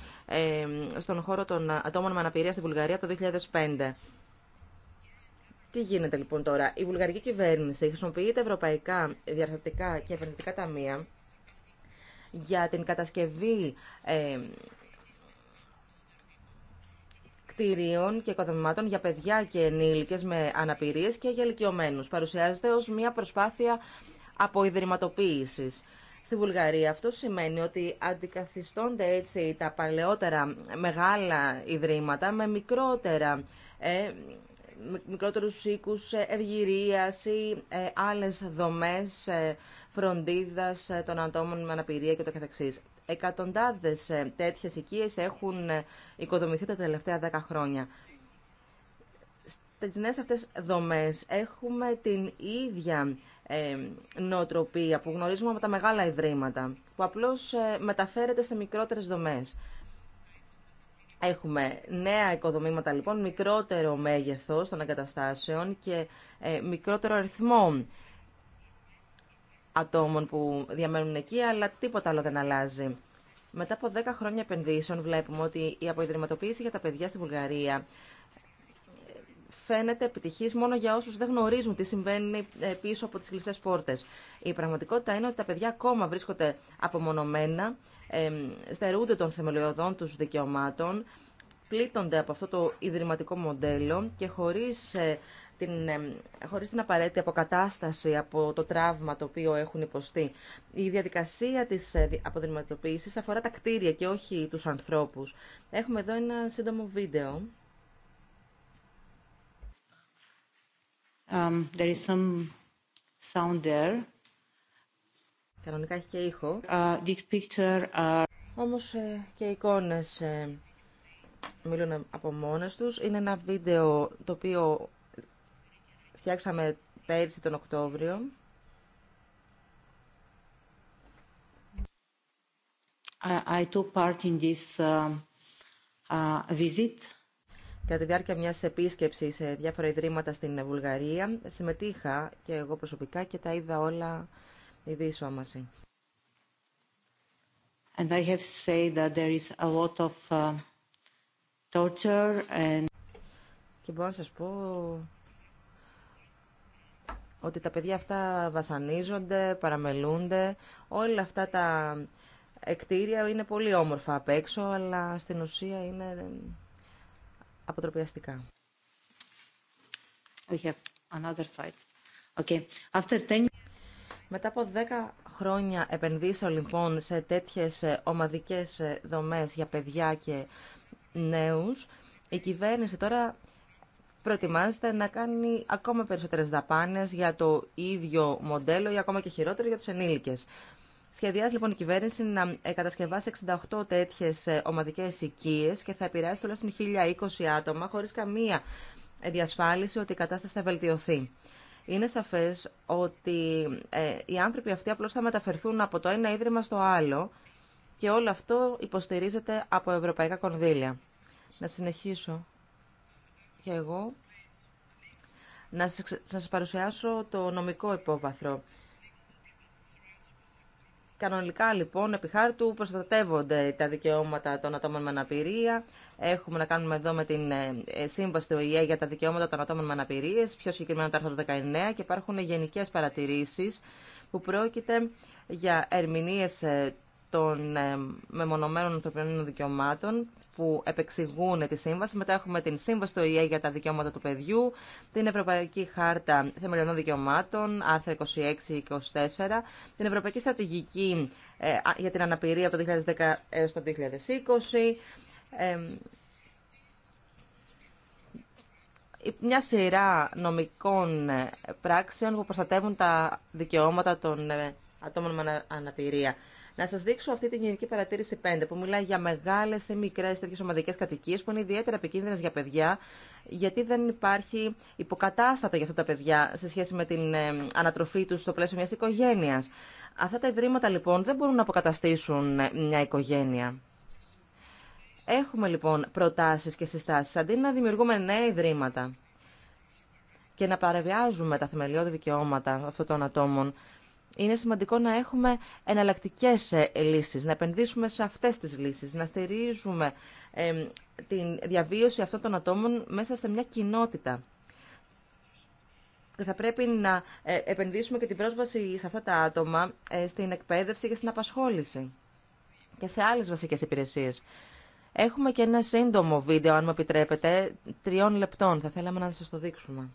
στον χώρο των ατόμων με αναπηρία στη Βουλγαρία το 2005. Τι γίνεται λοιπόν τώρα. Η βουλγαρική κυβέρνηση χρησιμοποιεί τα ευρωπαϊκά διαρθρωτικά και επενδυτικά ταμεία για την κατασκευή ε, κτηρίων και οικοδομημάτων για παιδιά και ενήλικες με αναπηρίες και για ηλικιωμένους. Παρουσιάζεται ως μια προσπάθεια αποϊδρυματοποίησης. Στη Βουλγαρία αυτό σημαίνει ότι αντικαθιστώνται έτσι τα παλαιότερα μεγάλα ιδρύματα με μικρότερα ε, μικρότερους οίκου ευγυρία ή ε, άλλες δομές ε, φροντίδας ε, των ατόμων με αναπηρία και το καθεξής. Εκατοντάδες τέτοιες έχουν οικοδομηθεί τα τελευταία δέκα χρόνια. Στι νέε αυτές δομές έχουμε την ίδια νοοτροπία που γνωρίζουμε από τα μεγάλα ιδρύματα, που απλώς μεταφέρεται σε μικρότερες δομές. Έχουμε νέα οικοδομήματα λοιπόν, μικρότερο μέγεθος των εγκαταστάσεων και ε, μικρότερο αριθμό ατόμων που διαμένουν εκεί, αλλά τίποτα άλλο δεν αλλάζει. Μετά από 10 χρόνια επενδύσεων βλέπουμε ότι η αποϊδρυματοποίηση για τα παιδιά στη Βουλγαρία φαίνεται επιτυχής μόνο για όσου δεν γνωρίζουν τι συμβαίνει πίσω από τι κλειστέ πόρτε. Η πραγματικότητα είναι ότι τα παιδιά ακόμα βρίσκονται απομονωμένα, στερούνται των θεμελιωδών του δικαιωμάτων, πλήττονται από αυτό το ιδρυματικό μοντέλο και χωρίς ε, την, χωρίς την απαραίτητη αποκατάσταση από το τραύμα το οποίο έχουν υποστεί. Η διαδικασία της ε, αποδηματοποίησης αφορά τα κτίρια και όχι τους ανθρώπους. Έχουμε εδώ ένα σύντομο βίντεο. Um, there is some sound there. Κανονικά έχει και ήχο. Uh, this picture are... Όμως ε, και οι εικόνες ε, μιλούν από μόνες τους. Είναι ένα βίντεο το οποίο φτιάξαμε πέρυσι τον Οκτώβριο. I, I took part in this uh, uh, visit Κατά τη διάρκεια μια επίσκεψη σε διάφορα ιδρύματα στην Βουλγαρία, συμμετείχα και εγώ προσωπικά και τα είδα όλα οι And I have say that there is a lot of uh, torture and... Και μπορώ να σας πω ότι τα παιδιά αυτά βασανίζονται, παραμελούνται. Όλα αυτά τα εκτήρια είναι πολύ όμορφα απ' έξω, αλλά στην ουσία είναι αποτροπιαστικά. We have another side. Okay. After 10... Μετά από 10 χρόνια επενδύσεων λοιπόν σε τέτοιες ε, ομαδικές ε, δομές για παιδιά και νέους, η κυβέρνηση τώρα προετοιμάζεται να κάνει ακόμα περισσότερες δαπάνες για το ίδιο μοντέλο ή ακόμα και χειρότερο για τους ενήλικες. Σχεδιάζει λοιπόν η κυβέρνηση να ε, κατασκευάσει 68 τέτοιε ομαδικέ οικίε και θα επηρεάσει τουλάχιστον 1.020 άτομα χωρί καμία ε, διασφάλιση ότι η κατάσταση θα βελτιωθεί. Είναι σαφέ ότι ε, οι άνθρωποι αυτοί απλώ θα μεταφερθούν από το ένα ίδρυμα στο άλλο και όλο αυτό υποστηρίζεται από ευρωπαϊκά κονδύλια. Να συνεχίσω και εγώ να σας παρουσιάσω το νομικό υπόβαθρο. Κανονικά λοιπόν επί χάρτου προστατεύονται τα δικαιώματα των ατόμων με αναπηρία. Έχουμε να κάνουμε εδώ με την ε, ε, Σύμβαση του ΟΗΕ για τα δικαιώματα των ατόμων με αναπηρίε, πιο συγκεκριμένα το άρθρο 19, και υπάρχουν γενικέ παρατηρήσει που πρόκειται για ερμηνείε ε, των ε, μεμονωμένων ανθρωπινών δικαιωμάτων που επεξηγούν τη σύμβαση. Μετά έχουμε την Σύμβαση του ΙΕ για τα δικαιώματα του παιδιού, την Ευρωπαϊκή Χάρτα Θεμελιωδών Δικαιωμάτων, άρθρα 26-24, την Ευρωπαϊκή Στρατηγική ε, για την Αναπηρία από το 2010 έως το 2020, ε, μια σειρά νομικών πράξεων που προστατεύουν τα δικαιώματα των ατόμων με αναπηρία. Να σα δείξω αυτή την γενική παρατήρηση 5 που μιλάει για μεγάλε ή μικρέ τέτοιε ομαδικέ κατοικίε που είναι ιδιαίτερα επικίνδυνε για παιδιά γιατί δεν υπάρχει υποκατάστατο για αυτά τα παιδιά σε σχέση με την ανατροφή του στο πλαίσιο μια οικογένεια. Αυτά τα ιδρύματα λοιπόν δεν μπορούν να αποκαταστήσουν ε, μια οικογένεια. Έχουμε λοιπόν προτάσεις και συστάσεις αντί να δημιουργούμε νέα ιδρύματα και να παραβιάζουμε τα θεμελιώδη δικαιώματα αυτών των ατόμων είναι σημαντικό να έχουμε εναλλακτικέ ε, λύσεις, να επενδύσουμε σε αυτές τις λύσεις, να στηρίζουμε ε, την διαβίωση αυτών των ατόμων μέσα σε μια κοινότητα. θα πρέπει να ε, επενδύσουμε και την πρόσβαση σε αυτά τα άτομα ε, στην εκπαίδευση και στην απασχόληση και σε άλλες βασικές υπηρεσίες. Έχουμε και ένα σύντομο βίντεο, αν μου επιτρέπετε, τριών λεπτών. Θα θέλαμε να σας το δείξουμε.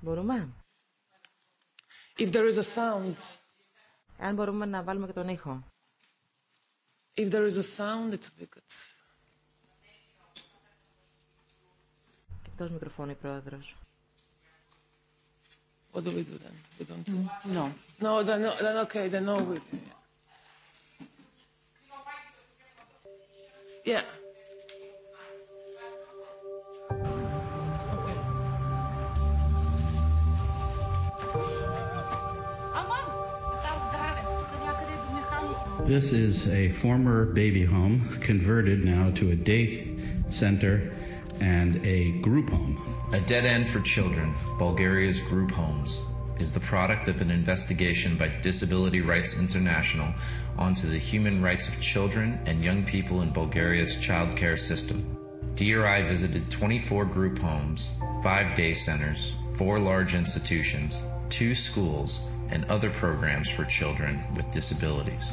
Μπορούμε. If there is a sound. Αν μπορούμε να βάλουμε και τον ήχο. If there is a sound, it would be good. Εκτός μικροφώνου η πρόεδρος. What do we do then? We don't do mm. No. No, then, then okay, then no. We, yeah. This is a former baby home converted now to a day center and a group home. A dead end for children, Bulgaria's group homes, is the product of an investigation by Disability Rights International onto the human rights of children and young people in Bulgaria's child care system. DRI visited 24 group homes, five day centers, four large institutions, two schools, and other programs for children with disabilities.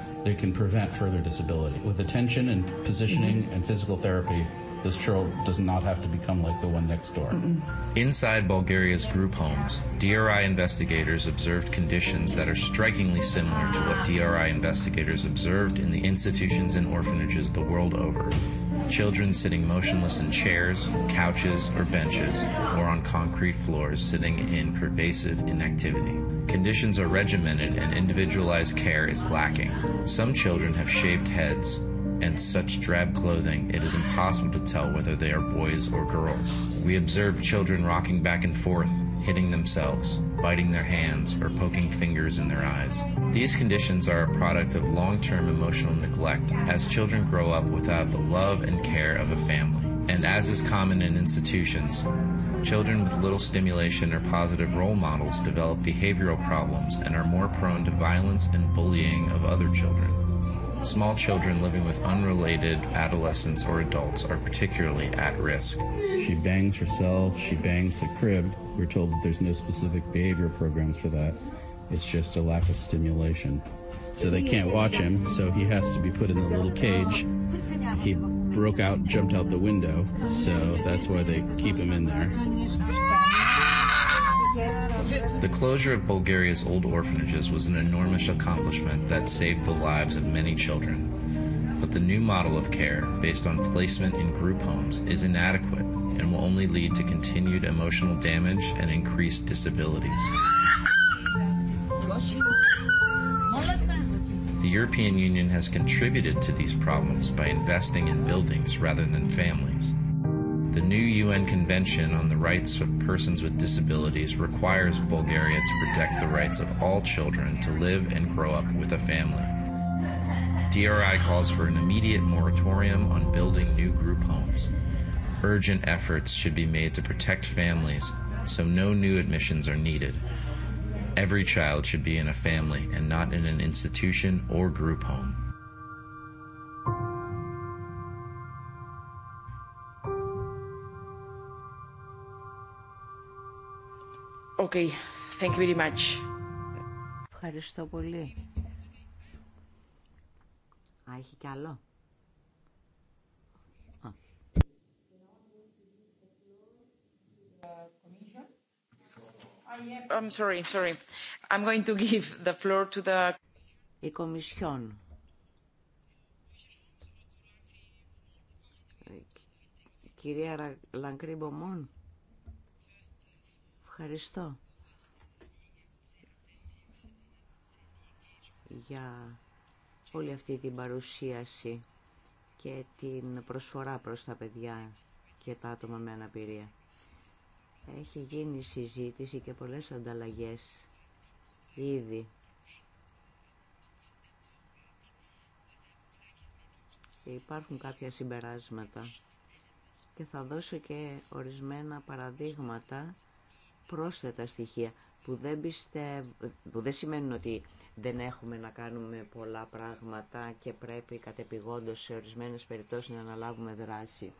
They can prevent further disability. With attention and positioning and physical therapy, this child does not have to become like the one next door. Inside Bulgaria's group homes, DRI investigators observed conditions that are strikingly similar to what DRI investigators observed in the institutions and orphanages the world over. Children sitting motionless in chairs, couches, or benches, or on concrete floors sitting in pervasive inactivity. Conditions are regimented and individualized care is lacking. Some children have shaved heads and such drab clothing it is impossible to tell whether they are boys or girls. We observe children rocking back and forth, hitting themselves, biting their hands, or poking fingers in their eyes. These conditions are a product of long term emotional neglect as children grow up without the love and care of a family. And as is common in institutions, Children with little stimulation or positive role models develop behavioral problems and are more prone to violence and bullying of other children. Small children living with unrelated adolescents or adults are particularly at risk. She bangs herself, she bangs the crib. We're told that there's no specific behavior programs for that. It's just a lack of stimulation so they can't watch him, so he has to be put in a little cage. He broke out, jumped out the window, so that's why they keep him in there. The closure of Bulgaria's old orphanages was an enormous accomplishment that saved the lives of many children. But the new model of care, based on placement in group homes, is inadequate and will only lead to continued emotional damage and increased disabilities. European Union has contributed to these problems by investing in buildings rather than families. The new UN Convention on the Rights of Persons with Disabilities requires Bulgaria to protect the rights of all children to live and grow up with a family. DRI calls for an immediate moratorium on building new group homes. Urgent efforts should be made to protect families so no new admissions are needed. Every child should be in a family and not in an institution or group home. Okay, thank you very much. Ευχαριστώ πολύ. Α, έχει κι άλλο. I'm going to give Η Κομισιόν. Κυρία Λαγκρή Μπομών, ευχαριστώ για όλη αυτή την παρουσίαση και την προσφορά προς τα παιδιά και τα άτομα με αναπηρία. Έχει γίνει συζήτηση και πολλές ανταλλαγές ήδη. υπάρχουν κάποια συμπεράσματα και θα δώσω και ορισμένα παραδείγματα πρόσθετα στοιχεία που δεν, που δεν σημαίνουν ότι δεν έχουμε να κάνουμε πολλά πράγματα και πρέπει κατεπηγόντως σε ορισμένες περιπτώσεις να αναλάβουμε δράση.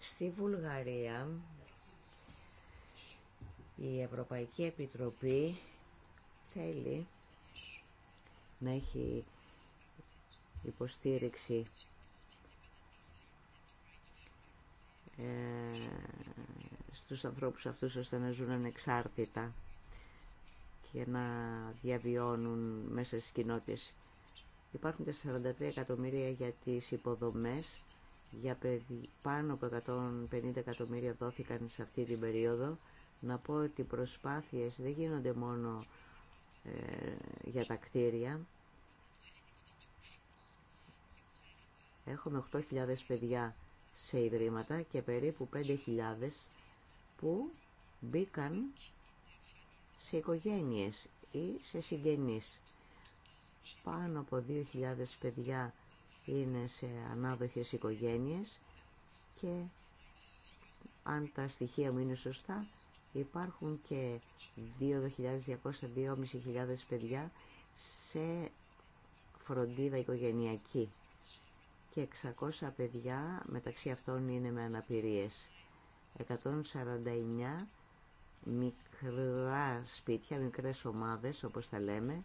Στη Βουλγαρία η Ευρωπαϊκή Επιτροπή θέλει να έχει υποστήριξη ε, στους ανθρώπους αυτούς ώστε να ζουν ανεξάρτητα και να διαβιώνουν μέσα στις κοινότητες. Υπάρχουν και 43 εκατομμύρια για τις υποδομές. Για πάνω από 150 εκατομμύρια δόθηκαν σε αυτή την περίοδο να πω ότι οι προσπάθειες δεν γίνονται μόνο ε, για τα κτίρια. Έχουμε 8.000 παιδιά σε ιδρύματα και περίπου 5.000 που μπήκαν σε οικογένειες ή σε συγγενείς. Πάνω από 2.000 παιδιά είναι σε ανάδοχες οικογένειες και αν τα στοιχεία μου είναι σωστά Υπάρχουν και 2.200-2.500 παιδιά σε φροντίδα οικογενειακή και 600 παιδιά μεταξύ αυτών είναι με αναπηρίες. 149 μικρά σπίτια, μικρές ομάδες όπως τα λέμε.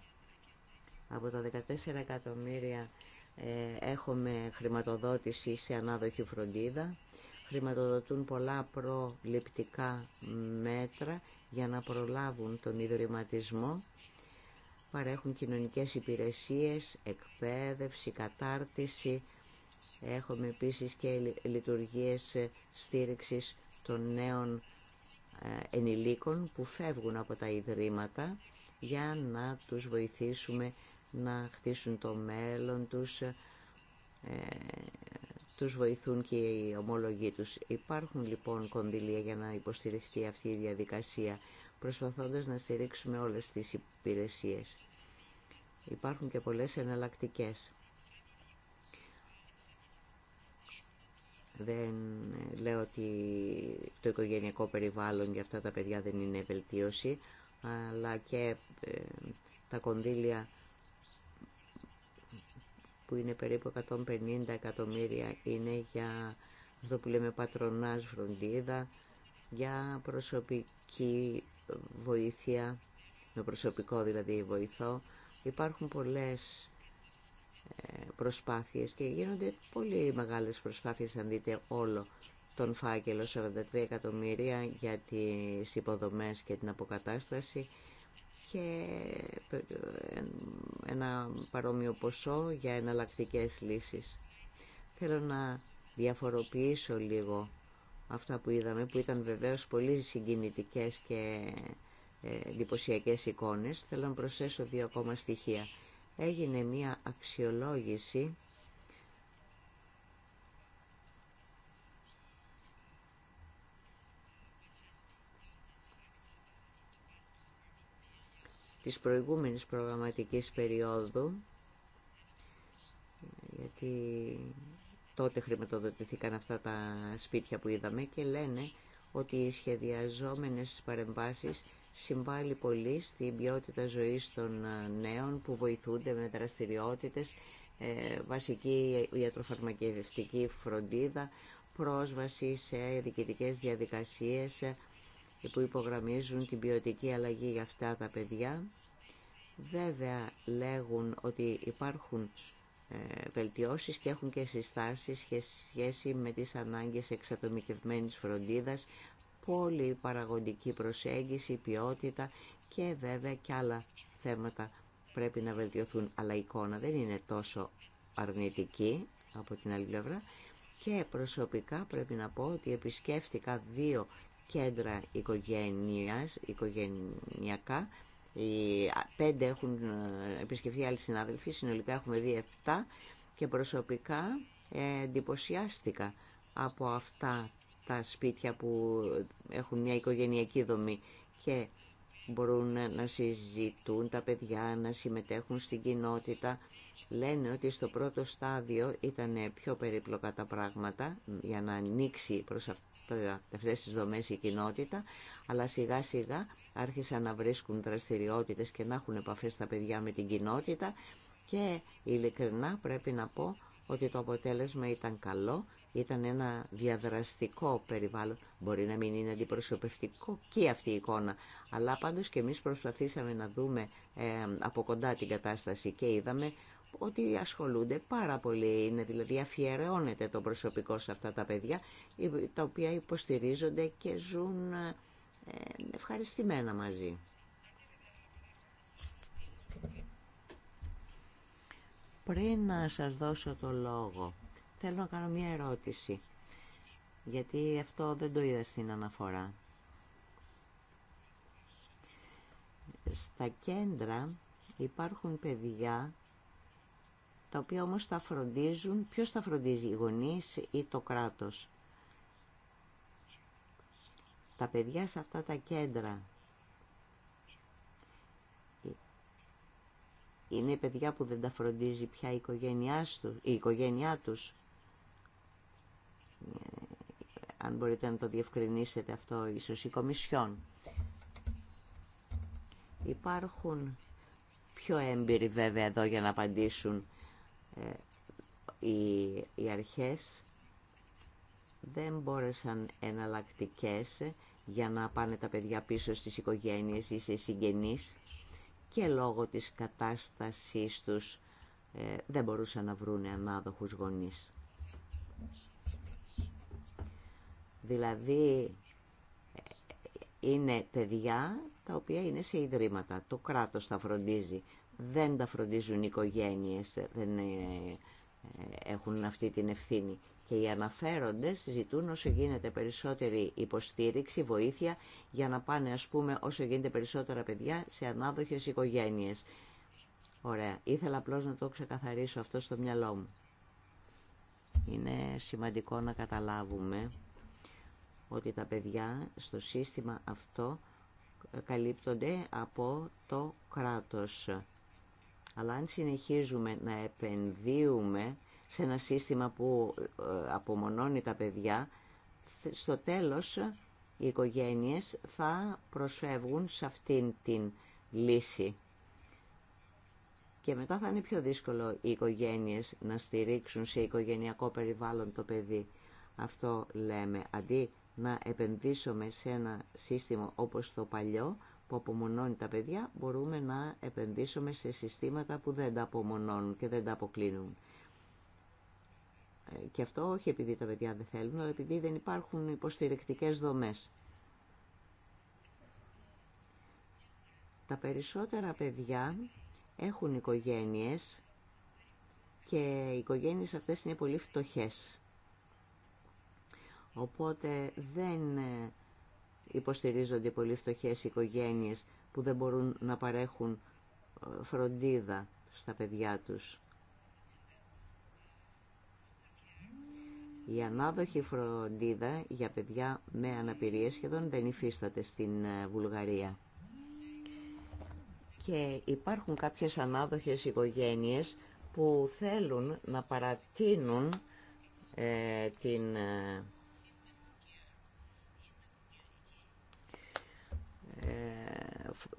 Από τα 14 εκατομμύρια ε, έχουμε χρηματοδότηση σε ανάδοχη φροντίδα χρηματοδοτούν πολλά προληπτικά μέτρα για να προλάβουν τον ιδρυματισμό. Παρέχουν κοινωνικές υπηρεσίες, εκπαίδευση, κατάρτιση. Έχουμε επίσης και λειτουργίες στήριξης των νέων ε, ενηλίκων που φεύγουν από τα ιδρύματα για να τους βοηθήσουμε να χτίσουν το μέλλον τους ε, τους βοηθούν και οι ομολογοί τους. Υπάρχουν λοιπόν κονδυλία για να υποστηριχθεί αυτή η διαδικασία, προσπαθώντας να στηρίξουμε όλες τις υπηρεσίες. Υπάρχουν και πολλές εναλλακτικέ. Δεν λέω ότι το οικογενειακό περιβάλλον για αυτά τα παιδιά δεν είναι βελτίωση, αλλά και ε, τα κονδύλια που είναι περίπου 150 εκατομμύρια είναι για αυτό που λέμε πατρονάς φροντίδα, για προσωπική βοήθεια, με προσωπικό δηλαδή βοηθό. Υπάρχουν πολλές ε, προσπάθειες και γίνονται πολύ μεγάλες προσπάθειες αν δείτε όλο τον φάκελο 43 εκατομμύρια για τις υποδομές και την αποκατάσταση και ένα παρόμοιο ποσό για εναλλακτικέ λύσεις. Θέλω να διαφοροποιήσω λίγο αυτά που είδαμε, που ήταν βεβαίως πολύ συγκινητικές και ε, εντυπωσιακέ εικόνες. Θέλω να προσθέσω δύο ακόμα στοιχεία. Έγινε μία αξιολόγηση της προηγούμενης προγραμματικής περίοδου, γιατί τότε χρηματοδοτηθήκαν αυτά τα σπίτια που είδαμε και λένε ότι οι σχεδιαζόμενες παρεμβάσεις συμβάλλει πολύ στην ποιότητα ζωής των νέων που βοηθούνται με δραστηριότητες, ε, βασική ιατροφαρμακευτική φροντίδα, πρόσβαση σε διοικητικές διαδικασίες, που υπογραμμίζουν την ποιοτική αλλαγή για αυτά τα παιδιά. Βέβαια λέγουν ότι υπάρχουν ε, βελτιώσεις και έχουν και συστάσεις σε σχέση με τις ανάγκες εξατομικευμένης φροντίδας, πολύ παραγοντική προσέγγιση, ποιότητα και βέβαια και άλλα θέματα πρέπει να βελτιωθούν, αλλά η εικόνα δεν είναι τόσο αρνητική από την άλλη πλευρά. Και προσωπικά πρέπει να πω ότι επισκέφτηκα δύο κέντρα οικογένειας, οικογενειακά. Οι πέντε έχουν ε, επισκεφθεί άλλοι συνάδελφοι, συνολικά έχουμε δει επτά και προσωπικά ε, εντυπωσιάστηκα από αυτά τα σπίτια που έχουν μια οικογενειακή δομή και μπορούν να συζητούν τα παιδιά, να συμμετέχουν στην κοινότητα. Λένε ότι στο πρώτο στάδιο ήταν πιο περίπλοκα τα πράγματα για να ανοίξει προς αυτές τις δομές η κοινότητα, αλλά σιγά σιγά άρχισαν να βρίσκουν δραστηριότητες και να έχουν επαφές τα παιδιά με την κοινότητα και ειλικρινά πρέπει να πω ότι το αποτέλεσμα ήταν καλό, ήταν ένα διαδραστικό περιβάλλον. Μπορεί να μην είναι αντιπροσωπευτικό και αυτή η εικόνα, αλλά πάντως και εμείς προσπαθήσαμε να δούμε ε, από κοντά την κατάσταση και είδαμε ότι ασχολούνται πάρα πολύ, είναι δηλαδή αφιερώνεται το προσωπικό σε αυτά τα παιδιά, τα οποία υποστηρίζονται και ζουν ε, ευχαριστημένα μαζί. Πριν να σας δώσω το λόγο, θέλω να κάνω μια ερώτηση, γιατί αυτό δεν το είδα στην αναφορά. Στα κέντρα υπάρχουν παιδιά τα οποία όμως τα φροντίζουν. Ποιος τα φροντίζει, οι γονείς ή το κράτος. Τα παιδιά σε αυτά τα κέντρα είναι παιδιά που δεν τα φροντίζει πια η οικογένειά, του, η οικογένειά τους. Ε, αν μπορείτε να το διευκρινίσετε αυτό, ίσως η Κομισιόν. Υπάρχουν πιο έμπειροι βέβαια εδώ για να απαντήσουν ε, οι, οι αρχές. Δεν μπόρεσαν εναλλακτικές για να πάνε τα παιδιά πίσω στις οικογένειες ή σε συγγενείς και λόγω της κατάστασής τους ε, δεν μπορούσαν να βρουν ανάδοχους γονείς. Δηλαδή ε, είναι παιδιά τα οποία είναι σε ιδρύματα. Το κράτος τα φροντίζει. Δεν τα φροντίζουν οι οικογένειες, δεν ε, έχουν αυτή την ευθύνη και οι αναφέροντες ζητούν όσο γίνεται περισσότερη υποστήριξη, βοήθεια για να πάνε ας πούμε όσο γίνεται περισσότερα παιδιά σε ανάδοχες οικογένειες. Ωραία. Ήθελα απλώς να το ξεκαθαρίσω αυτό στο μυαλό μου. Είναι σημαντικό να καταλάβουμε ότι τα παιδιά στο σύστημα αυτό καλύπτονται από το κράτος. Αλλά αν συνεχίζουμε να επενδύουμε σε ένα σύστημα που ε, απομονώνει τα παιδιά, στο τέλος οι οικογένειες θα προσφεύγουν σε αυτήν την λύση. Και μετά θα είναι πιο δύσκολο οι οικογένειες να στηρίξουν σε οικογενειακό περιβάλλον το παιδί. Αυτό λέμε, αντί να επενδύσουμε σε ένα σύστημα όπως το παλιό που απομονώνει τα παιδιά, μπορούμε να επενδύσουμε σε συστήματα που δεν τα απομονώνουν και δεν τα αποκλίνουν. Και αυτό όχι επειδή τα παιδιά δεν θέλουν, αλλά επειδή δεν υπάρχουν υποστηρικτικές δομές. Τα περισσότερα παιδιά έχουν οικογένειες και οι οικογένειες αυτές είναι πολύ φτωχές. Οπότε δεν ε, υποστηρίζονται πολύ φτωχές οικογένειες που δεν μπορούν να παρέχουν ε, φροντίδα στα παιδιά τους. Η ανάδοχη φροντίδα για παιδιά με αναπηρία σχεδόν δεν υφίσταται στην ε, Βουλγαρία. Και υπάρχουν κάποιες ανάδοχες οικογένειες που θέλουν να παρατείνουν ε, την ε,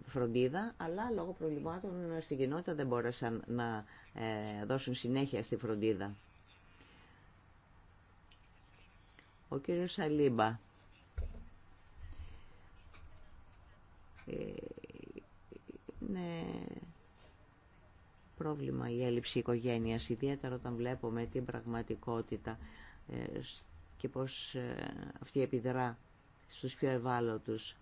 φροντίδα, αλλά λόγω προβλημάτων στην κοινότητα δεν μπόρεσαν να δώσουν συνέχεια στη φροντίδα. Ο κύριος Αλίμπα. Ε, είναι πρόβλημα η έλλειψη οικογένειας, ιδιαίτερα όταν βλέπουμε την πραγματικότητα ε, και πώς ε, αυτή επιδρά στους πιο ευάλωτους.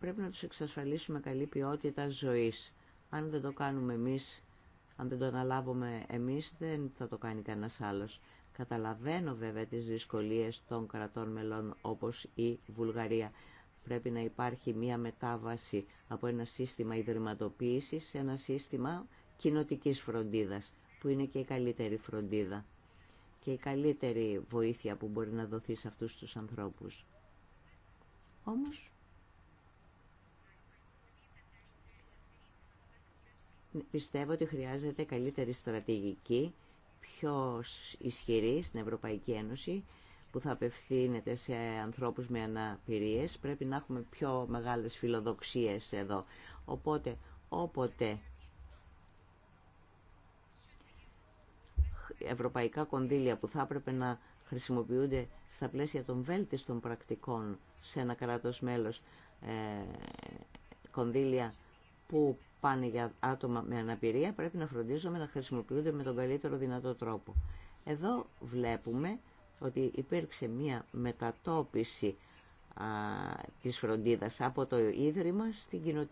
Πρέπει να τους εξασφαλίσουμε καλή ποιότητα ζωής. Αν δεν το κάνουμε εμείς, αν δεν το αναλάβουμε εμείς δεν θα το κάνει κανένας άλλος. Καταλαβαίνω βέβαια τις δυσκολίες των κρατών μελών όπως η Βουλγαρία. Πρέπει να υπάρχει μία μετάβαση από ένα σύστημα ιδρυματοποίησης σε ένα σύστημα κοινοτική φροντίδας, που είναι και η καλύτερη φροντίδα και η καλύτερη βοήθεια που μπορεί να δοθεί σε αυτούς τους ανθρώπους. Όμως πιστεύω ότι χρειάζεται καλύτερη στρατηγική, πιο ισχυρή στην Ευρωπαϊκή Ένωση, που θα απευθύνεται σε ανθρώπους με αναπηρίες. Πρέπει να έχουμε πιο μεγάλες φιλοδοξίες εδώ. Οπότε, όποτε ευρωπαϊκά κονδύλια που θα έπρεπε να χρησιμοποιούνται στα πλαίσια των βέλτιστων πρακτικών σε ένα κράτος μέλος, ε, κονδύλια που πάνε για άτομα με αναπηρία πρέπει να φροντίζουμε να χρησιμοποιούνται με τον καλύτερο δυνατό τρόπο. Εδώ βλέπουμε ότι υπήρξε μία μετατόπιση α, της φροντίδας από το Ίδρυμα στην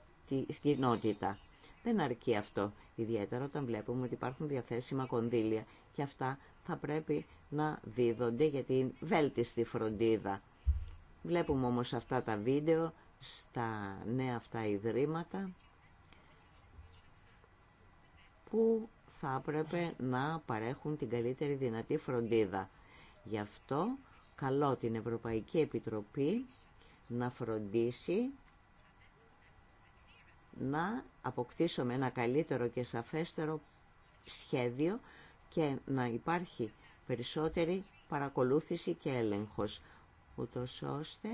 κοινότητα. Δεν αρκεί αυτό, ιδιαίτερα όταν βλέπουμε ότι υπάρχουν διαθέσιμα κονδύλια και αυτά θα πρέπει να δίδονται για την βέλτιστη φροντίδα. Βλέπουμε όμως αυτά τα βίντεο στα νέα αυτά ιδρύματα που θα έπρεπε να παρέχουν την καλύτερη δυνατή φροντίδα. Γι' αυτό καλώ την Ευρωπαϊκή Επιτροπή να φροντίσει να αποκτήσουμε ένα καλύτερο και σαφέστερο σχέδιο και να υπάρχει περισσότερη παρακολούθηση και έλεγχος, ούτως ώστε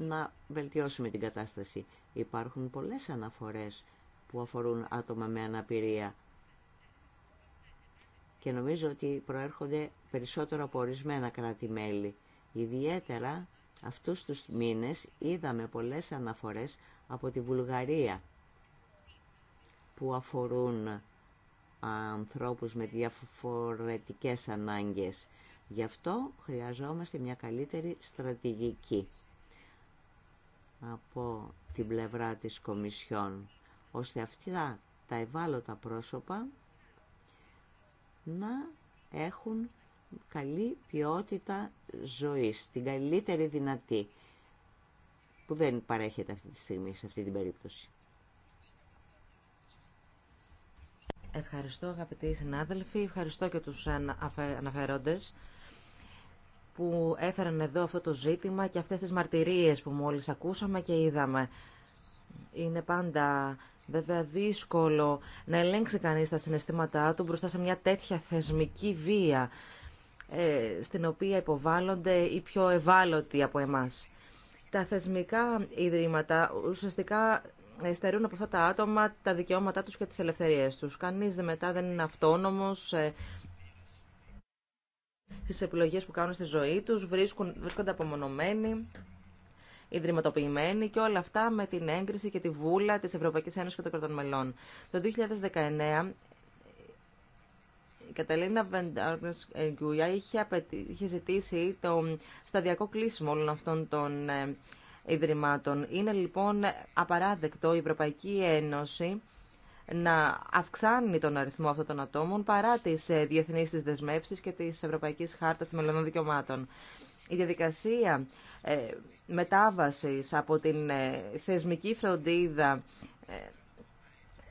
να βελτιώσουμε την κατάσταση. Υπάρχουν πολλές αναφορές που αφορούν άτομα με αναπηρία και νομίζω ότι προέρχονται περισσότερο από ορισμένα κράτη-μέλη. Ιδιαίτερα αυτούς τους μήνες είδαμε πολλές αναφορές από τη Βουλγαρία που αφορούν ανθρώπους με διαφορετικές ανάγκες. Γι' αυτό χρειαζόμαστε μια καλύτερη στρατηγική από την πλευρά της Κομισιόν ώστε αυτά τα ευάλωτα πρόσωπα να έχουν καλή ποιότητα ζωής, την καλύτερη δυνατή που δεν παρέχεται αυτή τη στιγμή σε αυτή την περίπτωση. Ευχαριστώ αγαπητοί συνάδελφοι, ευχαριστώ και τους αναφερόντες που έφεραν εδώ αυτό το ζήτημα και αυτές τις μαρτυρίες που μόλις ακούσαμε και είδαμε. Είναι πάντα βέβαια δύσκολο να ελέγξει κανείς τα συναισθήματά του μπροστά σε μια τέτοια θεσμική βία ε, στην οποία υποβάλλονται οι πιο ευάλωτοι από εμάς. Τα θεσμικά ιδρύματα ουσιαστικά στερούν από αυτά τα άτομα τα δικαιώματά τους και τις ελευθερίες τους. Κανείς δε μετά δεν είναι αυτόνομος, ε, τις επιλογέ που κάνουν στη ζωή του βρίσκονται απομονωμένοι, ιδρυματοποιημένοι και όλα αυτά με την έγκριση και τη βούλα της Ευρωπαϊκής Ένωσης και των κρατών μελών. Το 2019 η Καταλήνα Βεντάρνες Γκουιά είχε, είχε ζητήσει το σταδιακό κλείσιμο όλων αυτών των ε, Ιδρυμάτων. Είναι λοιπόν απαράδεκτο η Ευρωπαϊκή Ένωση να αυξάνει τον αριθμό αυτών των ατόμων παρά τι ε, διεθνείς τη δεσμεύσει και τη Ευρωπαϊκή Χάρτα των Μελλονών Δικαιωμάτων. Η διαδικασία ε, μετάβασης από την ε, θεσμική φροντίδα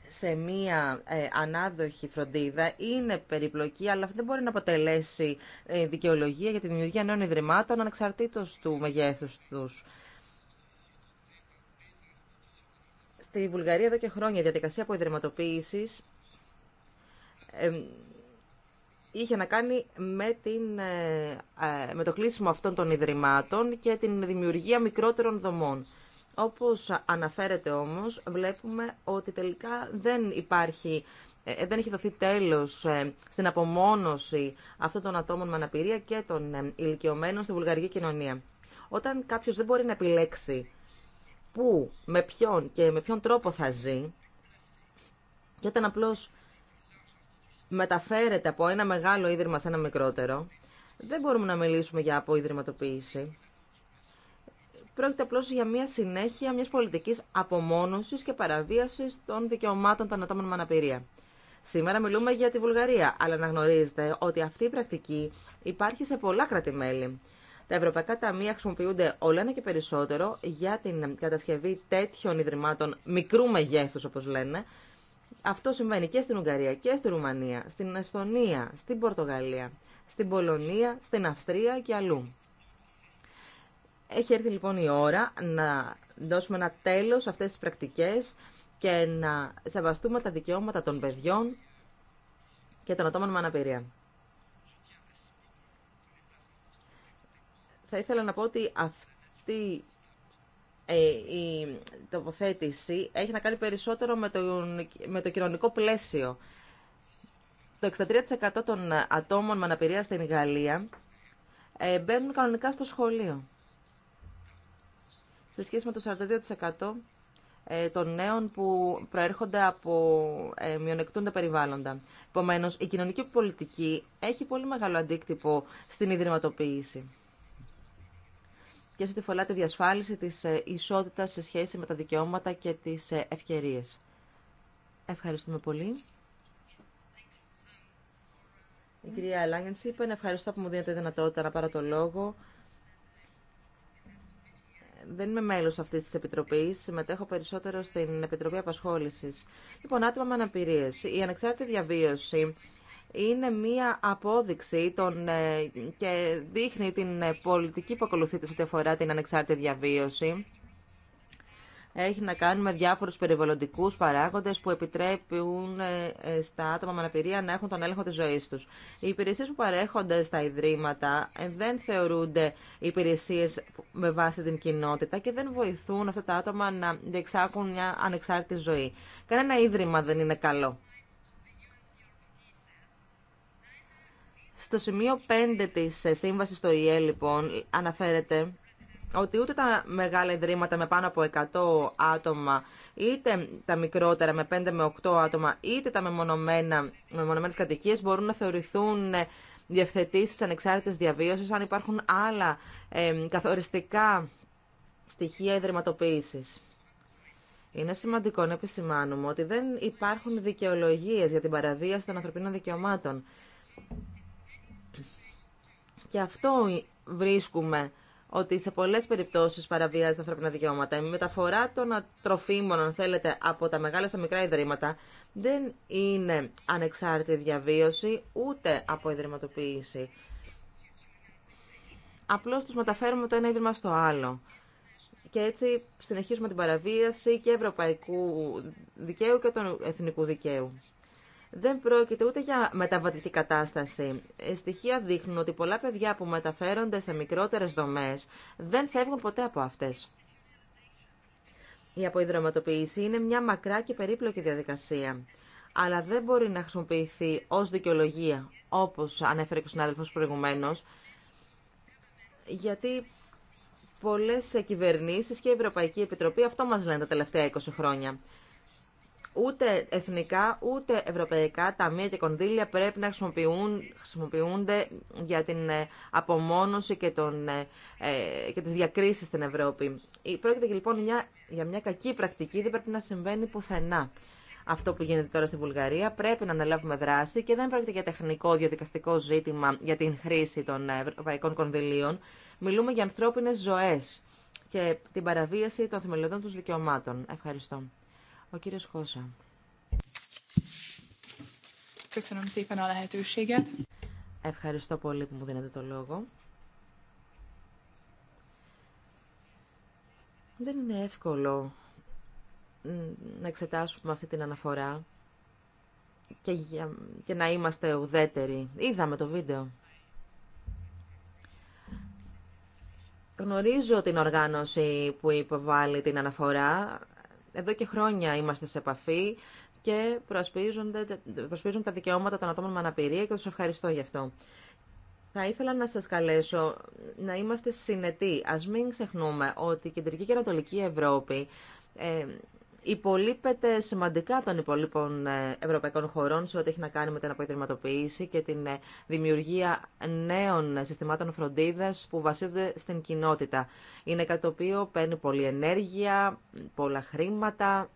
σε μία ανάδοχη φροντίδα είναι περιπλοκή, αλλά αυτό δεν μπορεί να αποτελέσει δικαιολογία για τη δημιουργία νέων ιδρυμάτων ανεξαρτήτως του μεγέθους τους. στη Βουλγαρία εδώ και χρόνια η διαδικασία ε, είχε να κάνει με, την, ε, ε, με το κλείσιμο αυτών των ιδρυμάτων και την δημιουργία μικρότερων δομών. Όπως αναφέρεται όμως, βλέπουμε ότι τελικά δεν υπάρχει, ε, δεν έχει δοθεί τέλος στην απομόνωση αυτών των ατόμων με αναπηρία και των ηλικιωμένων στη βουλγαρική κοινωνία. Όταν κάποιος δεν μπορεί να επιλέξει πού, με ποιον και με ποιον τρόπο θα ζει και όταν απλώς μεταφέρεται από ένα μεγάλο ίδρυμα σε ένα μικρότερο, δεν μπορούμε να μιλήσουμε για αποϊδρυματοποίηση. Πρόκειται απλώς για μια συνέχεια μιας πολιτικής απομόνωσης και παραβίασης των δικαιωμάτων των ατόμων με αναπηρία. Σήμερα μιλούμε για τη Βουλγαρία, αλλά να γνωρίζετε ότι αυτή η πρακτική υπάρχει σε πολλά κράτη-μέλη. Τα ευρωπαϊκά ταμεία χρησιμοποιούνται όλο ένα και περισσότερο για την κατασκευή τέτοιων ιδρυμάτων μικρού μεγέθους όπως λένε. Αυτό συμβαίνει και στην Ουγγαρία και στη Ρουμανία, στην Εστονία, στην Πορτογαλία, στην Πολωνία, στην Αυστρία και αλλού. Έχει έρθει λοιπόν η ώρα να δώσουμε ένα τέλος σε αυτές τις πρακτικές και να σεβαστούμε τα δικαιώματα των παιδιών και των ατόμων με αναπηρία. θα ήθελα να πω ότι αυτή ε, η τοποθέτηση έχει να κάνει περισσότερο με το, με το κοινωνικό πλαίσιο. Το 63% των ατόμων με αναπηρία στην Γαλλία ε, μπαίνουν κανονικά στο σχολείο. Σε σχέση με το 42% ε, των νέων που προέρχονται από μειονεκτούντα περιβάλλοντα. Επομένω, η κοινωνική πολιτική έχει πολύ μεγάλο αντίκτυπο στην ιδρυματοποίηση για ό,τι φορά τη διασφάλιση της ε, ισότητας σε σχέση με τα δικαιώματα και τις ε, ευκαιρίε. Ευχαριστούμε πολύ. Η κυρία Λάγκεν είπε «Ναι, ευχαριστώ που μου δίνετε δυνατότητα να πάρω το λόγο. Δεν είμαι μέλο αυτή τη επιτροπή. συμμετέχω περισσότερο στην Επιτροπή απασχόληση. Λοιπόν, άτομα με αναπηρίε. Η ανεξάρτητη διαβίωση είναι μία απόδειξη των, ε, και δείχνει την ε, πολιτική που ακολουθείται σε ό,τι αφορά την ανεξάρτητη διαβίωση. Έχει να κάνει με διάφορους περιβαλλοντικούς παράγοντες που επιτρέπουν ε, στα άτομα με αναπηρία να έχουν τον έλεγχο της ζωής τους. Οι υπηρεσίες που παρέχονται στα Ιδρύματα δεν θεωρούνται υπηρεσίες με βάση την κοινότητα και δεν βοηθούν αυτά τα άτομα να διεξάγουν μια ανεξάρτητη ζωή. Κανένα Ίδρυμα δεν είναι καλό. Στο σημείο 5 της ε, σύμβασης στο ΙΕ, λοιπόν, αναφέρεται ότι ούτε τα μεγάλα ιδρύματα με πάνω από 100 άτομα, είτε τα μικρότερα με 5 με 8 άτομα, είτε τα μεμονωμένα, μεμονωμένες κατοικίες μπορούν να θεωρηθούν ε, διευθετήσεις ανεξάρτητες διαβίωσης αν υπάρχουν άλλα ε, καθοριστικά στοιχεία ιδρυματοποίησης. Είναι σημαντικό να επισημάνουμε ότι δεν υπάρχουν δικαιολογίες για την παραβίαση των ανθρωπίνων δικαιωμάτων. Και αυτό βρίσκουμε ότι σε πολλές περιπτώσεις τα ανθρώπινα δικαιώματα. Η μεταφορά των τροφίμων, αν θέλετε, από τα μεγάλα στα μικρά ιδρύματα δεν είναι ανεξάρτητη διαβίωση ούτε από ιδρυματοποίηση. Απλώς του μεταφέρουμε το ένα ίδρυμα στο άλλο. Και έτσι συνεχίζουμε την παραβίαση και ευρωπαϊκού δικαίου και των εθνικού δικαίου δεν πρόκειται ούτε για μεταβατική κατάσταση. Ε, στοιχεία δείχνουν ότι πολλά παιδιά που μεταφέρονται σε μικρότερες δομές δεν φεύγουν ποτέ από αυτές. Η αποϊδραματοποίηση είναι μια μακρά και περίπλοκη διαδικασία, αλλά δεν μπορεί να χρησιμοποιηθεί ως δικαιολογία, όπως ανέφερε και ο συνάδελφος προηγουμένως, γιατί πολλές κυβερνήσεις και η Ευρωπαϊκή Επιτροπή αυτό μας λένε τα τελευταία 20 χρόνια. Ούτε εθνικά ούτε ευρωπαϊκά ταμεία και κονδύλια πρέπει να χρησιμοποιούν, χρησιμοποιούνται για την ε, απομόνωση και, τον, ε, ε, και τις διακρίσεις στην Ευρώπη. Πρόκειται και λοιπόν μια, για μια κακή πρακτική, δεν πρέπει να συμβαίνει πουθενά. Αυτό που γίνεται τώρα στη Βουλγαρία πρέπει να αναλάβουμε δράση και δεν πρόκειται για τεχνικό διαδικαστικό ζήτημα για την χρήση των ευρωπαϊκών κονδυλίων. Μιλούμε για ανθρώπινες ζωές και την παραβίαση των θεμελιωδών τους δικαιωμάτων. Ευχαριστώ. Ο κύριος Χώσα. Ευχαριστώ πολύ που μου δίνετε το λόγο. Δεν είναι εύκολο να εξετάσουμε αυτή την αναφορά και, και να είμαστε ουδέτεροι. Είδαμε το βίντεο. Γνωρίζω την οργάνωση που υποβάλλει την αναφορά. Εδώ και χρόνια είμαστε σε επαφή και προσπίζουν τα δικαιώματα των ατόμων με αναπηρία και τους ευχαριστώ γι' αυτό. Θα ήθελα να σας καλέσω να είμαστε συνετοί. Ας μην ξεχνούμε ότι η Κεντρική και Ανατολική Ευρώπη ε, υπολείπεται σημαντικά των υπολείπων ε, ευρωπαϊκών χωρών σε ό,τι έχει να κάνει με την αποϊδρυματοποίηση και την ε, δημιουργία νέων συστημάτων φροντίδας που βασίζονται στην κοινότητα. Είναι κάτι το οποίο παίρνει πολλή ενέργεια, πολλά χρήματα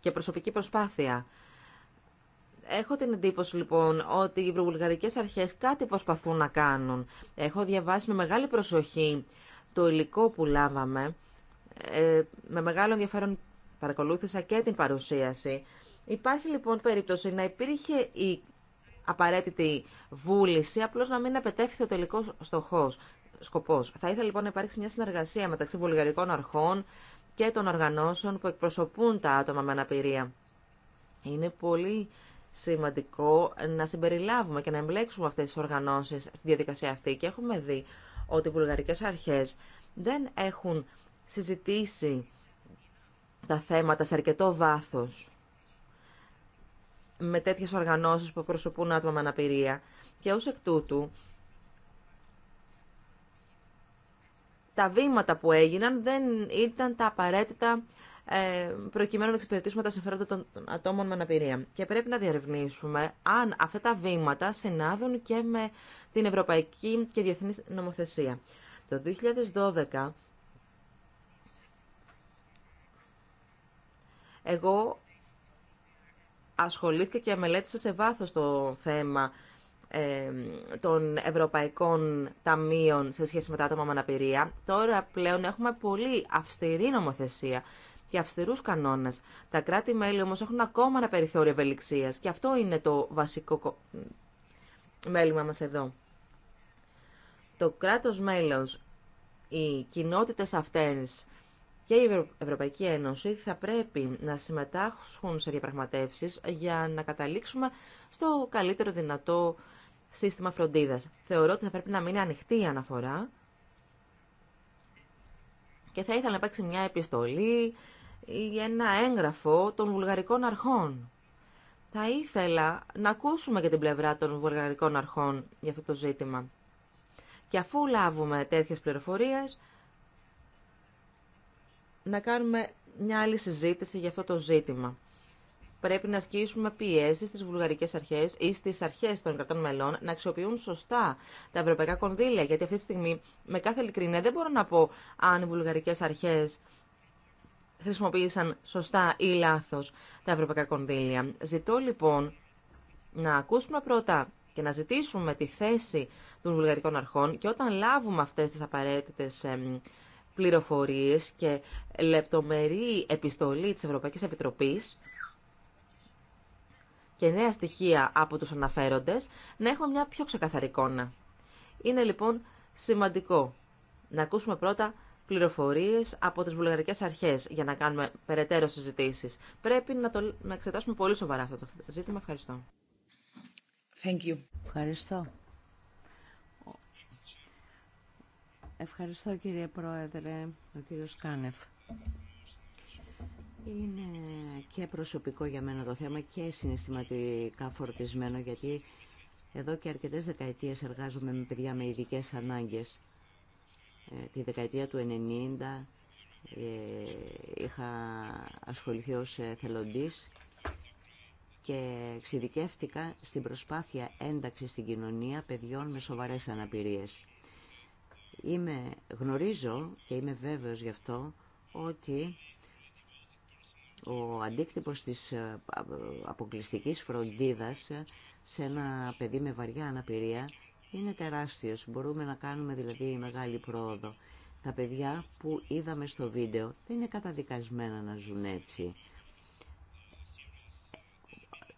και προσωπική προσπάθεια. Έχω την εντύπωση λοιπόν ότι οι βουλγαρικές αρχές κάτι προσπαθούν να κάνουν. Έχω διαβάσει με μεγάλη προσοχή το υλικό που λάβαμε ε, με μεγάλο ενδιαφέρον παρακολούθησα και την παρουσίαση. Υπάρχει λοιπόν περίπτωση να υπήρχε η απαραίτητη βούληση, απλώς να μην επετέφθη ο τελικός στοχός, σκοπός. Θα ήθελα λοιπόν να υπάρξει μια συνεργασία μεταξύ βουλγαρικών αρχών και των οργανώσεων που εκπροσωπούν τα άτομα με αναπηρία. Είναι πολύ σημαντικό να συμπεριλάβουμε και να εμπλέξουμε αυτές τις οργανώσεις στη διαδικασία αυτή και έχουμε δει ότι οι βουλγαρικές αρχές δεν έχουν συζητήσει τα θέματα σε αρκετό βάθος με τέτοιες οργανώσεις που προσωπούν άτομα με αναπηρία και ως εκ τούτου τα βήματα που έγιναν δεν ήταν τα απαραίτητα ε, προκειμένου να εξυπηρετήσουμε τα συμφέροντα των ατόμων με αναπηρία. Και πρέπει να διαρευνήσουμε αν αυτά τα βήματα συνάδουν και με την ευρωπαϊκή και διεθνή νομοθεσία. Το 2012 Εγώ ασχολήθηκα και μελέτησα σε βάθος το θέμα ε, των ευρωπαϊκών ταμείων σε σχέση με τα άτομα με αναπηρία. Τώρα πλέον έχουμε πολύ αυστηρή νομοθεσία και αυστηρού κανόνε. Τα κράτη-μέλη όμω έχουν ακόμα ένα περιθώριο ευελιξία και αυτό είναι το βασικό μέλημα μας εδώ. Το κράτος μέλος, οι κοινότητες αυτές και η Ευρωπαϊκή Ένωση θα πρέπει να συμμετάσχουν σε διαπραγματεύσεις για να καταλήξουμε στο καλύτερο δυνατό σύστημα φροντίδας. Θεωρώ ότι θα πρέπει να μείνει ανοιχτή η αναφορά και θα ήθελα να υπάρξει μια επιστολή ή ένα έγγραφο των βουλγαρικών αρχών. Θα ήθελα να ακούσουμε και την πλευρά των βουλγαρικών αρχών για αυτό το ζήτημα. Και αφού λάβουμε τέτοιες πληροφορίες, να κάνουμε μια άλλη συζήτηση για αυτό το ζήτημα. Πρέπει να ασκήσουμε πιέσει στι βουλγαρικέ αρχέ ή στι αρχέ των κρατών μελών να αξιοποιούν σωστά τα ευρωπαϊκά κονδύλια. Γιατί αυτή τη στιγμή, με κάθε ειλικρίνεια, δεν μπορώ να πω αν οι βουλγαρικέ αρχέ χρησιμοποίησαν σωστά ή λάθο τα ευρωπαϊκά κονδύλια. Ζητώ λοιπόν να ακούσουμε πρώτα και να ζητήσουμε τη θέση των βουλγαρικών αρχών και όταν λάβουμε αυτές τις απαραίτητε πληροφορίες και λεπτομερή επιστολή της Ευρωπαϊκής Επιτροπής και νέα στοιχεία από τους αναφέροντες, να έχουμε μια πιο ξεκαθαρή εικόνα. Είναι λοιπόν σημαντικό να ακούσουμε πρώτα πληροφορίες από τις βουλγαρικές αρχές για να κάνουμε περαιτέρω συζητήσεις. Πρέπει να, το, να εξετάσουμε πολύ σοβαρά αυτό το ζήτημα. Ευχαριστώ. Thank you. Ευχαριστώ. Ευχαριστώ κύριε Πρόεδρε, ο κύριος Κάνεφ. Είναι και προσωπικό για μένα το θέμα και συναισθηματικά φορτισμένο γιατί εδώ και αρκετές δεκαετίες εργάζομαι με παιδιά με ειδικέ ανάγκες. Ε, τη δεκαετία του 90 ε, είχα ασχοληθεί ως θελοντής και εξειδικεύτηκα στην προσπάθεια ένταξης στην κοινωνία παιδιών με σοβαρές αναπηρίες. Είμαι, γνωρίζω και είμαι βέβαιος γι' αυτό ότι ο αντίκτυπος της ε, αποκλειστικής φροντίδας σε ένα παιδί με βαριά αναπηρία είναι τεράστιος. Μπορούμε να κάνουμε δηλαδή μεγάλη πρόοδο. Τα παιδιά που είδαμε στο βίντεο δεν είναι καταδικασμένα να ζουν έτσι.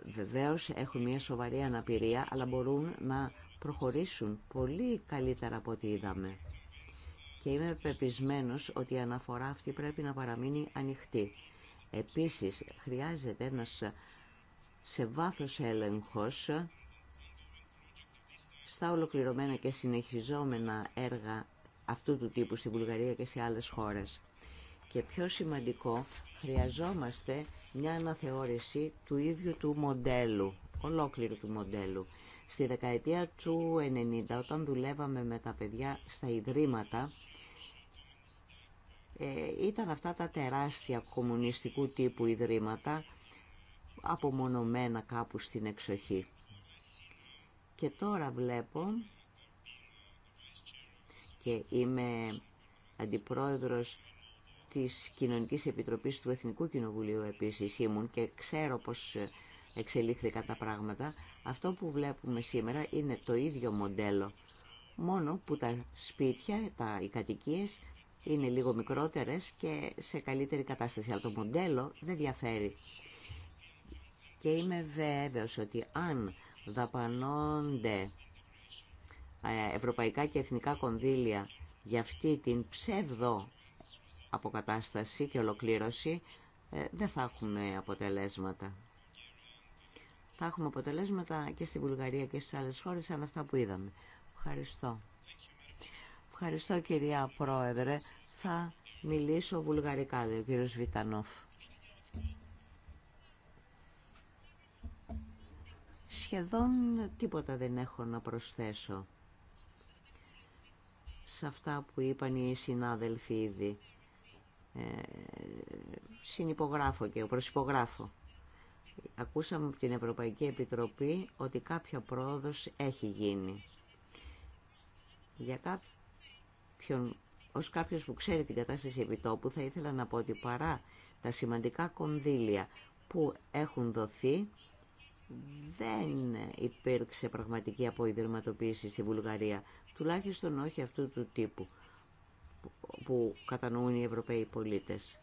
Βεβαίως έχουν μια σοβαρή αναπηρία, αλλά μπορούν να προχωρήσουν πολύ καλύτερα από ό,τι είδαμε. Και είμαι πεπισμένος ότι η αναφορά αυτή πρέπει να παραμείνει ανοιχτή. Επίσης, χρειάζεται ένας σε βάθος έλεγχος στα ολοκληρωμένα και συνεχιζόμενα έργα αυτού του τύπου στη Βουλγαρία και σε άλλες χώρες. Και πιο σημαντικό, χρειαζόμαστε μια αναθεώρηση του ίδιου του μοντέλου ολόκληρου του μοντέλου. Στη δεκαετία του 90, όταν δουλεύαμε με τα παιδιά στα Ιδρύματα, ε, ήταν αυτά τα τεράστια κομμουνιστικού τύπου Ιδρύματα, απομονωμένα κάπου στην εξοχή. Και τώρα βλέπω και είμαι αντιπρόεδρος της Κοινωνικής Επιτροπής του Εθνικού Κοινοβουλίου επίσης ήμουν και ξέρω πως ε, εξελίχθηκαν τα πράγματα. Αυτό που βλέπουμε σήμερα είναι το ίδιο μοντέλο, μόνο που τα σπίτια, τα, οι κατοικίε είναι λίγο μικρότερες και σε καλύτερη κατάσταση, αλλά το μοντέλο δεν διαφέρει. Και είμαι βέβαιος ότι αν δαπανώνται ε, ευρωπαϊκά και εθνικά κονδύλια για αυτή την ψεύδο αποκατάσταση και ολοκλήρωση, ε, δεν θα έχουμε αποτελέσματα θα έχουμε αποτελέσματα και στη Βουλγαρία και στις άλλες χώρες σαν αυτά που είδαμε. Ευχαριστώ. Ευχαριστώ κυρία Πρόεδρε. Θα μιλήσω βουλγαρικά, λέει ο κύριος Βιτανόφ. Σχεδόν τίποτα δεν έχω να προσθέσω σε αυτά που είπαν οι συνάδελφοι ήδη. Ε, συνυπογράφω και προσυπογράφω. Ακούσαμε από την Ευρωπαϊκή Επιτροπή ότι κάποια πρόοδος έχει γίνει. Για κάποιον, ως κάποιος που ξέρει την κατάσταση επιτόπου θα ήθελα να πω ότι παρά τα σημαντικά κονδύλια που έχουν δοθεί δεν υπήρξε πραγματική αποϊδρυματοποίηση στη Βουλγαρία, τουλάχιστον όχι αυτού του τύπου που κατανοούν οι Ευρωπαίοι πολίτες.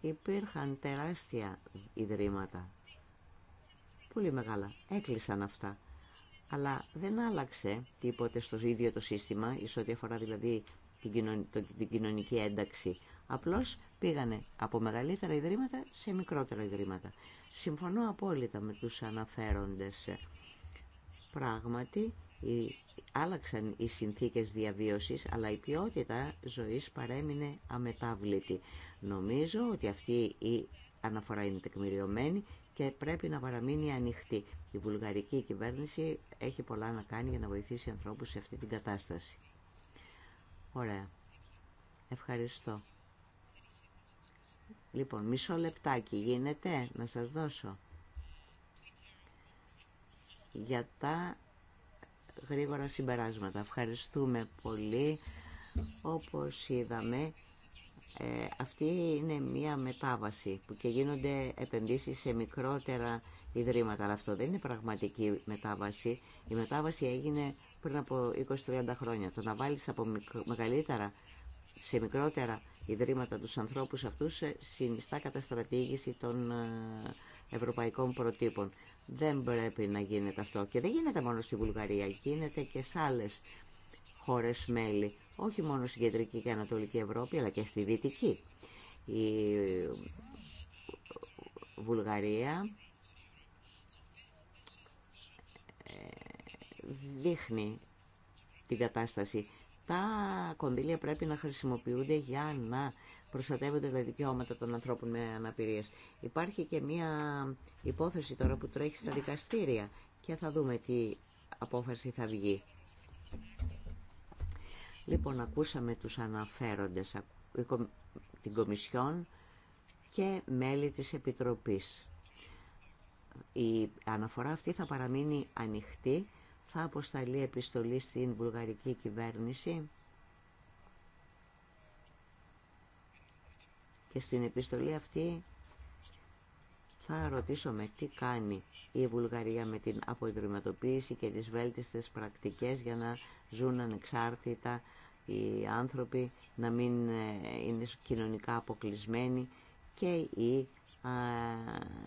Υπήρχαν τεράστια ιδρύματα πολύ μεγάλα. Έκλεισαν αυτά. Αλλά δεν άλλαξε τίποτε στο ίδιο το σύστημα, εις ό,τι αφορά δηλαδή την κοινωνική ένταξη. Απλώς πήγανε από μεγαλύτερα ιδρύματα σε μικρότερα ιδρύματα. Συμφωνώ απόλυτα με τους αναφέροντες. Πράγματι, άλλαξαν οι συνθήκες διαβίωσης, αλλά η ποιότητα ζωής παρέμεινε αμετάβλητη. Νομίζω ότι αυτή η αναφορά είναι τεκμηριωμένη και πρέπει να παραμείνει ανοιχτή. Η βουλγαρική κυβέρνηση έχει πολλά να κάνει για να βοηθήσει ανθρώπους σε αυτή την κατάσταση. Ωραία. Ευχαριστώ. Λοιπόν, μισό λεπτάκι γίνεται να σας δώσω για τα γρήγορα συμπεράσματα. Ευχαριστούμε πολύ. Όπως είδαμε, ε, αυτή είναι μία μετάβαση που και γίνονται επενδύσεις σε μικρότερα ιδρύματα. Αλλά αυτό δεν είναι πραγματική μετάβαση. Η μετάβαση έγινε πριν από 20-30 χρόνια. Το να βάλεις από μεγαλύτερα σε μικρότερα ιδρύματα τους ανθρώπους αυτούς ε, συνιστά καταστρατήγηση των ε, ευρωπαϊκών προτύπων. Δεν πρέπει να γίνεται αυτό. Και δεν γίνεται μόνο στη Βουλγαρία, γίνεται και σε άλλες χώρες μέλη όχι μόνο στην Κεντρική και Ανατολική Ευρώπη, αλλά και στη Δυτική. Η Βουλγαρία ε, δείχνει την κατάσταση. Τα κονδύλια πρέπει να χρησιμοποιούνται για να προστατεύονται τα δικαιώματα των ανθρώπων με αναπηρίες. Υπάρχει και μία υπόθεση τώρα που τρέχει στα δικαστήρια και θα δούμε τι απόφαση θα βγει. Λοιπόν, ακούσαμε τους αναφέροντες την Κομισιόν και μέλη της Επιτροπής. Η αναφορά αυτή θα παραμείνει ανοιχτή, θα αποσταλεί επιστολή στην βουλγαρική κυβέρνηση και στην επιστολή αυτή θα ρωτήσω με τι κάνει η Βουλγαρία με την αποϊδρυματοποίηση και τις βέλτιστες πρακτικές για να ζουν ανεξάρτητα οι άνθρωποι, να μην ε, είναι κοινωνικά αποκλεισμένοι και οι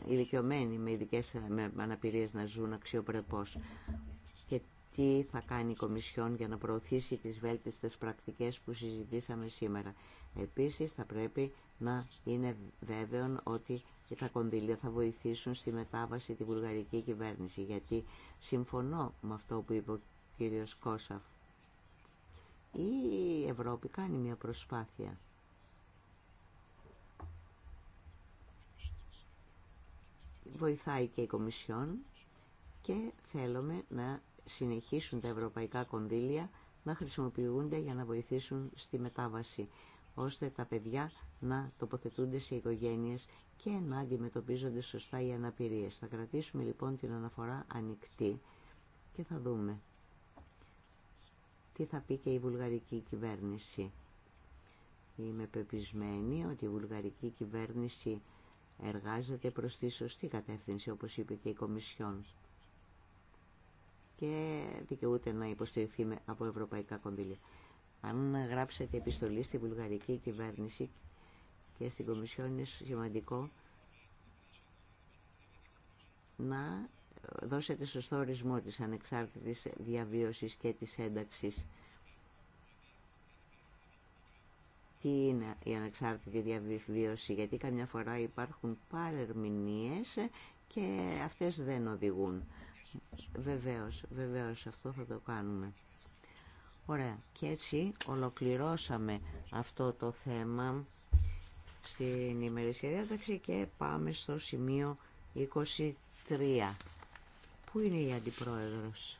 ηλικιωμένοι με, ειδικές, με αναπηρίες να ζουν αξιοπρεπώς. Και τι θα κάνει η Κομισιόν για να προωθήσει τις βέλτιστες πρακτικές που συζητήσαμε σήμερα. Επίσης θα πρέπει να είναι βέβαιον ότι και τα κονδύλια θα βοηθήσουν στη μετάβαση τη βουλγαρική κυβέρνηση γιατί συμφωνώ με αυτό που είπε ο κύριος Κόσαφ η Ευρώπη κάνει μια προσπάθεια βοηθάει και η Κομισιόν και θέλουμε να συνεχίσουν τα ευρωπαϊκά κονδύλια να χρησιμοποιούνται για να βοηθήσουν στη μετάβαση ώστε τα παιδιά να τοποθετούνται σε οικογένειες και να αντιμετωπίζονται σωστά οι αναπηρίες. Θα κρατήσουμε λοιπόν την αναφορά ανοιχτή και θα δούμε τι θα πει και η βουλγαρική κυβέρνηση. Είμαι πεπισμένη ότι η βουλγαρική κυβέρνηση εργάζεται προς τη σωστή κατεύθυνση, όπως είπε και η Κομισιόν και δικαιούται να υποστηριχθεί από ευρωπαϊκά κονδύλια. Αν γράψετε επιστολή στη βουλγαρική κυβέρνηση και στην Κομισιόν είναι σημαντικό να δώσετε σωστό ορισμό της ανεξάρτητης διαβίωσης και της ένταξης. Τι είναι η ανεξάρτητη διαβίωση, γιατί καμιά φορά υπάρχουν παρερμηνίες και αυτές δεν οδηγούν. Βεβαίως, βεβαίως, αυτό θα το κάνουμε. Ωραία, και έτσι ολοκληρώσαμε αυτό το θέμα στην ημερήσια διάταξη και πάμε στο σημείο 23. Πού είναι η Αντιπρόεδρος?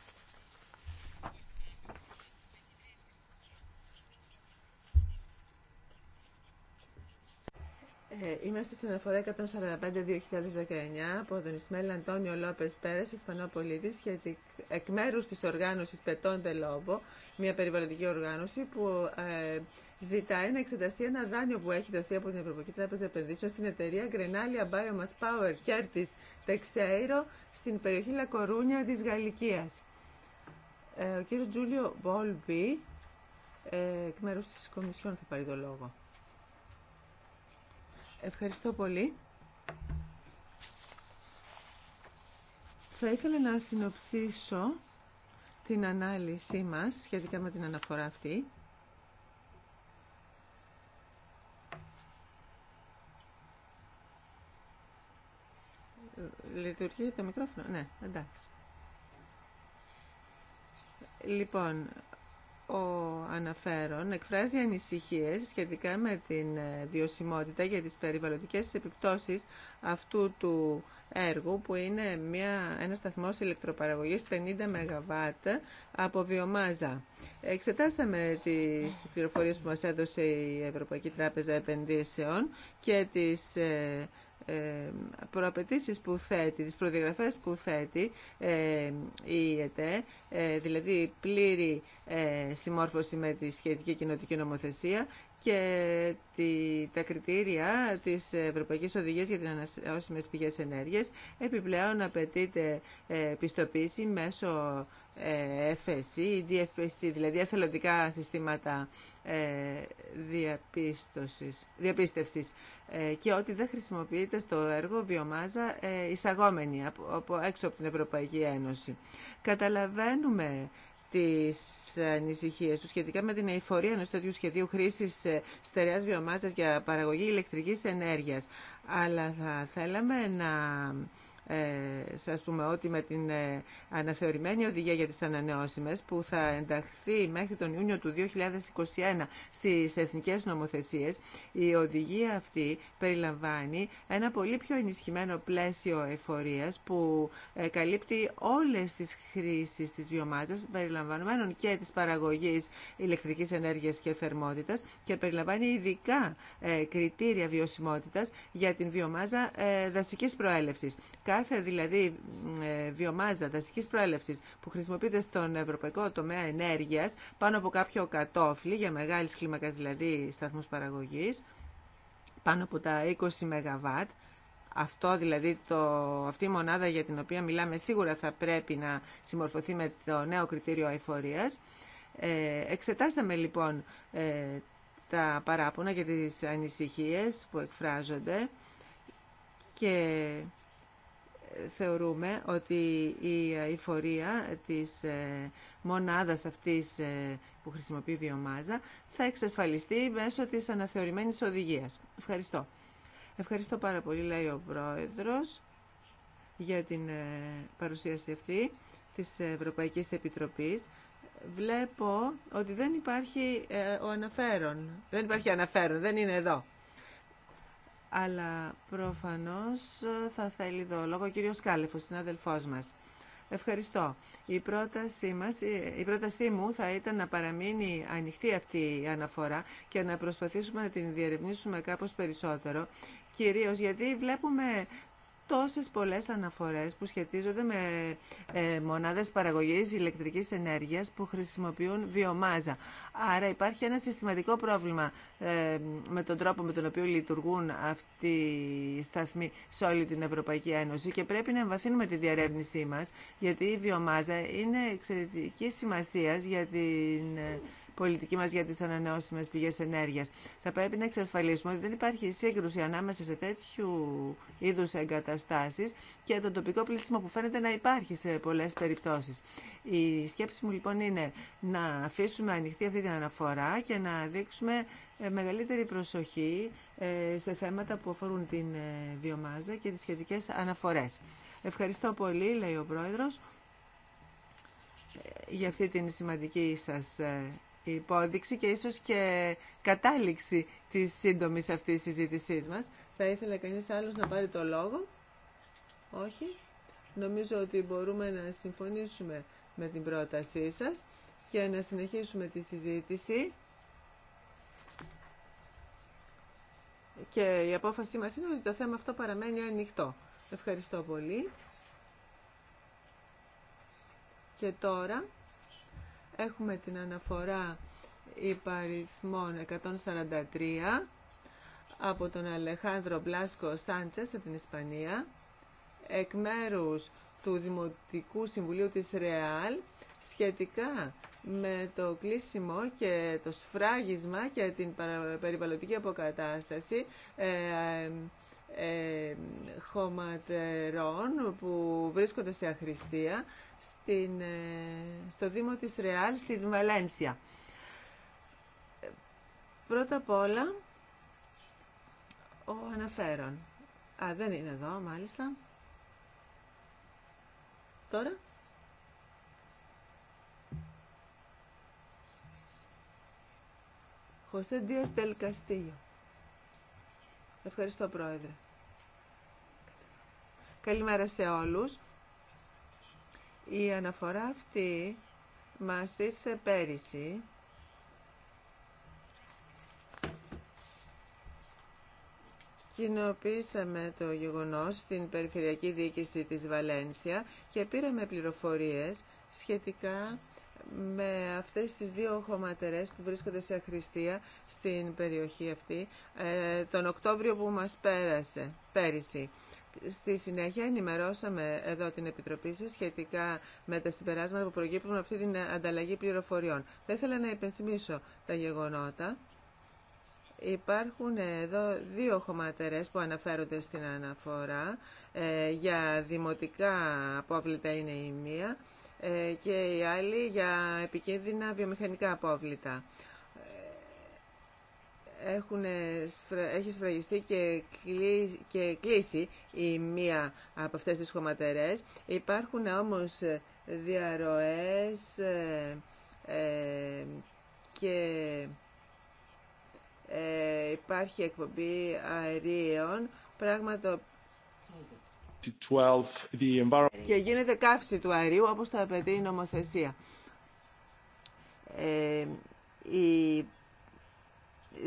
Ε, είμαστε στην αναφορά 145-2019 από τον Ισμέλ Αντώνιο Λόπε Πέρε, Ισπανό πολίτη, εκ μέρου τη οργάνωση Πετών Τελόμπο, μια περιβαλλοντική οργάνωση που ε, ζητάει να εξεταστεί ένα δάνειο που έχει δοθεί από την Ευρωπαϊκή Τράπεζα Επενδύσεων στην εταιρεία Grenalia Biomass Power τη Τεξέιρο στην περιοχή Λακορούνια τη Γαλλικία. Ε, ο κύριο Τζούλιο Μπόλμπι, ε, εκ μέρου τη Κομισιόν, θα πάρει το λόγο. Ευχαριστώ πολύ. Θα ήθελα να συνοψίσω την ανάλυση μας σχετικά με την αναφορά αυτή. Λειτουργεί το μικρόφωνο. Ναι, εντάξει. Λοιπόν, ο αναφέρον εκφράζει ανησυχίες σχετικά με την ε, βιωσιμότητα για τις περιβαλλοντικές επιπτώσεις αυτού του έργου που είναι μια, ένα σταθμός ηλεκτροπαραγωγής 50 ΜΒ από βιομάζα. Εξετάσαμε τις πληροφορίες που μας έδωσε η Ευρωπαϊκή Τράπεζα Επενδύσεων και τις ε, ε, προαπαιτήσεις που θέτει, τις προδιαγραφές που θέτει ε, η ΕΤΕ, ε, δηλαδή πλήρη συμμόρφωση με τη σχετική κοινωτική νομοθεσία και τα κριτήρια της Ευρωπαϊκής Οδηγίας για την ανασώσιμε Πηγές Ενέργειας. Επιπλέον απαιτείται ε, πιστοποίηση μέσω ε, FSC, DFSC, δηλαδή εθελοντικά συστήματα ε, διαπίστωσης, διαπίστευσης και ότι δεν χρησιμοποιείται στο έργο βιομάζα εισαγόμενη από, από έξω από την Ευρωπαϊκή Ένωση. Καταλαβαίνουμε τις ανησυχίες του σχετικά με την εφορία ενός τέτοιου σχεδίου χρήσης ε, στερεάς βιομάζας για παραγωγή ηλεκτρικής ενέργειας. Αλλά θα θέλαμε να ε, σας πούμε ότι με την ε, αναθεωρημένη οδηγία για τις ανανεώσιμες που θα ενταχθεί μέχρι τον Ιούνιο του 2021 στις εθνικές νομοθεσίες, η οδηγία αυτή περιλαμβάνει ένα πολύ πιο ενισχυμένο πλαίσιο εφορίας που ε, καλύπτει όλες τις χρήσεις της βιομάζας, περιλαμβανομένων και της παραγωγής ηλεκτρικής ενέργειας και θερμότητας και περιλαμβάνει ειδικά κριτήρια βιωσιμότητας για την βιομάζα δασικής προέλευσης κάθε δηλαδή ε, βιομάζα δασικής προέλευσης που χρησιμοποιείται στον ευρωπαϊκό τομέα ενέργειας πάνω από κάποιο κατόφλι για μεγάλη κλίμακα δηλαδή σταθμούς παραγωγής πάνω από τα 20 ΜΒ. Αυτό δηλαδή, το, αυτή η μονάδα για την οποία μιλάμε σίγουρα θα πρέπει να συμμορφωθεί με το νέο κριτήριο αηφορίας. Ε, εξετάσαμε λοιπόν ε, τα παράπονα και τις ανησυχίες που εκφράζονται και θεωρούμε ότι η ε, φορεία της ε, μονάδας αυτής ε, που χρησιμοποιεί βιομάζα θα εξασφαλιστεί μέσω της αναθεωρημένης οδηγίας. Ευχαριστώ. Ευχαριστώ πάρα πολύ, λέει ο Πρόεδρος, για την παρουσίαση αυτή της Ευρωπαϊκής Επιτροπής. Βλέπω ότι δεν υπάρχει ο αναφέρον. Δεν υπάρχει αναφέρον, δεν είναι εδώ αλλά προφανώς ε, θα θέλει εδώ λόγο ο κύριος Κάλεφος, συνάδελφός μας. Ευχαριστώ. Η πρότασή, μας, ε, η πρότασή μου θα ήταν να παραμείνει ανοιχτή αυτή η αναφορά και να προσπαθήσουμε να την διερευνήσουμε κάπως περισσότερο. Κυρίως γιατί βλέπουμε τόσες πολλές αναφορές που σχετίζονται με ε, μονάδες παραγωγής ηλεκτρικής ενέργειας που χρησιμοποιούν βιομάζα. Άρα υπάρχει ένα συστηματικό πρόβλημα ε, με τον τρόπο με τον οποίο λειτουργούν αυτοί οι σταθμοί σε όλη την Ευρωπαϊκή Ένωση και πρέπει να εμβαθύνουμε τη διαρεύνησή μας γιατί η βιομάζα είναι εξαιρετική σημασία για την... Ε, πολιτική μα για τι ανανεώσιμε πηγέ ενέργεια. Θα πρέπει να εξασφαλίσουμε ότι δεν υπάρχει σύγκρουση ανάμεσα σε τέτοιου είδου εγκαταστάσει και τον τοπικό πληθυσμό που φαίνεται να υπάρχει σε πολλέ περιπτώσει. Η σκέψη μου λοιπόν είναι να αφήσουμε ανοιχτή αυτή την αναφορά και να δείξουμε ε, μεγαλύτερη προσοχή ε, σε θέματα που αφορούν την ε, βιομάζα και τις σχετικές αναφορές. Ευχαριστώ πολύ, λέει ο Πρόεδρος, για αυτή την σημαντική σας η υπόδειξη και ίσως και κατάληξη της σύντομης αυτής της συζήτησής μας. Θα ήθελα κανείς άλλος να πάρει το λόγο. Όχι. Νομίζω ότι μπορούμε να συμφωνήσουμε με την πρότασή σας και να συνεχίσουμε τη συζήτηση. Και η απόφασή μας είναι ότι το θέμα αυτό παραμένει ανοιχτό. Ευχαριστώ πολύ. Και τώρα Έχουμε την αναφορά υπαριθμών 143 από τον Αλεχάνδρο Μπλάσκο από την Ισπανία εκ μέρους του Δημοτικού Συμβουλίου της ΡΕΑΛ σχετικά με το κλείσιμο και το σφράγισμα και την περιβαλλοντική αποκατάσταση ε, ε, ε, χωματερών που βρίσκονται σε αχρηστία στην, ε, στο Δήμο της Ρεάλ στην Βαλένσια. Πρώτα απ' όλα, ο αναφέρον. Α, δεν είναι εδώ, μάλιστα. Τώρα. Χωσέ Ντίας Τελ Ευχαριστώ, Πρόεδρε. Καλημέρα σε όλους. Η αναφορά αυτή μας ήρθε πέρυσι Κοινοποίησαμε το γεγονός στην Περιφερειακή Διοίκηση της Βαλένσια και πήραμε πληροφορίες σχετικά με αυτές τις δύο χωματερές που βρίσκονται σε αχρηστία στην περιοχή αυτή ε, τον Οκτώβριο που μας πέρασε πέρυσι. Στη συνέχεια ενημερώσαμε εδώ την Επιτροπή σας σχετικά με τα συμπεράσματα που προκύπτουν αυτή την ανταλλαγή πληροφοριών. Θα ήθελα να υπενθυμίσω τα γεγονότα. Υπάρχουν εδώ δύο χωματερές που αναφέρονται στην αναφορά. Ε, για δημοτικά απόβλητα είναι η μία ε, και οι άλλοι για επικίνδυνα βιομηχανικά απόβλητα. Ε, έχουν, έχει σφραγιστεί και, και κλείσει η μία από αυτές τις χωματερές. Υπάρχουν όμως διαρροές ε, και ε, υπάρχει εκπομπή αερίων, πράγμα και γίνεται καύση του αερίου όπως το απαιτεί η νομοθεσία. Ε, η...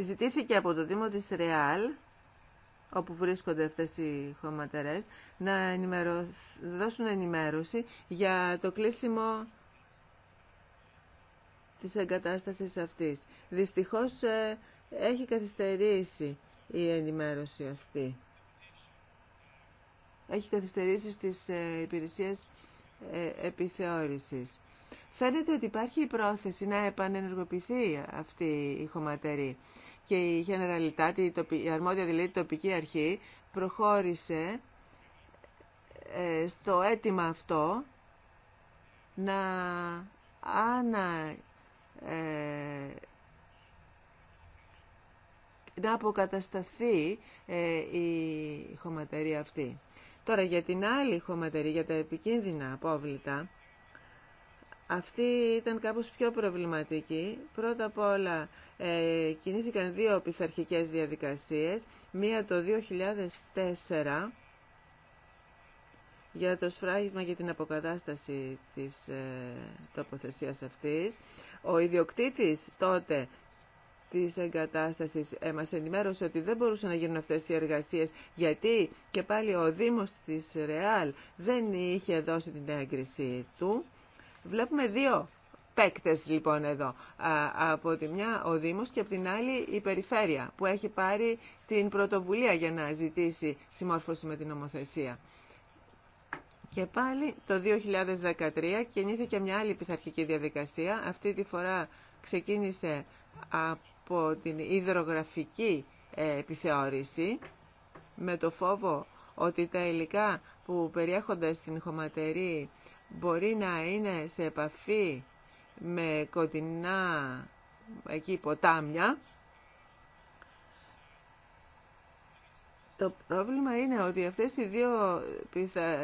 Ζητήθηκε από το Δήμο της Ρεάλ, όπου βρίσκονται αυτές οι χωματερές, να δώσουν ενημέρωση για το κλείσιμο της εγκατάστασης αυτής. Δυστυχώς ε, έχει καθυστερήσει η ενημέρωση αυτή έχει καθυστερήσει στις ε, υπηρεσίες ε, επιθεώρησης. Φαίνεται ότι υπάρχει η πρόθεση να επανενεργοποιηθεί αυτή η χωματερή και η Γενεραλιτά, η αρμόδια δηλαδή τοπική αρχή, προχώρησε ε, στο αίτημα αυτό να ανα να αποκατασταθεί η χωματερή αυτή. Τώρα για την άλλη χωματερή, για τα επικίνδυνα απόβλητα, αυτή ήταν κάπως πιο προβληματική. Πρώτα απ' όλα ε, κινήθηκαν δύο πειθαρχικέ διαδικασίες. Μία το 2004 για το σφράγισμα και την αποκατάσταση της ε, τοποθεσίας αυτής. Ο ιδιοκτήτης τότε Τη εγκατάσταση. ε, ενημέρωσε ότι δεν μπορούσαν να γίνουν αυτές οι εργασίες γιατί και πάλι ο Δήμος της Ρεάλ δεν είχε δώσει την έγκριση του. Βλέπουμε δύο παίκτε λοιπόν εδώ. από τη μια ο Δήμος και από την άλλη η Περιφέρεια που έχει πάρει την πρωτοβουλία για να ζητήσει συμμόρφωση με την ομοθέσια Και πάλι το 2013 κινήθηκε μια άλλη πειθαρχική διαδικασία. Αυτή τη φορά ξεκίνησε από από την υδρογραφική ε, επιθεώρηση με το φόβο ότι τα υλικά που περιέχονται στην χωματερή μπορεί να είναι σε επαφή με κοντινά εκεί ποτάμια. Το πρόβλημα είναι ότι αυτές οι δύο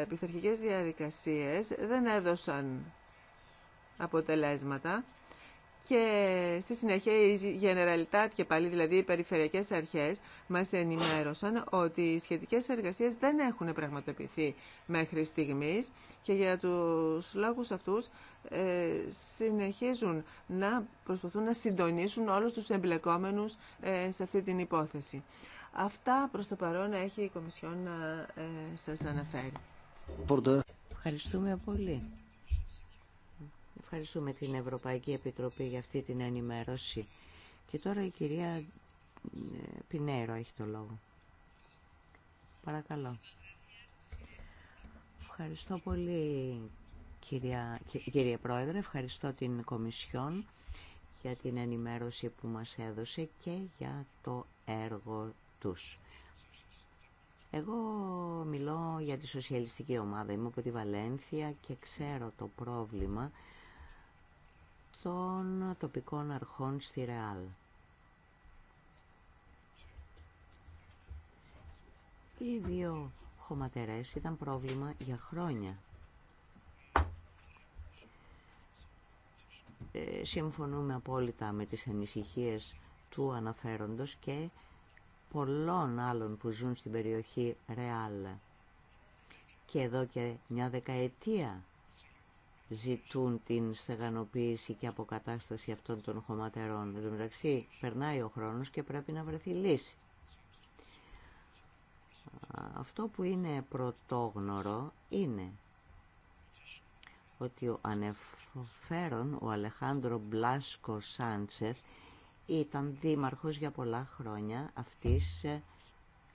πειθαρχικές διαδικασίες δεν έδωσαν αποτελέσματα και στη συνέχεια η Γενεραλιτάτ και πάλι δηλαδή οι περιφερειακές αρχές μας ενημέρωσαν ότι οι σχετικές εργασίες δεν έχουν πραγματοποιηθεί μέχρι στιγμής και για τους λόγους αυτούς ε, συνεχίζουν να προσπαθούν να συντονίσουν όλους τους εμπλεκόμενους ε, σε αυτή την υπόθεση. Αυτά προς το παρόν έχει η Κομισιόν να ε, σας αναφέρει. Ευχαριστούμε πολύ. Ευχαριστούμε την Ευρωπαϊκή Επιτροπή για αυτή την ενημέρωση. Και τώρα η κυρία ε, Πινέρο έχει το λόγο. Παρακαλώ. Ευχαριστώ πολύ κυρία, κύριε Πρόεδρε, ευχαριστώ την Κομισιόν για την ενημέρωση που μας έδωσε και για το έργο τους. Εγώ μιλώ για τη σοσιαλιστική ομάδα, είμαι από τη Βαλένθια και ξέρω το πρόβλημα των τοπικών αρχών στη ΡΕΑΛ. Οι δύο χωματερές ήταν πρόβλημα για χρόνια. Ε, συμφωνούμε απόλυτα με τις ανησυχίες του αναφέροντος και πολλών άλλων που ζουν στην περιοχή Ρεάλ. Και εδώ και μια δεκαετία ζητούν την στεγανοποίηση και αποκατάσταση αυτών των χωματερών. Εν τω μεταξύ περνάει ο χρόνος και πρέπει να βρεθεί λύση. Αυτό που είναι πρωτόγνωρο είναι ότι ο ανεφέρον, ο Αλεχάνδρο Μπλάσκο Σάντσεθ, ήταν δήμαρχος για πολλά χρόνια αυτής ε,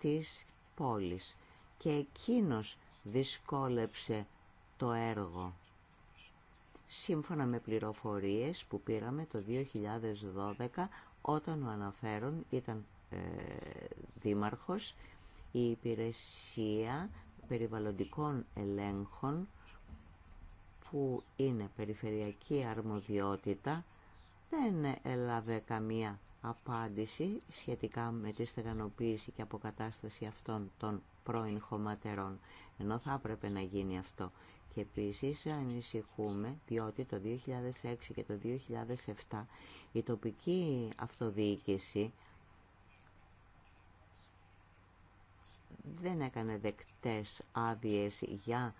της πόλης και εκείνος δυσκόλεψε το έργο σύμφωνα με πληροφορίες που πήραμε το 2012 όταν ο αναφέρον ήταν ε, δήμαρχος η υπηρεσία περιβαλλοντικών ελέγχων που είναι περιφερειακή αρμοδιότητα δεν έλαβε καμία απάντηση σχετικά με τη στεγανοποίηση και αποκατάσταση αυτών των πρώην χωματερών, ενώ θα έπρεπε να γίνει αυτό. Και επίσης ανησυχούμε διότι το 2006 και το 2007 η τοπική αυτοδιοίκηση δεν έκανε δεκτές άδειες για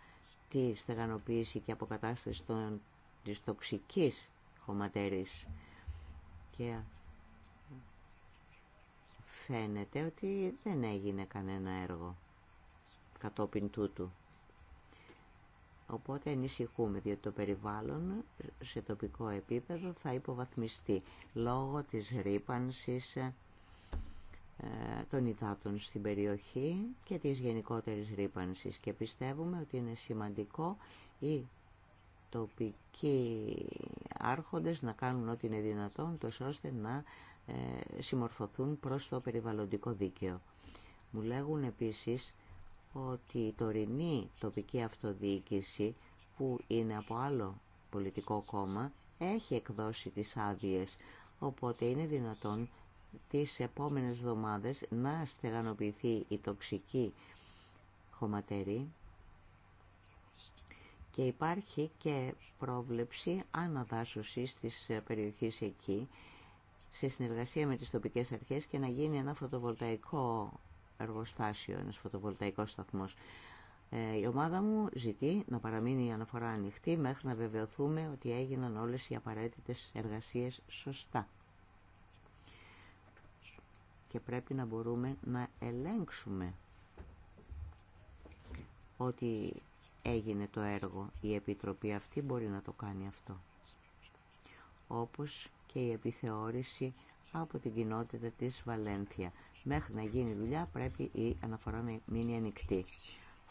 τη στεγανοποίηση και αποκατάσταση των, της τοξικής χωματέρης. Και φαίνεται ότι δεν έγινε κανένα έργο κατόπιν τούτου. Οπότε ανησυχούμε, διότι το περιβάλλον σε τοπικό επίπεδο θα υποβαθμιστεί λόγω της ρήπανσης ε, των υδάτων στην περιοχή και της γενικότερης ρήπανσης. Και πιστεύουμε ότι είναι σημαντικό οι τοπικοί άρχοντες να κάνουν ό,τι είναι δυνατόν, τόσο ώστε να ε, συμμορφωθούν προς το περιβαλλοντικό δίκαιο. Μου λέγουν επίσης ότι η τωρινή τοπική αυτοδιοίκηση που είναι από άλλο πολιτικό κόμμα έχει εκδώσει τις άδειες οπότε είναι δυνατόν τις επόμενες εβδομάδες να στεγανοποιηθεί η τοξική χωματερή και υπάρχει και πρόβλεψη αναδάσωσης της περιοχής εκεί σε συνεργασία με τις τοπικές αρχές και να γίνει ένα φωτοβολταϊκό εργοστάσιο, ένας φωτοβολταϊκός σταθμός. Ε, η ομάδα μου ζητεί να παραμείνει η αναφορά ανοιχτή μέχρι να βεβαιωθούμε ότι έγιναν όλες οι απαραίτητες εργασίες σωστά. Και πρέπει να μπορούμε να ελέγξουμε ότι έγινε το έργο. Η Επιτροπή αυτή μπορεί να το κάνει αυτό. Όπως και η επιθεώρηση από την κοινότητα της Βαλένθια. Μέχρι να γίνει δουλειά πρέπει η αναφορά να μείνει ανοιχτή.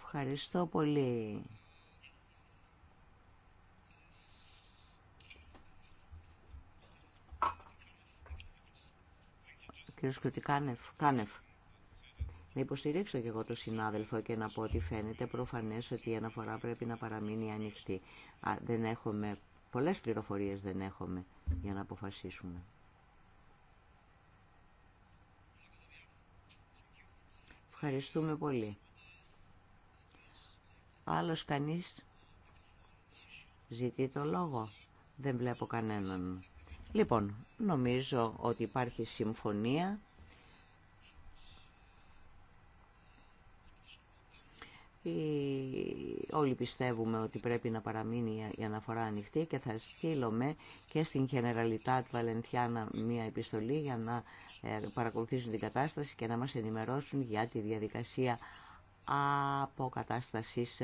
Ευχαριστώ πολύ. Κύριε Σκοτικάνεφ, Κάνεφ. Να υποστηρίξω και εγώ τον συνάδελφο και να πω ότι φαίνεται προφανές ότι η αναφορά πρέπει να παραμείνει ανοιχτή. Α, δεν έχουμε, πολλές πληροφορίες δεν έχουμε για να αποφασίσουμε. Ευχαριστούμε πολύ. Άλλος κανείς ζητεί το λόγο. Δεν βλέπω κανέναν. Λοιπόν, νομίζω ότι υπάρχει συμφωνία. Όλοι πιστεύουμε ότι πρέπει να παραμείνει η αναφορά ανοιχτή και θα στείλουμε και στην Generalitat Βαλεντιάνα μία επιστολή για να ε, παρακολουθήσουν την κατάσταση και να μας ενημερώσουν για τη διαδικασία αποκατάστασης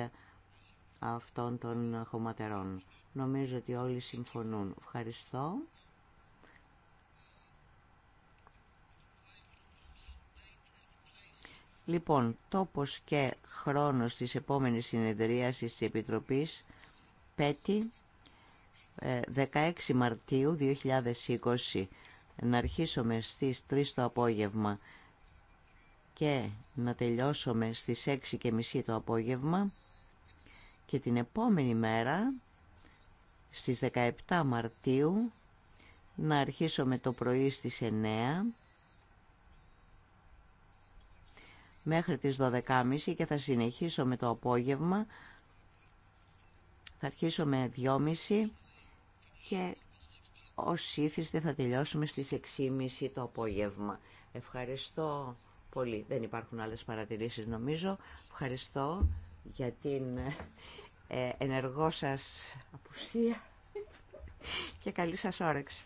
αυτών των χωματερών. Νομίζω ότι όλοι συμφωνούν. Ευχαριστώ. Λοιπόν, τόπος και χρόνος της επόμενης συνεδρίασης της Επιτροπής Πέτει 16 Μαρτίου 2020 να αρχίσουμε στις 3 το απόγευμα και να τελειώσουμε στις 6 και μισή το απόγευμα και την επόμενη μέρα στις 17 Μαρτίου να αρχίσουμε το πρωί στις 9 μέχρι τις 12.30 και θα συνεχίσουμε το απόγευμα. Θα αρχίσουμε 2.30 και ως ήθιστε θα τελειώσουμε στις 6.30 το απόγευμα. Ευχαριστώ πολύ. Δεν υπάρχουν άλλες παρατηρήσεις νομίζω. Ευχαριστώ για την ε, ενεργό σας απουσία και καλή σας όρεξη.